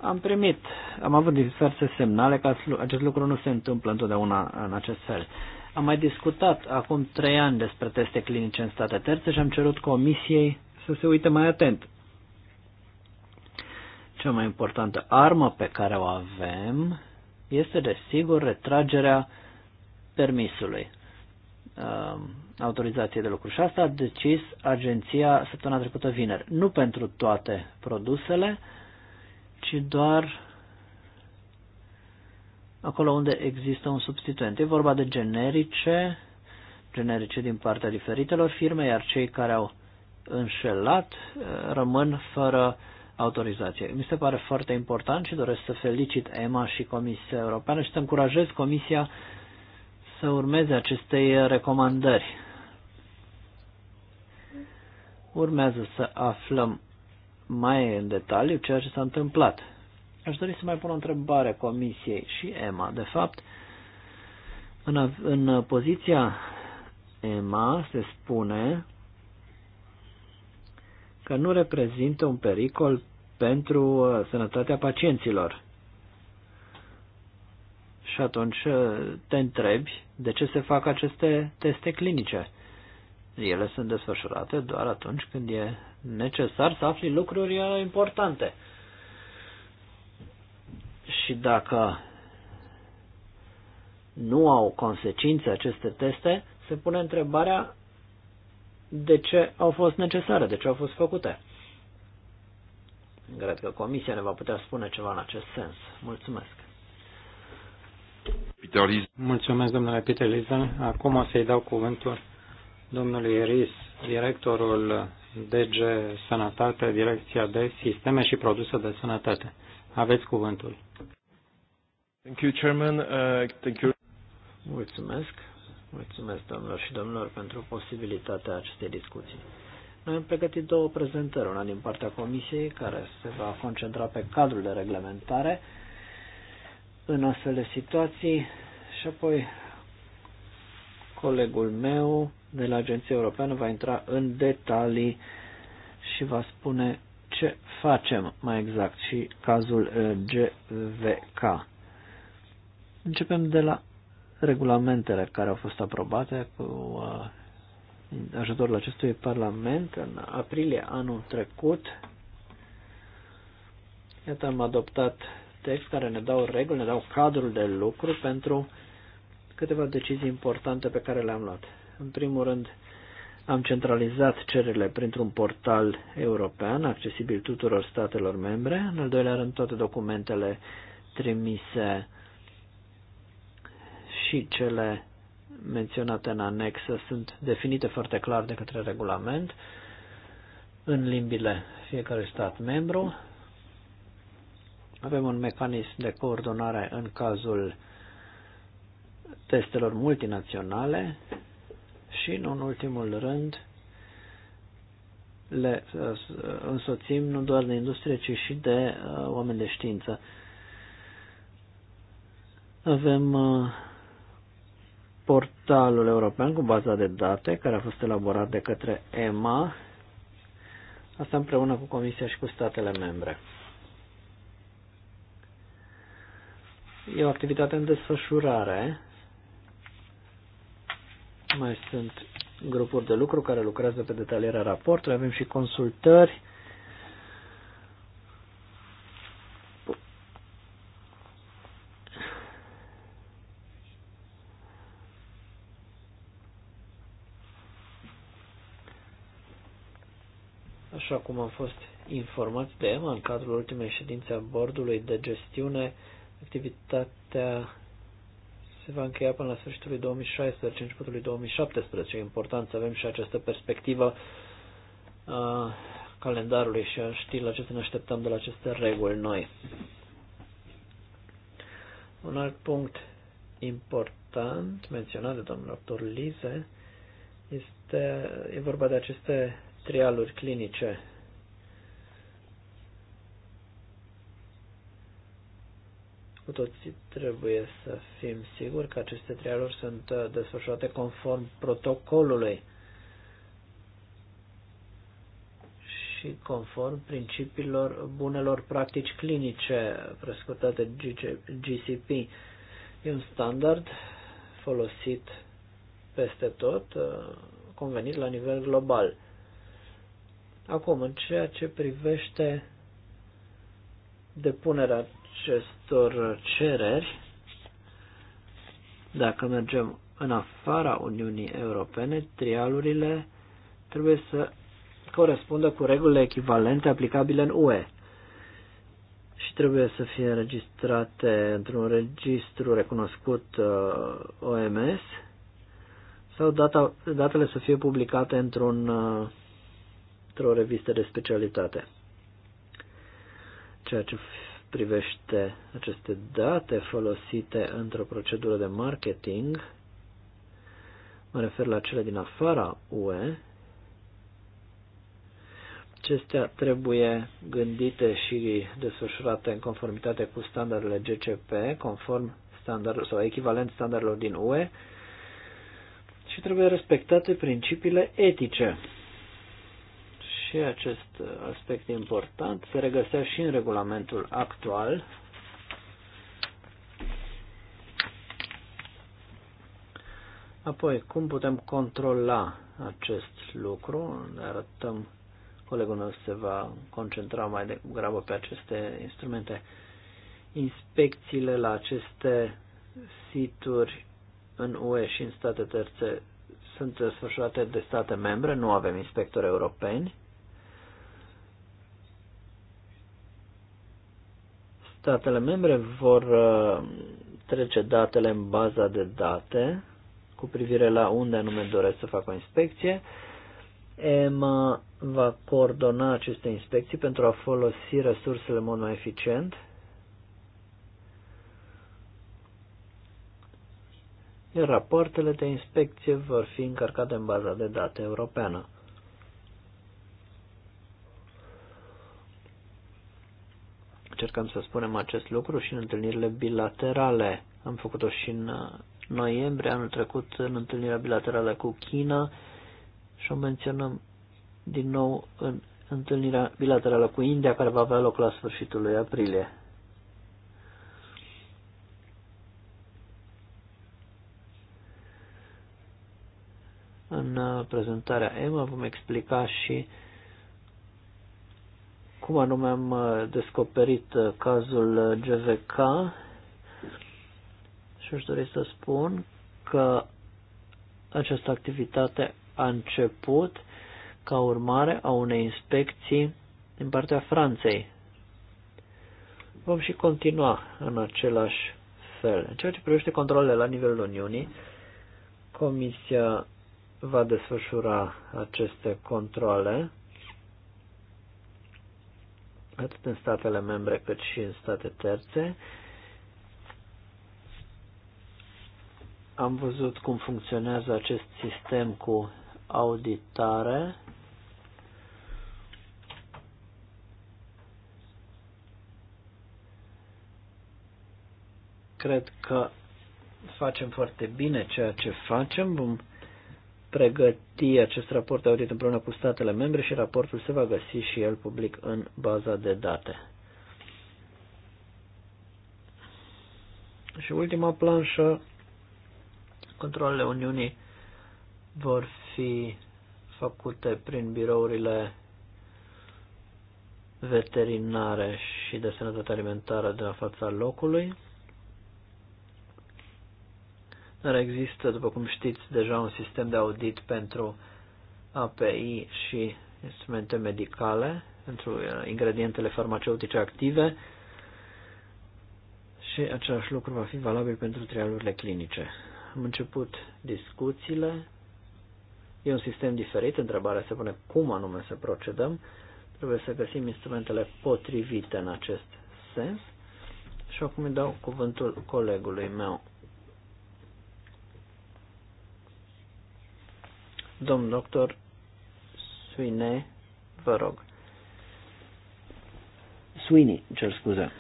Am primit, am avut diverse semnale că acest lucru nu se întâmplă întotdeauna în acest fel. Am mai discutat acum trei ani despre teste clinice în state terțe și am cerut comisiei să se uite mai atent cea mai importantă armă pe care o avem este, desigur, retragerea permisului, Autorizație de lucru. Și asta a decis agenția săptămâna trecută vineri. Nu pentru toate produsele, ci doar acolo unde există un substituent. E vorba de generice, generice din partea diferitelor firme, iar cei care au înșelat eh, rămân fără autorizație. Mi se pare foarte important și doresc să felicit EMA și Comisia Europeană și să încurajez Comisia să urmeze acestei recomandări. Urmează să aflăm mai în detaliu ceea ce s-a întâmplat. Aș dori să mai pun o întrebare Comisiei și EMA. De fapt, în, în poziția EMA se spune că nu reprezintă un pericol pentru uh, sănătatea pacienților. Și atunci uh, te întrebi de ce se fac aceste teste clinice. Ele sunt desfășurate doar atunci când e necesar să afli lucruri uh, importante. Și dacă nu au consecințe aceste teste, se pune întrebarea de ce au fost necesare, de ce au fost făcute. Cred că Comisia ne va putea spune ceva în acest sens. Mulțumesc. Peter Mulțumesc, domnule Peter Lizan. Acum o să-i dau cuvântul domnului Eris, directorul DG Sănătate, Direcția de Sisteme și Produse de Sănătate. Aveți cuvântul. Thank you, Chairman. Uh, thank you. Mulțumesc. Mulțumesc, domnilor și domnilor, pentru posibilitatea acestei discuții. Noi am pregătit două prezentări, una din partea Comisiei, care se va concentra pe cadrul de reglementare în astfel de situații și apoi colegul meu de la Agenția Europeană va intra în detalii și va spune ce facem mai exact și cazul eh, GVK. Începem de la regulamentele care au fost aprobate cu uh, ajutorul acestui Parlament în aprilie anul trecut. Iată, am adoptat text care ne dau reguli, ne dau cadrul de lucru pentru câteva decizii importante pe care le-am luat. În primul rând, am centralizat cererile printr-un portal european accesibil tuturor statelor membre. În al doilea rând, toate documentele trimise și cele menționate în anexă sunt definite foarte clar de către regulament în limbile fiecărui stat membru. Avem un mecanism de coordonare în cazul testelor multinaționale și, în ultimul rând, le uh, însoțim nu doar de industrie, ci și de uh, oameni de știință. Avem uh, portalul european cu baza de date care a fost elaborat de către EMA, asta împreună cu Comisia și cu statele membre. E o activitate în desfășurare. Mai sunt grupuri de lucru care lucrează pe detalierea raportului, avem și consultări cum am fost informați de EMA în cadrul ultimei ședințe a bordului de gestiune, activitatea se va încheia până la sfârșitul lui 2016, începutul 2017. E important să avem și această perspectivă a calendarului și a ști la ce să ne așteptăm de la aceste reguli noi. Un alt punct important menționat de domnul doctor Lize este, e vorba de aceste trialuri clinice Cu toții trebuie să fim siguri că aceste trialuri sunt uh, desfășurate conform protocolului și conform principiilor bunelor practici clinice prescutate GCP. E un standard folosit peste tot, uh, convenit la nivel global. Acum, în ceea ce privește depunerea acestor cereri, dacă mergem în afara Uniunii Europene, trialurile trebuie să corespundă cu regulile echivalente aplicabile în UE și trebuie să fie înregistrate într-un registru recunoscut uh, OMS sau data, datele să fie publicate într-un, uh, într-o revistă de specialitate, ceea ce privește aceste date folosite într-o procedură de marketing, mă refer la cele din afara UE, acestea trebuie gândite și desfășurate în conformitate cu standardele GCP, conform standard, sau echivalent standardelor din UE, și trebuie respectate principiile etice și acest aspect important se regăsea și în regulamentul actual. Apoi, cum putem controla acest lucru? Ne arătăm, colegul meu se va concentra mai degrabă pe aceste instrumente. Inspecțiile la aceste situri în UE și în state terțe sunt desfășurate de state membre, nu avem inspectori europeni. statele membre vor uh, trece datele în baza de date cu privire la unde anume doresc să facă o inspecție. EMA va coordona aceste inspecții pentru a folosi resursele în mod mai eficient. Iar rapoartele de inspecție vor fi încărcate în baza de date europeană. Încercăm să spunem acest lucru și în întâlnirile bilaterale. Am făcut-o și în uh, noiembrie anul trecut în întâlnirea bilaterală cu China și o menționăm din nou în întâlnirea bilaterală cu India care va avea loc la sfârșitul lui aprilie. În uh, prezentarea EMA vom explica și cum anume am uh, descoperit uh, cazul uh, GVK și aș dori să spun că această activitate a început ca urmare a unei inspecții din partea Franței. Vom și continua în același fel. În ceea ce privește controlele la nivelul Uniunii, Comisia va desfășura aceste controle atât în statele membre cât și în state terțe. Am văzut cum funcționează acest sistem cu auditare. Cred că facem foarte bine ceea ce facem. Vom pregăti acest raport de audit împreună cu statele membre și raportul se va găsi și el public în baza de date. Și ultima planșă, controlele Uniunii vor fi făcute prin birourile veterinare și de sănătate alimentară de la fața locului. Dar există, după cum știți, deja un sistem de audit pentru API și instrumente medicale, pentru uh, ingredientele farmaceutice active și același lucru va fi valabil pentru trialurile clinice. Am început discuțiile. E un sistem diferit, întrebarea se pune cum anume să procedăm. Trebuie să găsim instrumentele potrivite în acest sens. Și acum îi dau cuvântul colegului meu. Domn doctor Suine, vă rog. Sweeney, cer scuze.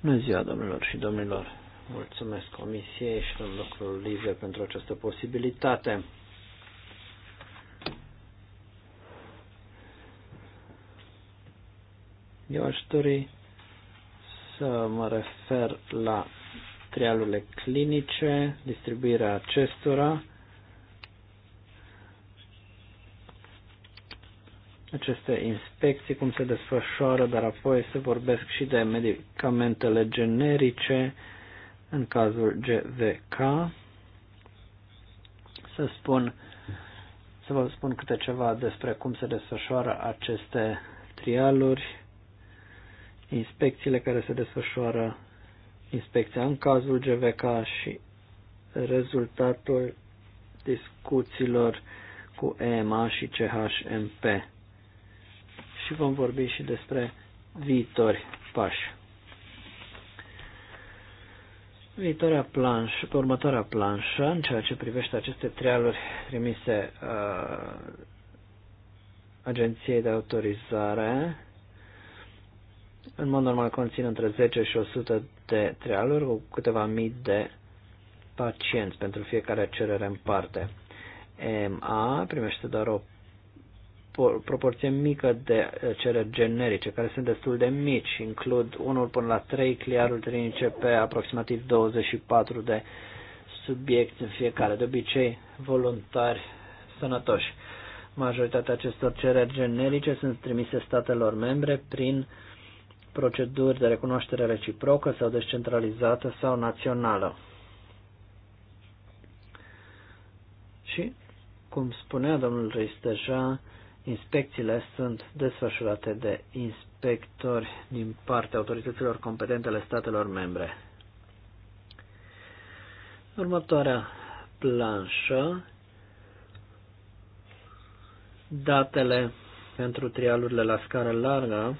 Bună ziua, domnilor și domnilor. Mulțumesc comisiei și domnul Live pentru această posibilitate. Eu aș dori să mă refer la trialurile clinice, distribuirea acestora. Aceste inspecții, cum se desfășoară, dar apoi se vorbesc și de medicamentele generice în cazul GVK. Să spun să vă spun câte ceva despre cum se desfășoară aceste trialuri, inspecțiile care se desfășoară inspecția în cazul GVK și rezultatul discuțiilor cu EMA și CHMP. Și vom vorbi și despre viitori pași. Viitoarea planșă, pe următoarea planșă, în ceea ce privește aceste trialuri trimise uh, Agenției de Autorizare, în mod normal conțin între 10 și 100 de trialuri cu câteva mii de pacienți pentru fiecare cerere în parte. Ma primește doar o proporție mică de eh, cereri generice, care sunt destul de mici, includ unul până la 3 cliarul clinice pe aproximativ 24 de subiecti în fiecare, de obicei voluntari sănătoși. Majoritatea acestor cereri generice sunt trimise statelor membre prin uh, proceduri de recunoaștere reciprocă sau descentralizată sau națională. Și, cum spunea domnul Reis deja, inspecțiile sunt desfășurate de inspectori din partea autorităților competente ale statelor membre. Următoarea planșă, datele pentru trialurile la scară largă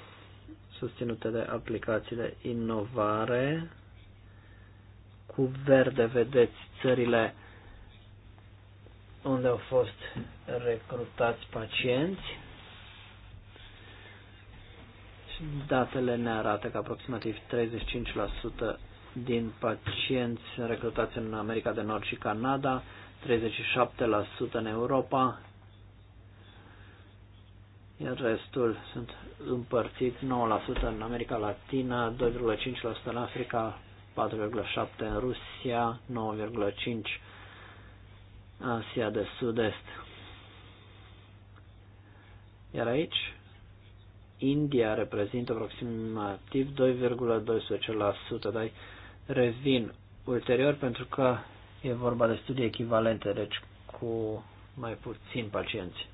susținute de aplicații de inovare. Cu verde vedeți țările unde au fost recrutați pacienți. datele ne arată că aproximativ 35% din pacienți recrutați în America de Nord și Canada, 37% în Europa, iar restul sunt împărțit 9% în America Latina, 2,5% în Africa, 4,7% în Rusia, 9,5% Asia de Sud-Est. Iar aici, India reprezintă aproximativ 2,12%, dar revin ulterior pentru că e vorba de studii echivalente, deci cu mai puțin pacienți.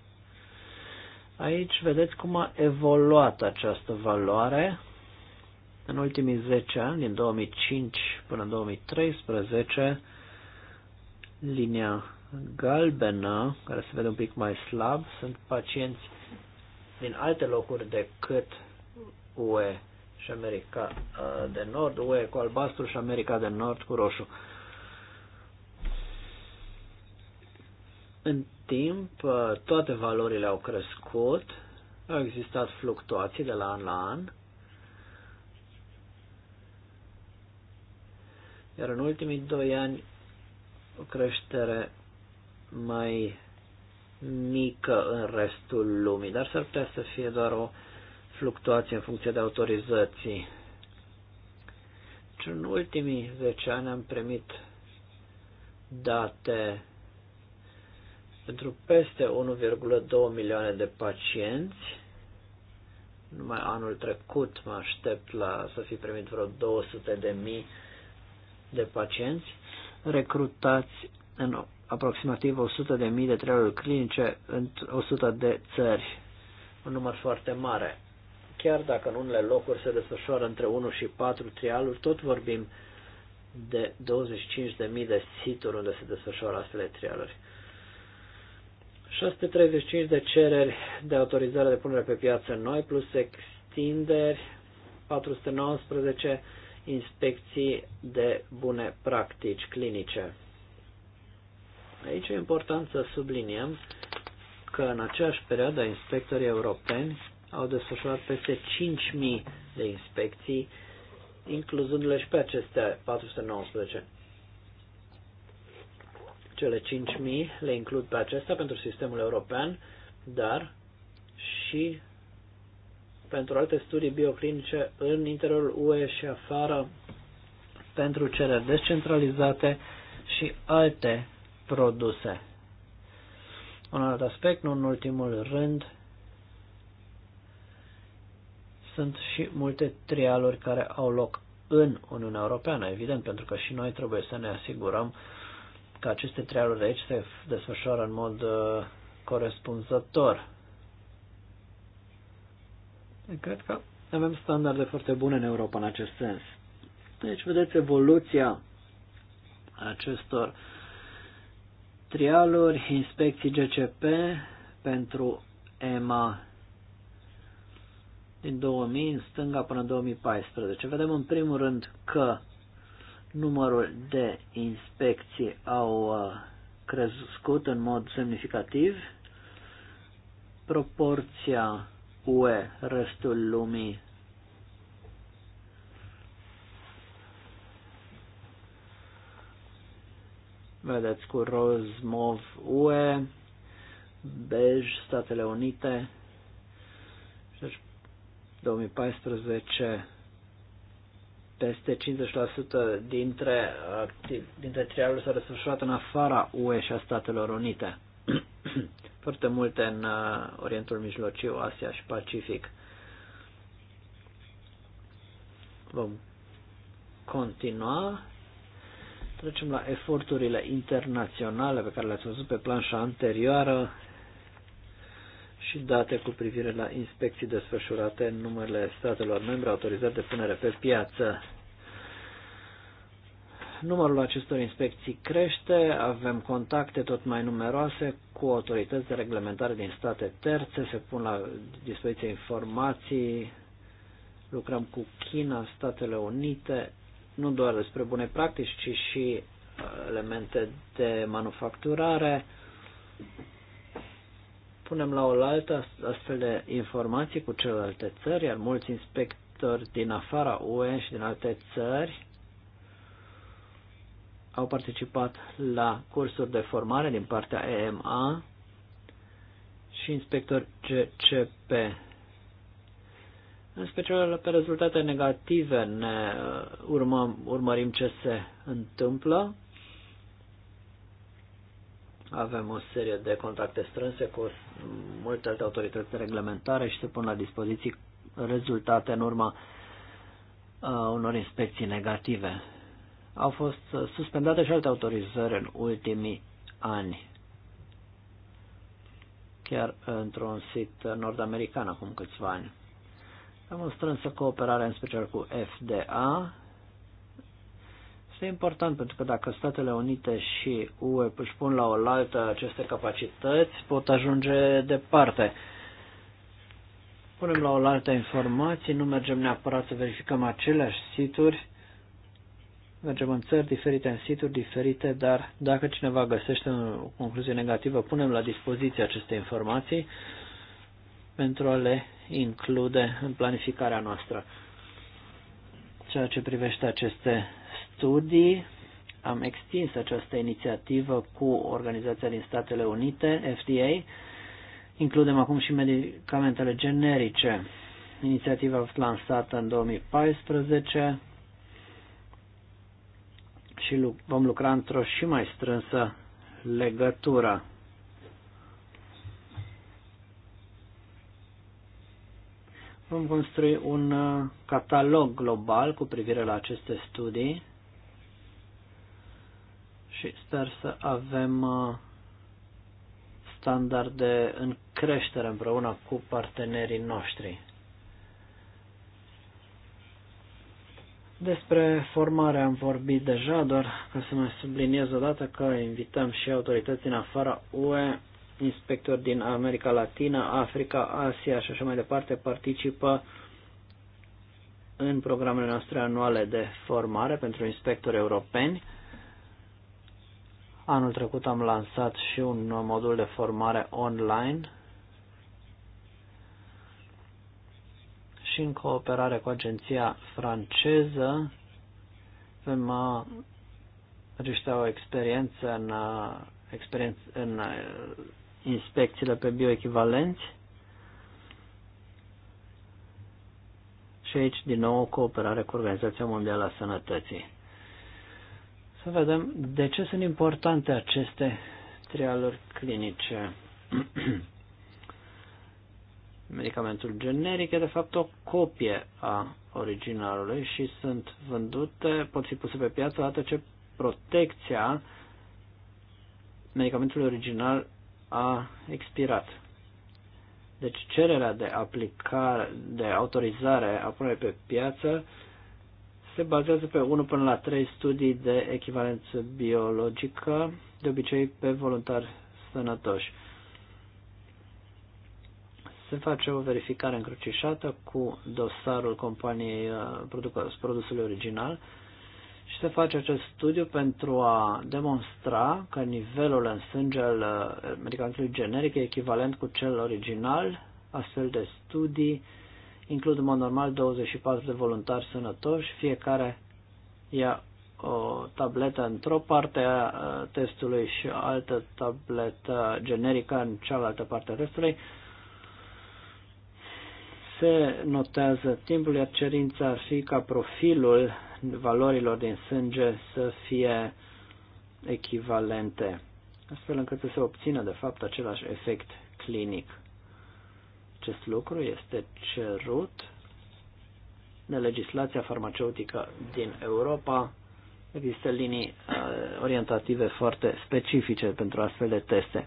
Aici vedeți cum a evoluat această valoare în ultimii 10 ani, din 2005 până în 2013, linia galbenă, care se vede un pic mai slab, sunt pacienți din alte locuri decât UE și America uh, de Nord, UE cu albastru și America de Nord cu roșu. În timp uh, toate valorile au crescut, au existat fluctuații de la an la an, iar în ultimii doi ani o creștere mai mică în restul lumii, dar s-ar putea să fie doar o fluctuație în funcție de autorizații. Deci în ultimii 10 ani am primit date pentru peste 1,2 milioane de pacienți. Numai anul trecut mă aștept la să fi primit vreo 200 de mii de pacienți recrutați în aproximativ 100 de mii de trialuri clinice în 100 de țări. Un număr foarte mare. Chiar dacă în unele locuri se desfășoară între 1 și 4 trialuri, tot vorbim de 25.000 de situri unde se desfășoară astfel de trialuri. 635 de cereri de autorizare de punere pe piață noi, plus extinderi, 419 inspecții de bune practici clinice. Aici e important să subliniem că în aceeași perioadă inspectorii europeni au desfășurat peste 5.000 de inspecții, incluzându-le și pe acestea 419. Cele 5.000 le includ pe acesta pentru sistemul european, dar și pentru alte studii bioclinice în interiorul UE și afară, pentru cele descentralizate și alte produse. Un alt aspect, nu în ultimul rând, sunt și multe trialuri care au loc în Uniunea Europeană, evident, pentru că și noi trebuie să ne asigurăm că aceste trialuri aici se desfășoară în mod uh, corespunzător. Cred că avem standarde foarte bune în Europa în acest sens. Deci, vedeți evoluția acestor trialuri, inspecții GCP pentru EMA din 2000 în stânga până 2014. Vedem în primul rând că numărul de inspecții au uh, crescut în mod semnificativ, proporția UE restul lumii vedeți cu roz, mov, UE, bej, Statele Unite, deci 2014 peste 50% dintre, dintre trialuri s-au desfășurat în afara UE și a Statelor Unite. [CLEARS THROAT] Foarte multe în uh, Orientul Mijlociu, Asia și Pacific. Vom continua. Trecem la eforturile internaționale pe care le-ați văzut pe planșa anterioară și date cu privire la inspecții desfășurate în numele statelor membre autorizate de punere pe piață. Numărul acestor inspecții crește, avem contacte tot mai numeroase cu autorități de reglementare din state terțe, se pun la dispoziție informații, lucrăm cu China, Statele Unite, nu doar despre bune practici, ci și uh, elemente de manufacturare, punem la oaltă astfel de informații cu celelalte țări, iar mulți inspectori din afara UE și din alte țări au participat la cursuri de formare din partea EMA și inspector GCP. În special pe rezultate negative ne uh, urmăm, urmărim ce se întâmplă avem o serie de contacte strânse cu multe alte autorități reglementare și se pun la dispoziție rezultate în urma unor inspecții negative. Au fost suspendate și alte autorizări în ultimii ani. Chiar într-un sit nord-american acum câțiva ani. Am o strânsă cooperare în special cu FDA este important pentru că dacă Statele Unite și UE își pun la oaltă aceste capacități, pot ajunge departe. Punem la oaltă informații, nu mergem neapărat să verificăm aceleași situri, mergem în țări diferite, în situri diferite, dar dacă cineva găsește o concluzie negativă, punem la dispoziție aceste informații pentru a le include în planificarea noastră. Ceea ce privește aceste studii am extins această inițiativă cu organizația din Statele Unite, FDA. Includem acum și medicamentele generice. Inițiativa a fost lansată în 2014 și vom lucra într-o și mai strânsă legătură. Vom construi un uh, catalog global cu privire la aceste studii și sper să avem uh, standarde în creștere împreună cu partenerii noștri. Despre formare am vorbit deja, doar ca să mai subliniez odată că invităm și autorități în afara UE, inspectori din America Latina, Africa, Asia și așa mai departe participă în programele noastre anuale de formare pentru inspectori europeni. Anul trecut am lansat și un modul de formare online și în cooperare cu agenția franceză avem niște o experiență în, experiență în inspecțiile pe bioechivalenți și aici din nou o cooperare cu Organizația Mondială a Sănătății. Să vedem de ce sunt importante aceste trialuri clinice. [CLEARS THROAT] Medicamentul generic e de fapt o copie a originalului și sunt vândute, pot fi puse pe piață odată ce protecția medicamentului original a expirat. Deci cererea de aplicare, de autorizare a pune pe piață se bazează pe 1 până la 3 studii de echivalență biologică, de obicei pe voluntari sănătoși. Se face o verificare încrucișată cu dosarul companiei uh, produsului original și se face acest studiu pentru a demonstra că nivelul în sânge al uh, medicamentului generic e echivalent cu cel original. Astfel de studii includ în mod normal 24 de voluntari sănătoși, fiecare ia o tabletă într-o parte a testului și altă tabletă generică în cealaltă parte a testului. Se notează timpul, iar cerința ar fi ca profilul valorilor din sânge să fie echivalente, astfel încât să se obțină de fapt același efect clinic. Acest lucru este cerut de legislația farmaceutică din Europa. Există linii uh, orientative foarte specifice pentru astfel de teste.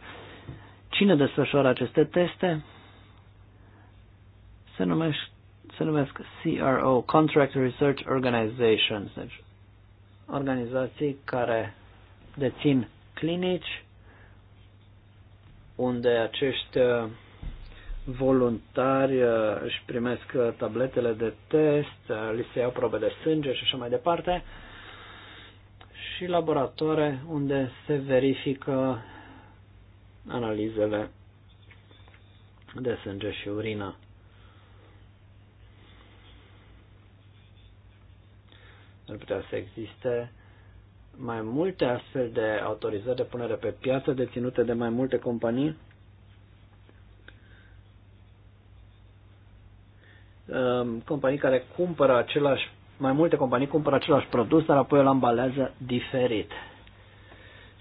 Cine desfășoară aceste teste? Se, numește, se numesc CRO, Contract Research Organizations, deci organizații care dețin clinici unde acești uh, voluntari uh, își primesc uh, tabletele de test, uh, li se iau probe de sânge și așa mai departe, și laboratoare unde se verifică analizele de sânge și urină. Ar putea să existe mai multe astfel de autorizări de punere pe piață deținute de mai multe companii Um, companii care cumpără același, mai multe companii cumpără același produs, dar apoi îl ambalează diferit.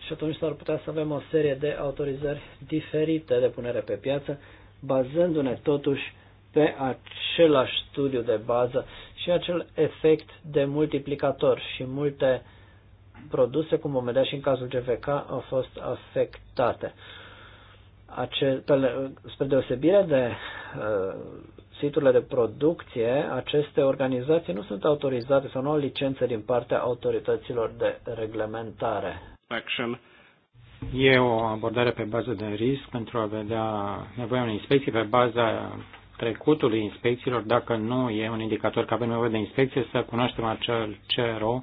Și atunci s-ar putea să avem o serie de autorizări diferite de punere pe piață, bazându-ne totuși pe același studiu de bază și acel efect de multiplicator și multe produse, cum vom vedea și în cazul GVK, au fost afectate. Ace, pe, spre deosebire de uh, siturile de producție, aceste organizații nu sunt autorizate sau nu au licențe din partea autorităților de reglementare. Action. E o abordare pe bază de risc pentru a vedea nevoia unei inspecții pe baza trecutului inspecțiilor. Dacă nu e un indicator că avem nevoie de inspecție, să cunoaștem acel CRO.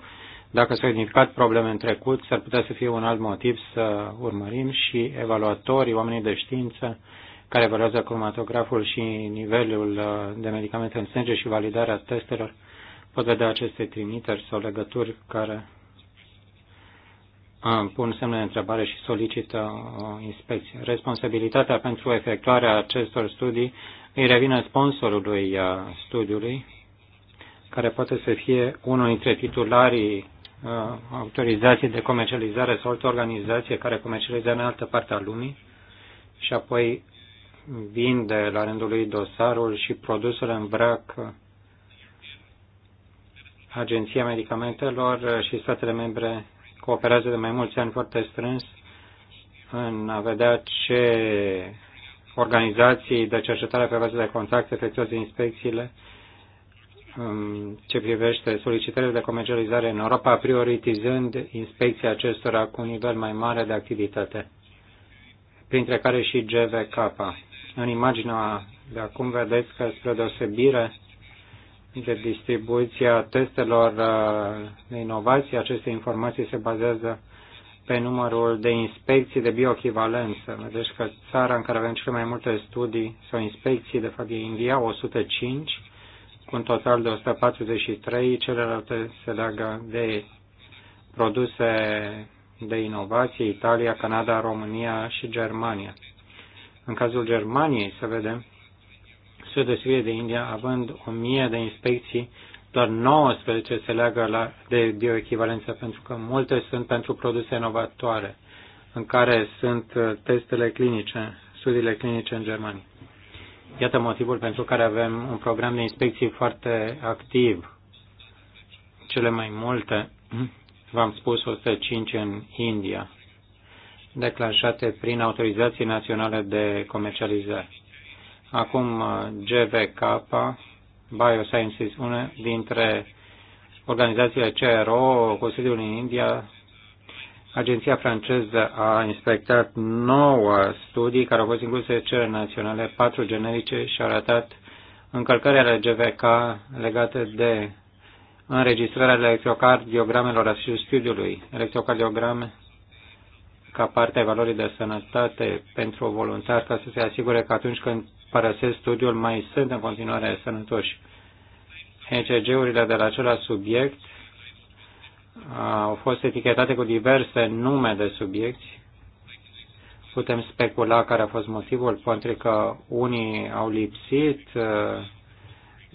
Dacă s-au identificat probleme în trecut, s-ar putea să fie un alt motiv să urmărim și evaluatorii, oamenii de știință, care evaluează cromatograful și nivelul uh, de medicamente în sânge și validarea testelor, pot vedea aceste trimiteri sau legături care uh, pun semne de întrebare și solicită uh, o inspecție. Responsabilitatea pentru efectuarea acestor studii îi revine sponsorului studiului, care poate să fie unul dintre titularii autorizației de comercializare sau altă organizație care comercializează în altă parte a lumii și apoi vinde la rândul lui dosarul și produsul brac. Agenția Medicamentelor și statele membre cooperează de mai mulți ani foarte strâns în a vedea ce organizații de cercetare pe bază de contact efectuează inspecțiile ce privește solicitările de comercializare în Europa, prioritizând inspecția acestora cu un nivel mai mare de activitate, printre care și GVK. În imaginea de acum vedeți că spre deosebire de distribuția testelor uh, de inovație, aceste informații se bazează pe numărul de inspecții de bioechivalență. Vedeți că țara în care avem cele mai multe studii sau inspecții, de fapt, e India, 105, cu un total de 143, celelalte se leagă de produse de inovație, Italia, Canada, România și Germania. În cazul Germaniei, să vedem, sud deosebire de India, având 1000 de inspecții, doar 19 se leagă la, de bioechivalență, pentru că multe sunt pentru produse inovatoare, în care sunt uh, testele clinice, studiile clinice în Germania. Iată motivul pentru care avem un program de inspecții foarte activ. Cele mai multe, [CLEARS THROAT] v-am spus, 105 în India declanșate prin autorizații naționale de comercializare. Acum GVK, Biosciences, una dintre organizațiile CRO Consiliul în India, agenția franceză a inspectat nouă studii care au fost incluse cele naționale, patru generice și a arătat încălcări ale GVK legate de înregistrarea electrocardiogramelor și studiului, electrocardiograme ca parte a valorii de sănătate pentru voluntar ca să se asigure că atunci când părăsesc studiul mai sunt în continuare sănătoși. ecg urile de la același subiect au fost etichetate cu diverse nume de subiecti. Putem specula care a fost motivul, pentru că unii au lipsit,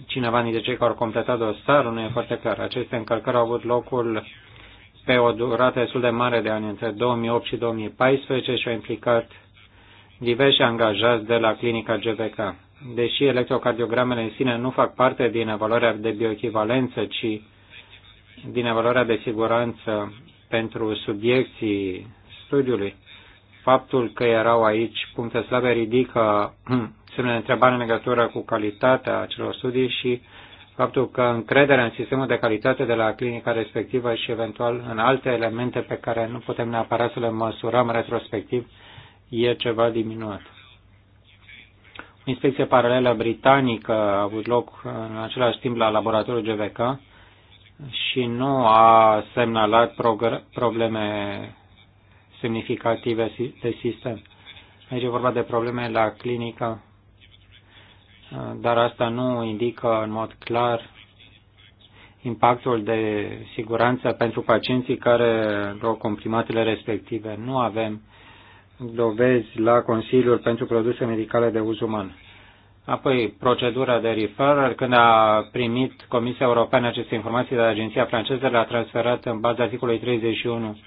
cineva dintre cei care au completat dosarul, nu e foarte clar. Aceste încălcări au avut locul pe o durată destul de mare de ani, între 2008 și 2014, și-au implicat diversi angajați de la clinica GVK. Deși electrocardiogramele în sine nu fac parte din evaluarea de bioechivalență, ci din evaluarea de siguranță pentru subiecții studiului, faptul că erau aici puncte slabe ridică [CLEARS THROAT] semne de întrebare în legătură cu calitatea acelor studii și faptul că încrederea în sistemul de calitate de la clinica respectivă și eventual în alte elemente pe care nu putem neapărat să le măsurăm retrospectiv e ceva diminuat. O inspecție paralelă britanică a avut loc în același timp la laboratorul GVK și nu a semnalat probleme semnificative de sistem. Aici e vorba de probleme la clinica dar asta nu indică în mod clar impactul de siguranță pentru pacienții care luau comprimatele respective. Nu avem dovezi la Consiliul pentru Produse Medicale de Uz Uman. Apoi, procedura de referral, când a primit Comisia Europeană aceste informații de la agenția franceză, le-a transferat în baza articolului 31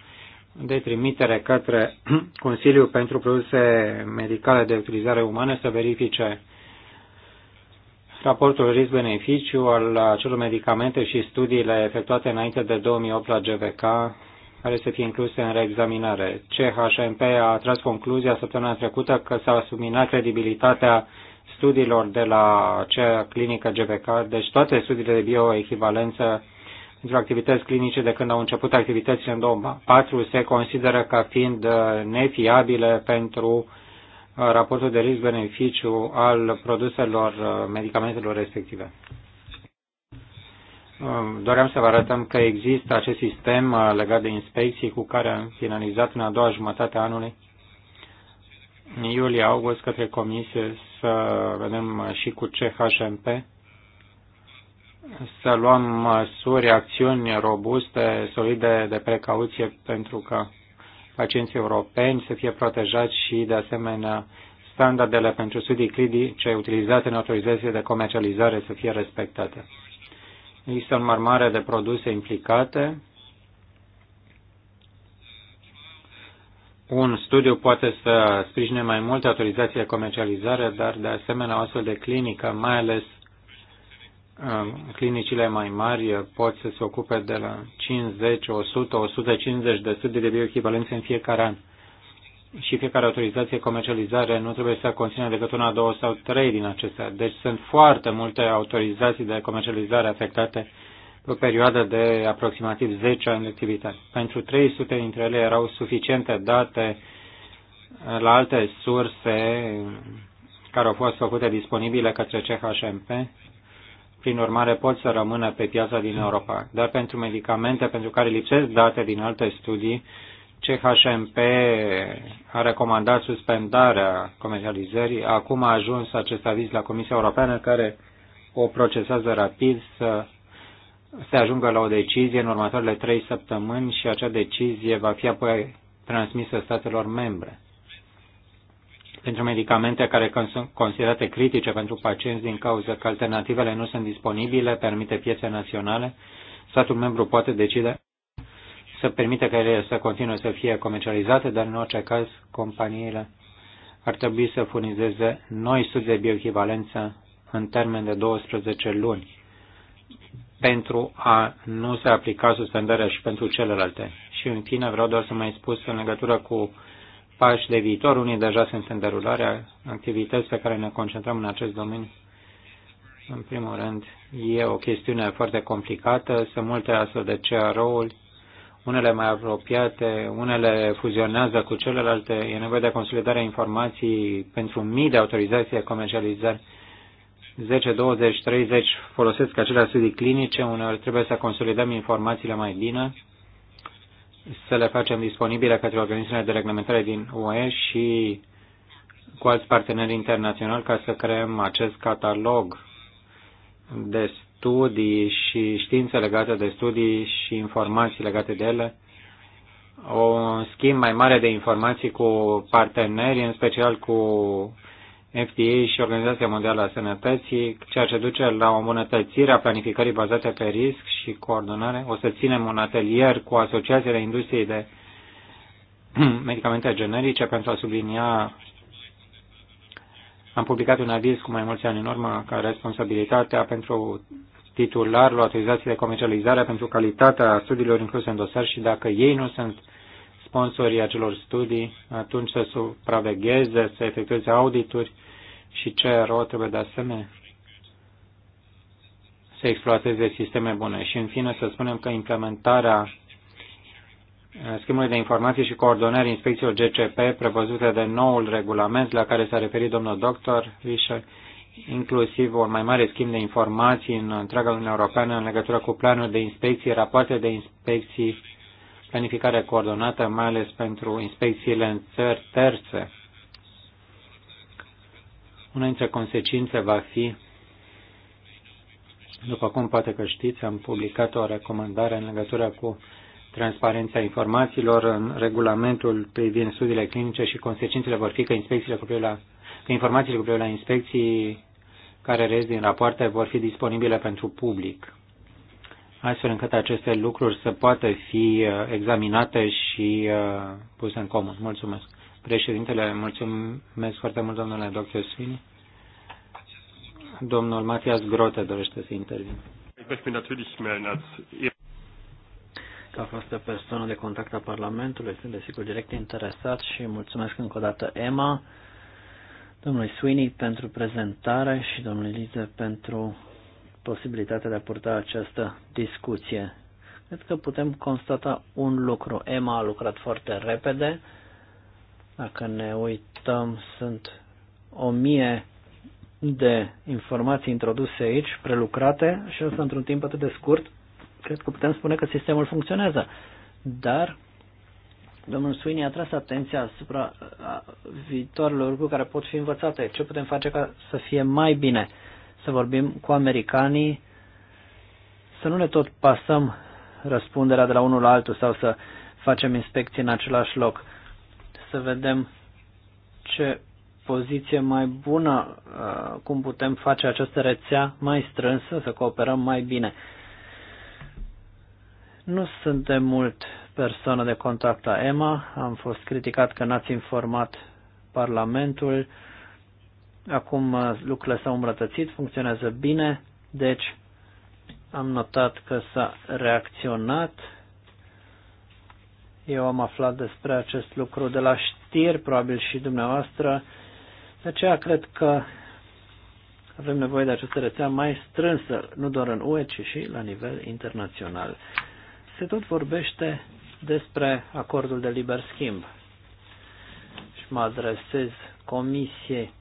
de trimitere către [CLEARS THROAT] Consiliul pentru Produse Medicale de Utilizare Umană să verifice raportul risc-beneficiu al acelor medicamente și studiile efectuate înainte de 2008 la GVK care să fie incluse în reexaminare. CHMP a tras concluzia săptămâna trecută că s-a subminat credibilitatea studiilor de la acea clinică GVK, deci toate studiile de bioechivalență pentru activități clinice de când au început activitățile în 2004 se consideră ca fiind nefiabile pentru uh, raportul de risc-beneficiu al produselor, uh, medicamentelor respective. Um, doream să vă arătăm că există acest sistem uh, legat de inspecții cu care am finalizat în a doua jumătate a anului, în iulie-august, către comisie să vedem uh, și cu CHMP, să luăm măsuri, acțiuni robuste, solide de precauție pentru că pacienții europeni să fie protejați și, de asemenea, standardele pentru studii clinice utilizate în autorizațiile de comercializare să fie respectate. Există un număr mare de produse implicate. Un studiu poate să sprijine mai multe autorizații de comercializare, dar de asemenea o astfel de clinică, mai ales clinicile mai mari uh, pot să se ocupe de la 50, 100, 150 de studii de bioechivalență în fiecare an. Și fiecare autorizație comercializare nu trebuie să conțină decât una, două sau trei din acestea. Deci sunt foarte multe autorizații de comercializare afectate pe o perioadă de aproximativ 10 ani de activitate. Pentru 300 dintre ele erau suficiente date uh, la alte surse care au fost făcute disponibile către CHMP prin urmare pot să rămână pe piața din Europa. Dar pentru medicamente pentru care lipsesc date din alte studii, CHMP a recomandat suspendarea comercializării. Acum a ajuns acest aviz la Comisia Europeană care o procesează rapid să se ajungă la o decizie în următoarele trei săptămâni și acea decizie va fi apoi transmisă statelor membre pentru medicamente care sunt considerate critice pentru pacienți din cauza că alternativele nu sunt disponibile pe anumite piețe naționale, statul membru poate decide să permite că ele să continue să fie comercializate, dar în orice caz companiile ar trebui să furnizeze noi studii de bioechivalență în termen de 12 luni pentru a nu se aplica suspendarea și pentru celelalte. Și în fine vreau doar să mai spus în legătură cu pași de viitor, unii deja sunt în derulare, activități pe care ne concentrăm în acest domeniu. În primul rând, e o chestiune foarte complicată, sunt multe astfel de CRO-uri, unele mai apropiate, unele fuzionează cu celelalte, e nevoie de consolidarea informații pentru mii de autorizații de comercializare. 10, 20, 30 folosesc acelea studii clinice, uneori trebuie să consolidăm informațiile mai bine să le facem disponibile către organismele de reglementare din UE și cu alți parteneri internaționali ca să creăm acest catalog de studii și științe legate de studii și informații legate de ele, o schimb mai mare de informații cu parteneri, în special cu FDA și Organizația Mondială a Sănătății, ceea ce duce la o îmbunătățire a planificării bazate pe risc și coordonare. O să ținem un atelier cu asociațiile industriei de [CLEARS THROAT] medicamente generice pentru a sublinia am publicat un aviz cu mai mulți ani în urmă ca responsabilitatea pentru titularul autorizației de comercializare pentru calitatea studiilor incluse în dosar și dacă ei nu sunt sponsorii acelor studii, atunci să supravegheze, să efectueze audituri și CRO trebuie de asemenea să exploateze sisteme bune. Și în fine să spunem că implementarea uh, schimbului de informații și coordonarea inspecțiilor GCP prevăzute de noul regulament la care s-a referit domnul doctor Fischer, inclusiv o mai mare schimb de informații în întreaga Uniune Europeană în legătură cu planul de inspecții, rapoarte de inspecții planificare coordonată, mai ales pentru inspecțiile în țări terțe. Una dintre consecințe va fi, după cum poate că știți, am publicat o recomandare în legătură cu transparența informațiilor în regulamentul privind studiile clinice și consecințele vor fi că, inspecțiile cu la, că informațiile cu privire la inspecții care reiesc din rapoarte vor fi disponibile pentru public astfel încât aceste lucruri să poată fi uh, examinate și uh, puse în comun. Mulțumesc. Președintele, mulțumesc foarte mult, domnule doctor Sfini. Domnul Matias Grote dorește să intervină. Ca fostă persoană de contact a Parlamentului, sunt desigur direct interesat și mulțumesc încă o dată Emma, domnului Sweeney pentru prezentare și domnului Lize pentru posibilitatea de a purta această discuție. Cred că putem constata un lucru. Emma a lucrat foarte repede. Dacă ne uităm, sunt o mie de informații introduse aici, prelucrate, și asta într-un timp atât de scurt, cred că putem spune că sistemul funcționează. Dar domnul Sweeney a tras atenția asupra viitoarelor lucruri care pot fi învățate. Ce putem face ca să fie mai bine? Uh, să vorbim cu americanii, să nu ne tot pasăm răspunderea de la unul la altul sau să facem inspecții în același loc. Să vedem ce poziție mai bună, uh, cum putem face această rețea mai strânsă, să cooperăm mai bine. Nu suntem mult persoană de contact a EMA, am fost criticat că n-ați informat Parlamentul, Acum uh, lucrurile s-au îmbrătățit, funcționează bine, deci am notat că s-a reacționat. Eu am aflat despre acest lucru de la știri, probabil și dumneavoastră. De aceea cred că avem nevoie de această rețea mai strânsă, nu doar în UE, ci și la nivel internațional. Se tot vorbește despre acordul de liber schimb. Și mă adresez Comisiei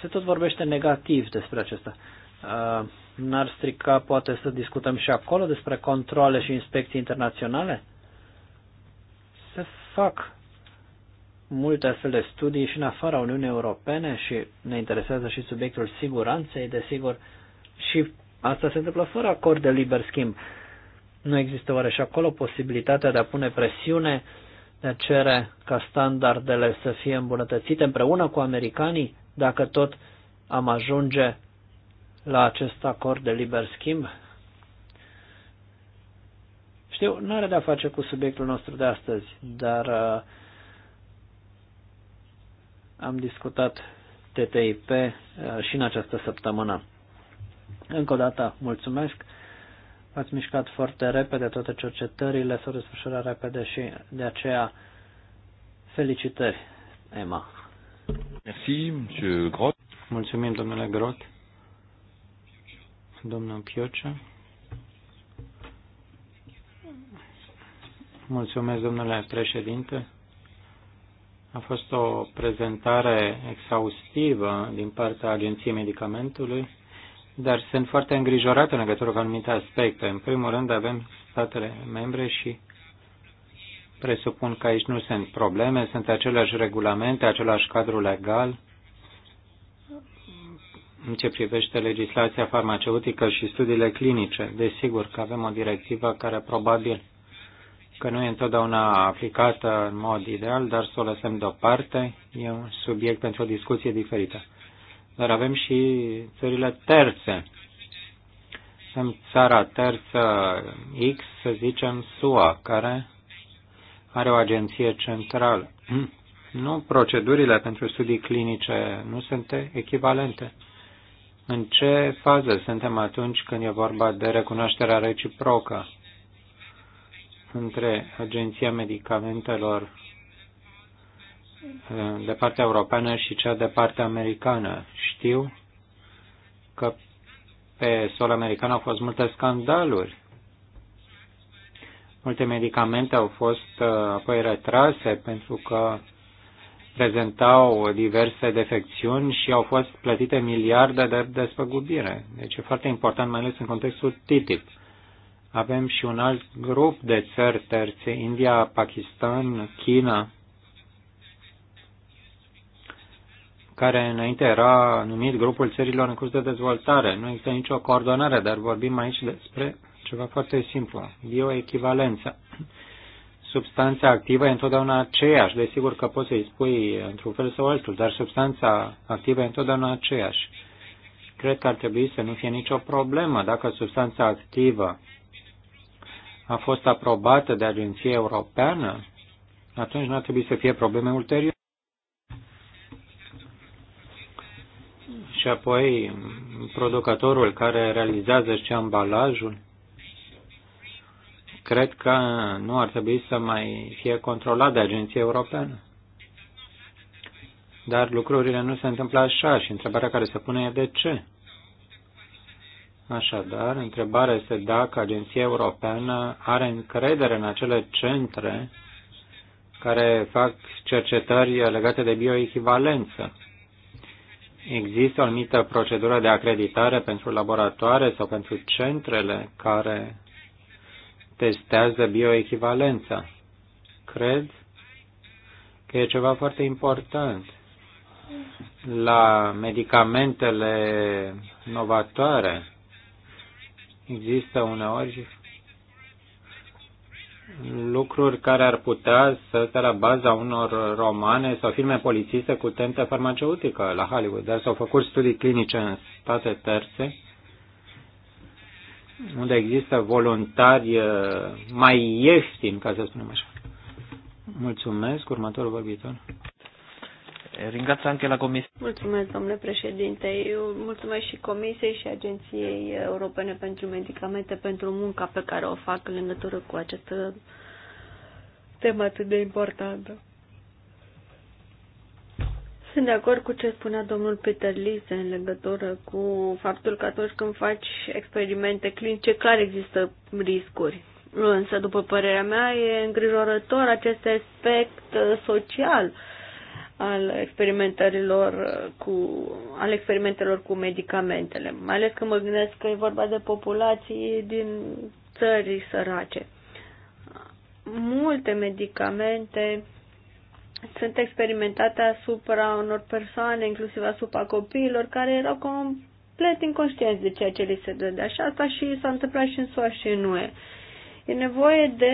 se tot vorbește negativ despre acesta. Uh, n-ar strica poate să discutăm și acolo despre controle și inspecții internaționale? Se fac multe astfel de studii și în afara Uniunii Europene și ne interesează și subiectul siguranței, desigur, și asta se întâmplă fără acord de liber schimb. Nu există oare și acolo posibilitatea de a pune presiune, de a cere ca standardele să fie îmbunătățite împreună cu americanii? dacă tot am ajunge la acest acord de liber schimb? Știu, nu are de-a face cu subiectul nostru de astăzi, dar uh, am discutat TTIP uh, și în această săptămână. Încă o dată, mulțumesc. Ați mișcat foarte repede toate cercetările, s-au desfășurat repede și de aceea felicitări, Emma. Merci, monsieur Grot. Mulțumim, domnule Grot. Domnul Piocea. Mulțumesc, domnule președinte. A fost o prezentare exhaustivă din partea Agenției Medicamentului, dar sunt foarte îngrijorat în legătură cu anumite aspecte. În primul rând avem statele membre și Presupun că aici nu sunt probleme, sunt aceleași regulamente, același cadru legal în ce privește legislația farmaceutică și studiile clinice. Desigur că avem o directivă care probabil că nu e întotdeauna aplicată în mod ideal, dar să o lăsăm deoparte. E un subiect pentru o discuție diferită. Dar avem și țările terțe. Sunt țara terță X, să zicem SUA, care are o agenție centrală. [CLEARS THROAT] Nu, procedurile pentru studii clinice nu sunt echivalente. În ce fază suntem atunci când e vorba de recunoașterea reciprocă între Agenția Medicamentelor eh, de partea europeană și cea de partea americană? Știu că pe sol american au fost multe scandaluri Multe medicamente au fost uh, apoi retrase pentru că prezentau diverse defecțiuni și au fost plătite miliarde de despăgubire. Deci e foarte important, mai ales în contextul TTIP. Avem și un alt grup de țări terțe, India, Pakistan, China, care înainte era numit grupul țărilor în curs de dezvoltare. Nu există nicio coordonare, dar vorbim aici despre ceva foarte simplu. E o echivalență. Substanța activă e întotdeauna aceeași. Desigur că poți să-i spui într-un fel sau altul, dar substanța activă e întotdeauna aceeași. Cred că ar trebui să nu fie nicio problemă dacă substanța activă a fost aprobată de Agenția Europeană, atunci nu ar trebui să fie probleme ulterioare. Și apoi producătorul care realizează și ambalajul cred că nu ar trebui să mai fie controlat de Agenția Europeană. Dar lucrurile nu se întâmplă așa și întrebarea care se pune e de ce. Așadar, întrebarea este dacă Agenția Europeană are încredere în acele centre care fac cercetări legate de bioechivalență. Există o anumită procedură de acreditare pentru laboratoare sau pentru centrele care testează bioechivalența. Cred că e ceva foarte important. La medicamentele novatoare există uneori lucruri care ar putea să stea la baza unor romane sau filme polițiste cu tentă farmaceutică la Hollywood, dar s-au făcut studii clinice în state terțe unde există voluntari uh, mai ieftini, ca să spunem așa. Mulțumesc, următorul vorbitor. Ringați anche la comisie. Mulțumesc, domnule președinte. Eu mulțumesc și Comisiei și Agenției Europene pentru Medicamente pentru munca pe care o fac în legătură cu această temă atât de importantă. Sunt de acord cu ce spunea domnul Peter Lise în legătură cu faptul că atunci când faci experimente clinice, clar există riscuri. Însă, după părerea mea, e îngrijorător acest aspect uh, social al experimentărilor uh, cu, al experimentelor cu medicamentele, mai ales când mă gândesc că e vorba de populații din țări sărace. Multe medicamente sunt experimentate asupra unor persoane, inclusiv asupra copiilor, care erau complet inconștienți de ceea ce li se de așa. asta și s-a întâmplat și în SUA și în UE. E nevoie de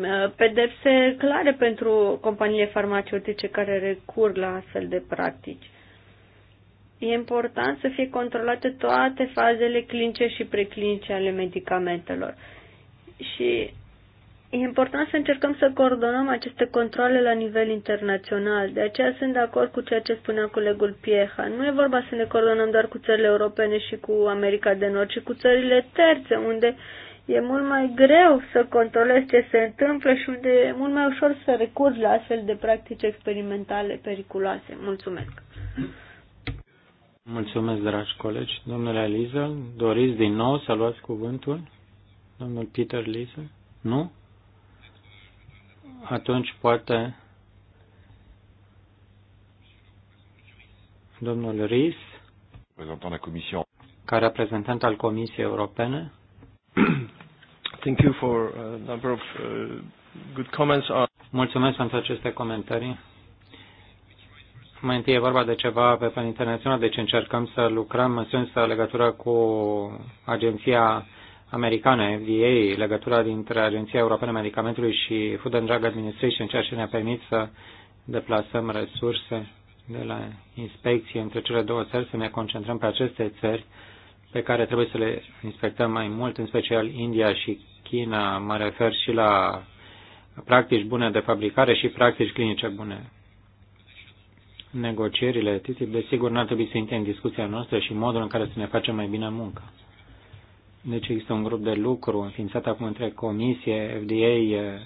uh, pedepse clare pentru companiile farmaceutice care recurg la astfel de practici. E important să fie controlate toate fazele clinice și preclinice ale medicamentelor. Și E important să încercăm să coordonăm aceste controle la nivel internațional. De aceea sunt de acord cu ceea ce spunea colegul Pieha. Nu e vorba să ne coordonăm doar cu țările europene și cu America de Nord, ci cu țările terțe, unde e mult mai greu să controlezi ce se întâmplă și unde e mult mai ușor să recurgi la astfel de practici experimentale periculoase. Mulțumesc! Mulțumesc, dragi colegi. Domnule Alizel, doriți din nou să luați cuvântul? Domnul Peter Liza? Nu? atunci poate domnul Ries, ca reprezentant al Comisiei Europene. [CLEARS THROAT] Thank you for a uh, number of uh, good comments. Uh, Mulțumesc pentru aceste comentarii. Mai întâi e vorba de ceva pe plan internațional, deci încercăm să lucrăm în sens legătură cu agenția americană, FDA, legătura dintre Agenția Europeană a Medicamentului și Food and Drug Administration, ceea ce ne-a permis să deplasăm resurse de la inspecție între cele două țări, să ne concentrăm pe aceste țări pe care trebuie să le inspectăm mai mult, în special India și China. Mă refer și la practici bune de fabricare și practici clinice bune. Negocierile TTIP, desigur, n-ar trebui să intre în discuția noastră și modul în care să ne facem mai bine munca. Deci există un grup de lucru înființat acum între Comisie, FDA,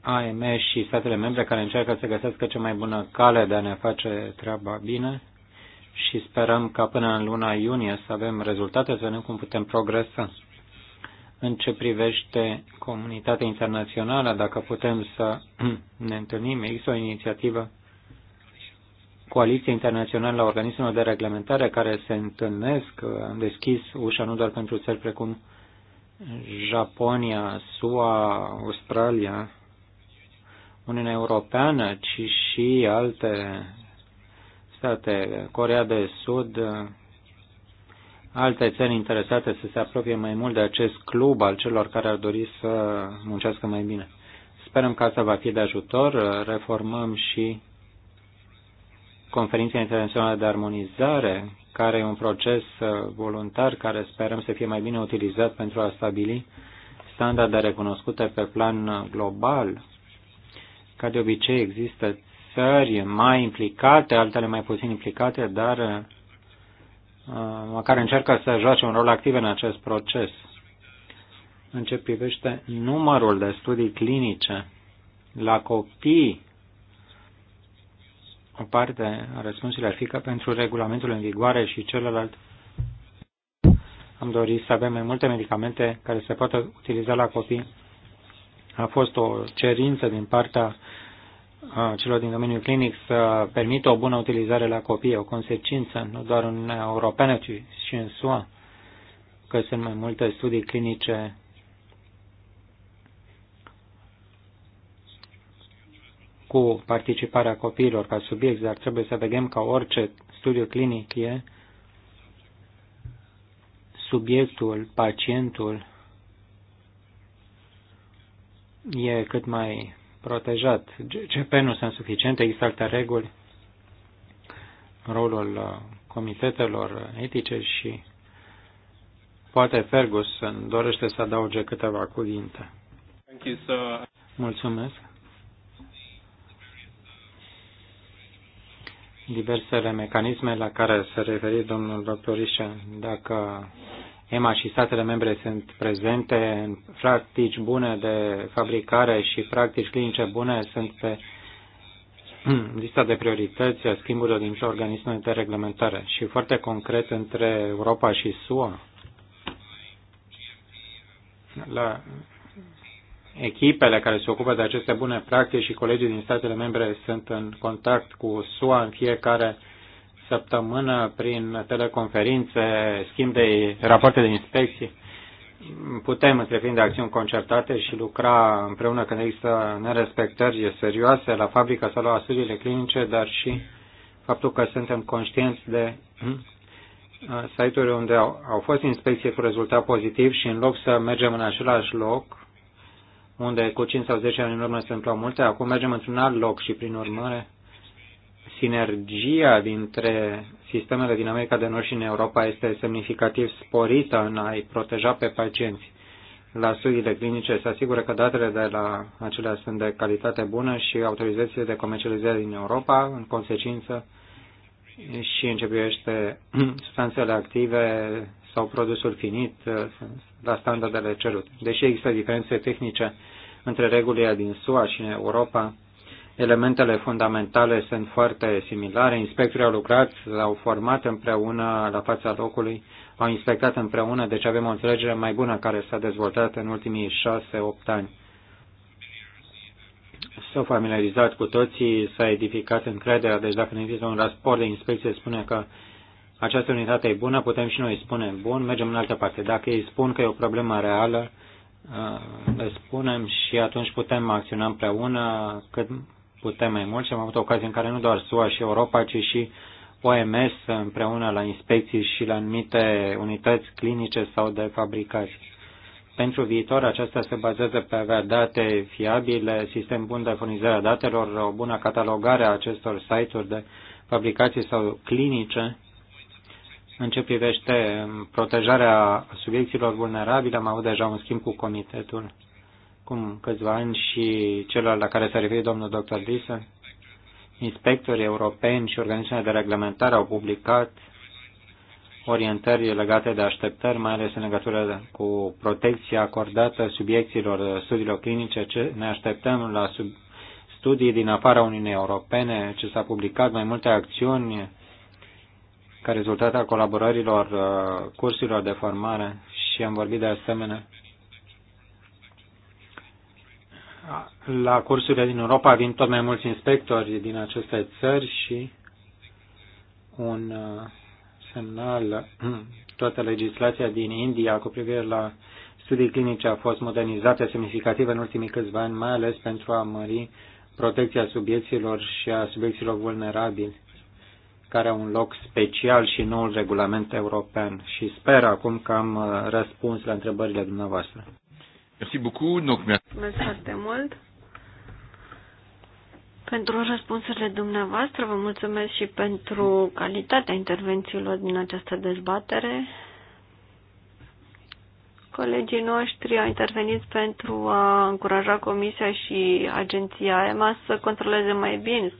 AMS și statele membre care încearcă să găsească cea mai bună cale de a ne face treaba bine și sperăm ca până în luna iunie să avem rezultate, să vedem cum putem progresa. În ce privește comunitatea internațională, dacă putem să [CLEARS THROAT] ne întâlnim, există o inițiativă coaliție internațională a organismelor de reglementare care se întâlnesc. Am deschis ușa nu doar pentru țări precum Japonia, SUA, Australia, Uniunea Europeană, ci și alte state, Corea de Sud, alte țări interesate să se apropie mai mult de acest club al celor care ar dori să muncească mai bine. Sperăm că asta va fi de ajutor. Reformăm și Conferința Internațională de Armonizare, care e un proces uh, voluntar care sperăm să fie mai bine utilizat pentru a stabili standarde recunoscute pe plan uh, global. Ca de obicei există țări mai implicate, altele mai puțin implicate, dar uh, care încearcă să joace un rol activ în acest proces. În ce privește numărul de studii clinice la copii o parte a răspunsului ar fi că pentru regulamentul în vigoare și celălalt am dorit să avem mai multe medicamente care se poată utiliza la copii. A fost o cerință din partea celor din domeniul clinic să permită o bună utilizare la copii, o consecință nu doar în Europeană, ci și în SUA, că sunt mai multe studii clinice cu participarea copiilor ca subiect, dar trebuie să vedem ca orice studiu clinic e subiectul, pacientul e cât mai protejat. GP nu sunt suficiente, există alte reguli, rolul uh, comitetelor etice și poate Ferguson dorește să adauge câteva cuvinte. Mulțumesc. diversele mecanisme la care se referi domnul doctor Ișa, dacă EMA și statele membre sunt prezente în practici bune de fabricare și practici clinice bune sunt pe [CLEARS THROAT] lista de priorități a schimburilor din organismele de reglementare și foarte concret între Europa și SUA la echipele care se ocupă de aceste bune practici și colegii din statele membre sunt în contact cu SUA în fiecare săptămână prin teleconferințe, schimb de rapoarte de inspecții. Putem întreprinde acțiuni concertate și lucra împreună când există nerespectări serioase la fabrica sau la studiile clinice, dar și faptul că suntem conștienți de hmm, site-uri unde au, au fost inspecții cu rezultat pozitiv și în loc să mergem în același loc, unde cu 5 sau 10 ani în urmă se întâmplau multe, acum mergem într-un alt loc și, prin urmare, sinergia dintre sistemele din America de Nord și în Europa este semnificativ sporită în a-i proteja pe pacienți. La studiile clinice se asigură că datele de la acelea sunt de calitate bună și autorizațiile de comercializare din Europa, în consecință, și începește [CLEARS THROAT] substanțele active, sau produsul finit uh, la standardele cerute. Deși există diferențe tehnice între regulile din SUA și în Europa, elementele fundamentale sunt foarte similare. Inspectorii au lucrat, au format împreună la fața locului, au inspectat împreună, deci avem o înțelegere mai bună care s-a dezvoltat în ultimii 6-8 ani. S-au familiarizat cu toții, s-a edificat încrederea, deci dacă ne există un raport de inspecție, spune că această unitate e bună, putem și noi spune bun, mergem în altă parte. Dacă ei spun că e o problemă reală, uh, le spunem și atunci putem acționa împreună cât putem mai mult și am avut ocazii în care nu doar SUA și Europa, ci și OMS împreună la inspecții și la anumite unități clinice sau de fabricați. Pentru viitor, aceasta se bazează pe avea date fiabile, sistem bun de furnizare a datelor, o bună catalogare a acestor site-uri de fabricații sau clinice în ce privește protejarea subiecților vulnerabile, am avut deja un schimb cu comitetul cum câțiva ani și celălalt la care s-a referit domnul dr. Lisen. Inspectorii europeni și organismele de reglementare au publicat orientări legate de așteptări, mai ales în legătură cu protecția acordată subiecților studiilor clinice. Ce ne așteptăm la sub studii din afara Uniunii Europene, ce s-a publicat mai multe acțiuni ca rezultat al colaborărilor, uh, cursurilor de formare și am vorbit de asemenea la cursurile din Europa vin tot mai mulți inspectori din aceste țări și un uh, semnal, [CLEARS THROAT] toată legislația din India cu privire la studii clinice a fost modernizată semnificativ în ultimii câțiva ani, mai ales pentru a mări protecția subiecților și a subiecților vulnerabili care au un loc special și noul regulament european. Și sper acum că am uh, răspuns la întrebările dumneavoastră. Merci beaucoup. Donc, Mulțumesc foarte mult pentru răspunsurile dumneavoastră, vă mulțumesc și pentru calitatea intervențiilor din această dezbatere. Colegii noștri au intervenit pentru a încuraja Comisia și Agenția EMA să controleze mai bine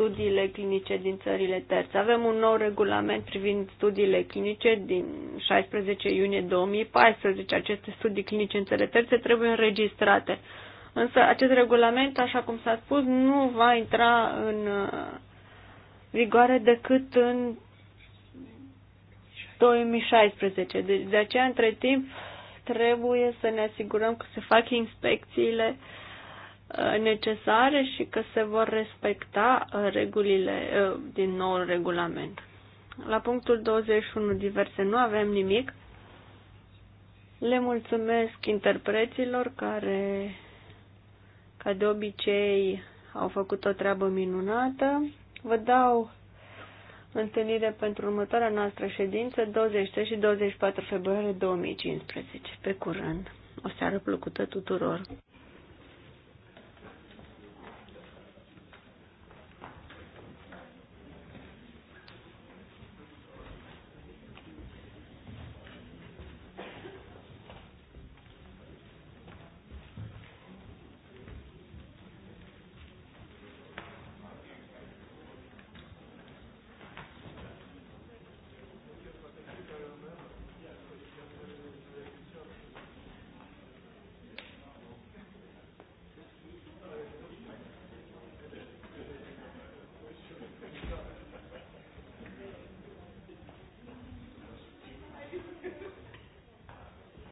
studiile clinice din țările terțe. Avem un nou regulament privind studiile clinice din 16 iunie 2014. Aceste studii clinice în țările terțe trebuie înregistrate. Însă acest regulament, așa cum s-a spus, nu va intra în uh, vigoare decât în 2016. Deci de aceea, între timp, trebuie să ne asigurăm că se fac inspecțiile uh, Uh, necesare și că se vor respecta uh, regulile uh, din noul regulament. La punctul 21 diverse nu avem nimic. Le mulțumesc interpreților care, ca de obicei, au făcut o treabă minunată. Vă dau întâlnire pentru următoarea noastră ședință, 23 și 24 februarie 2015. Pe curând! O seară plăcută tuturor!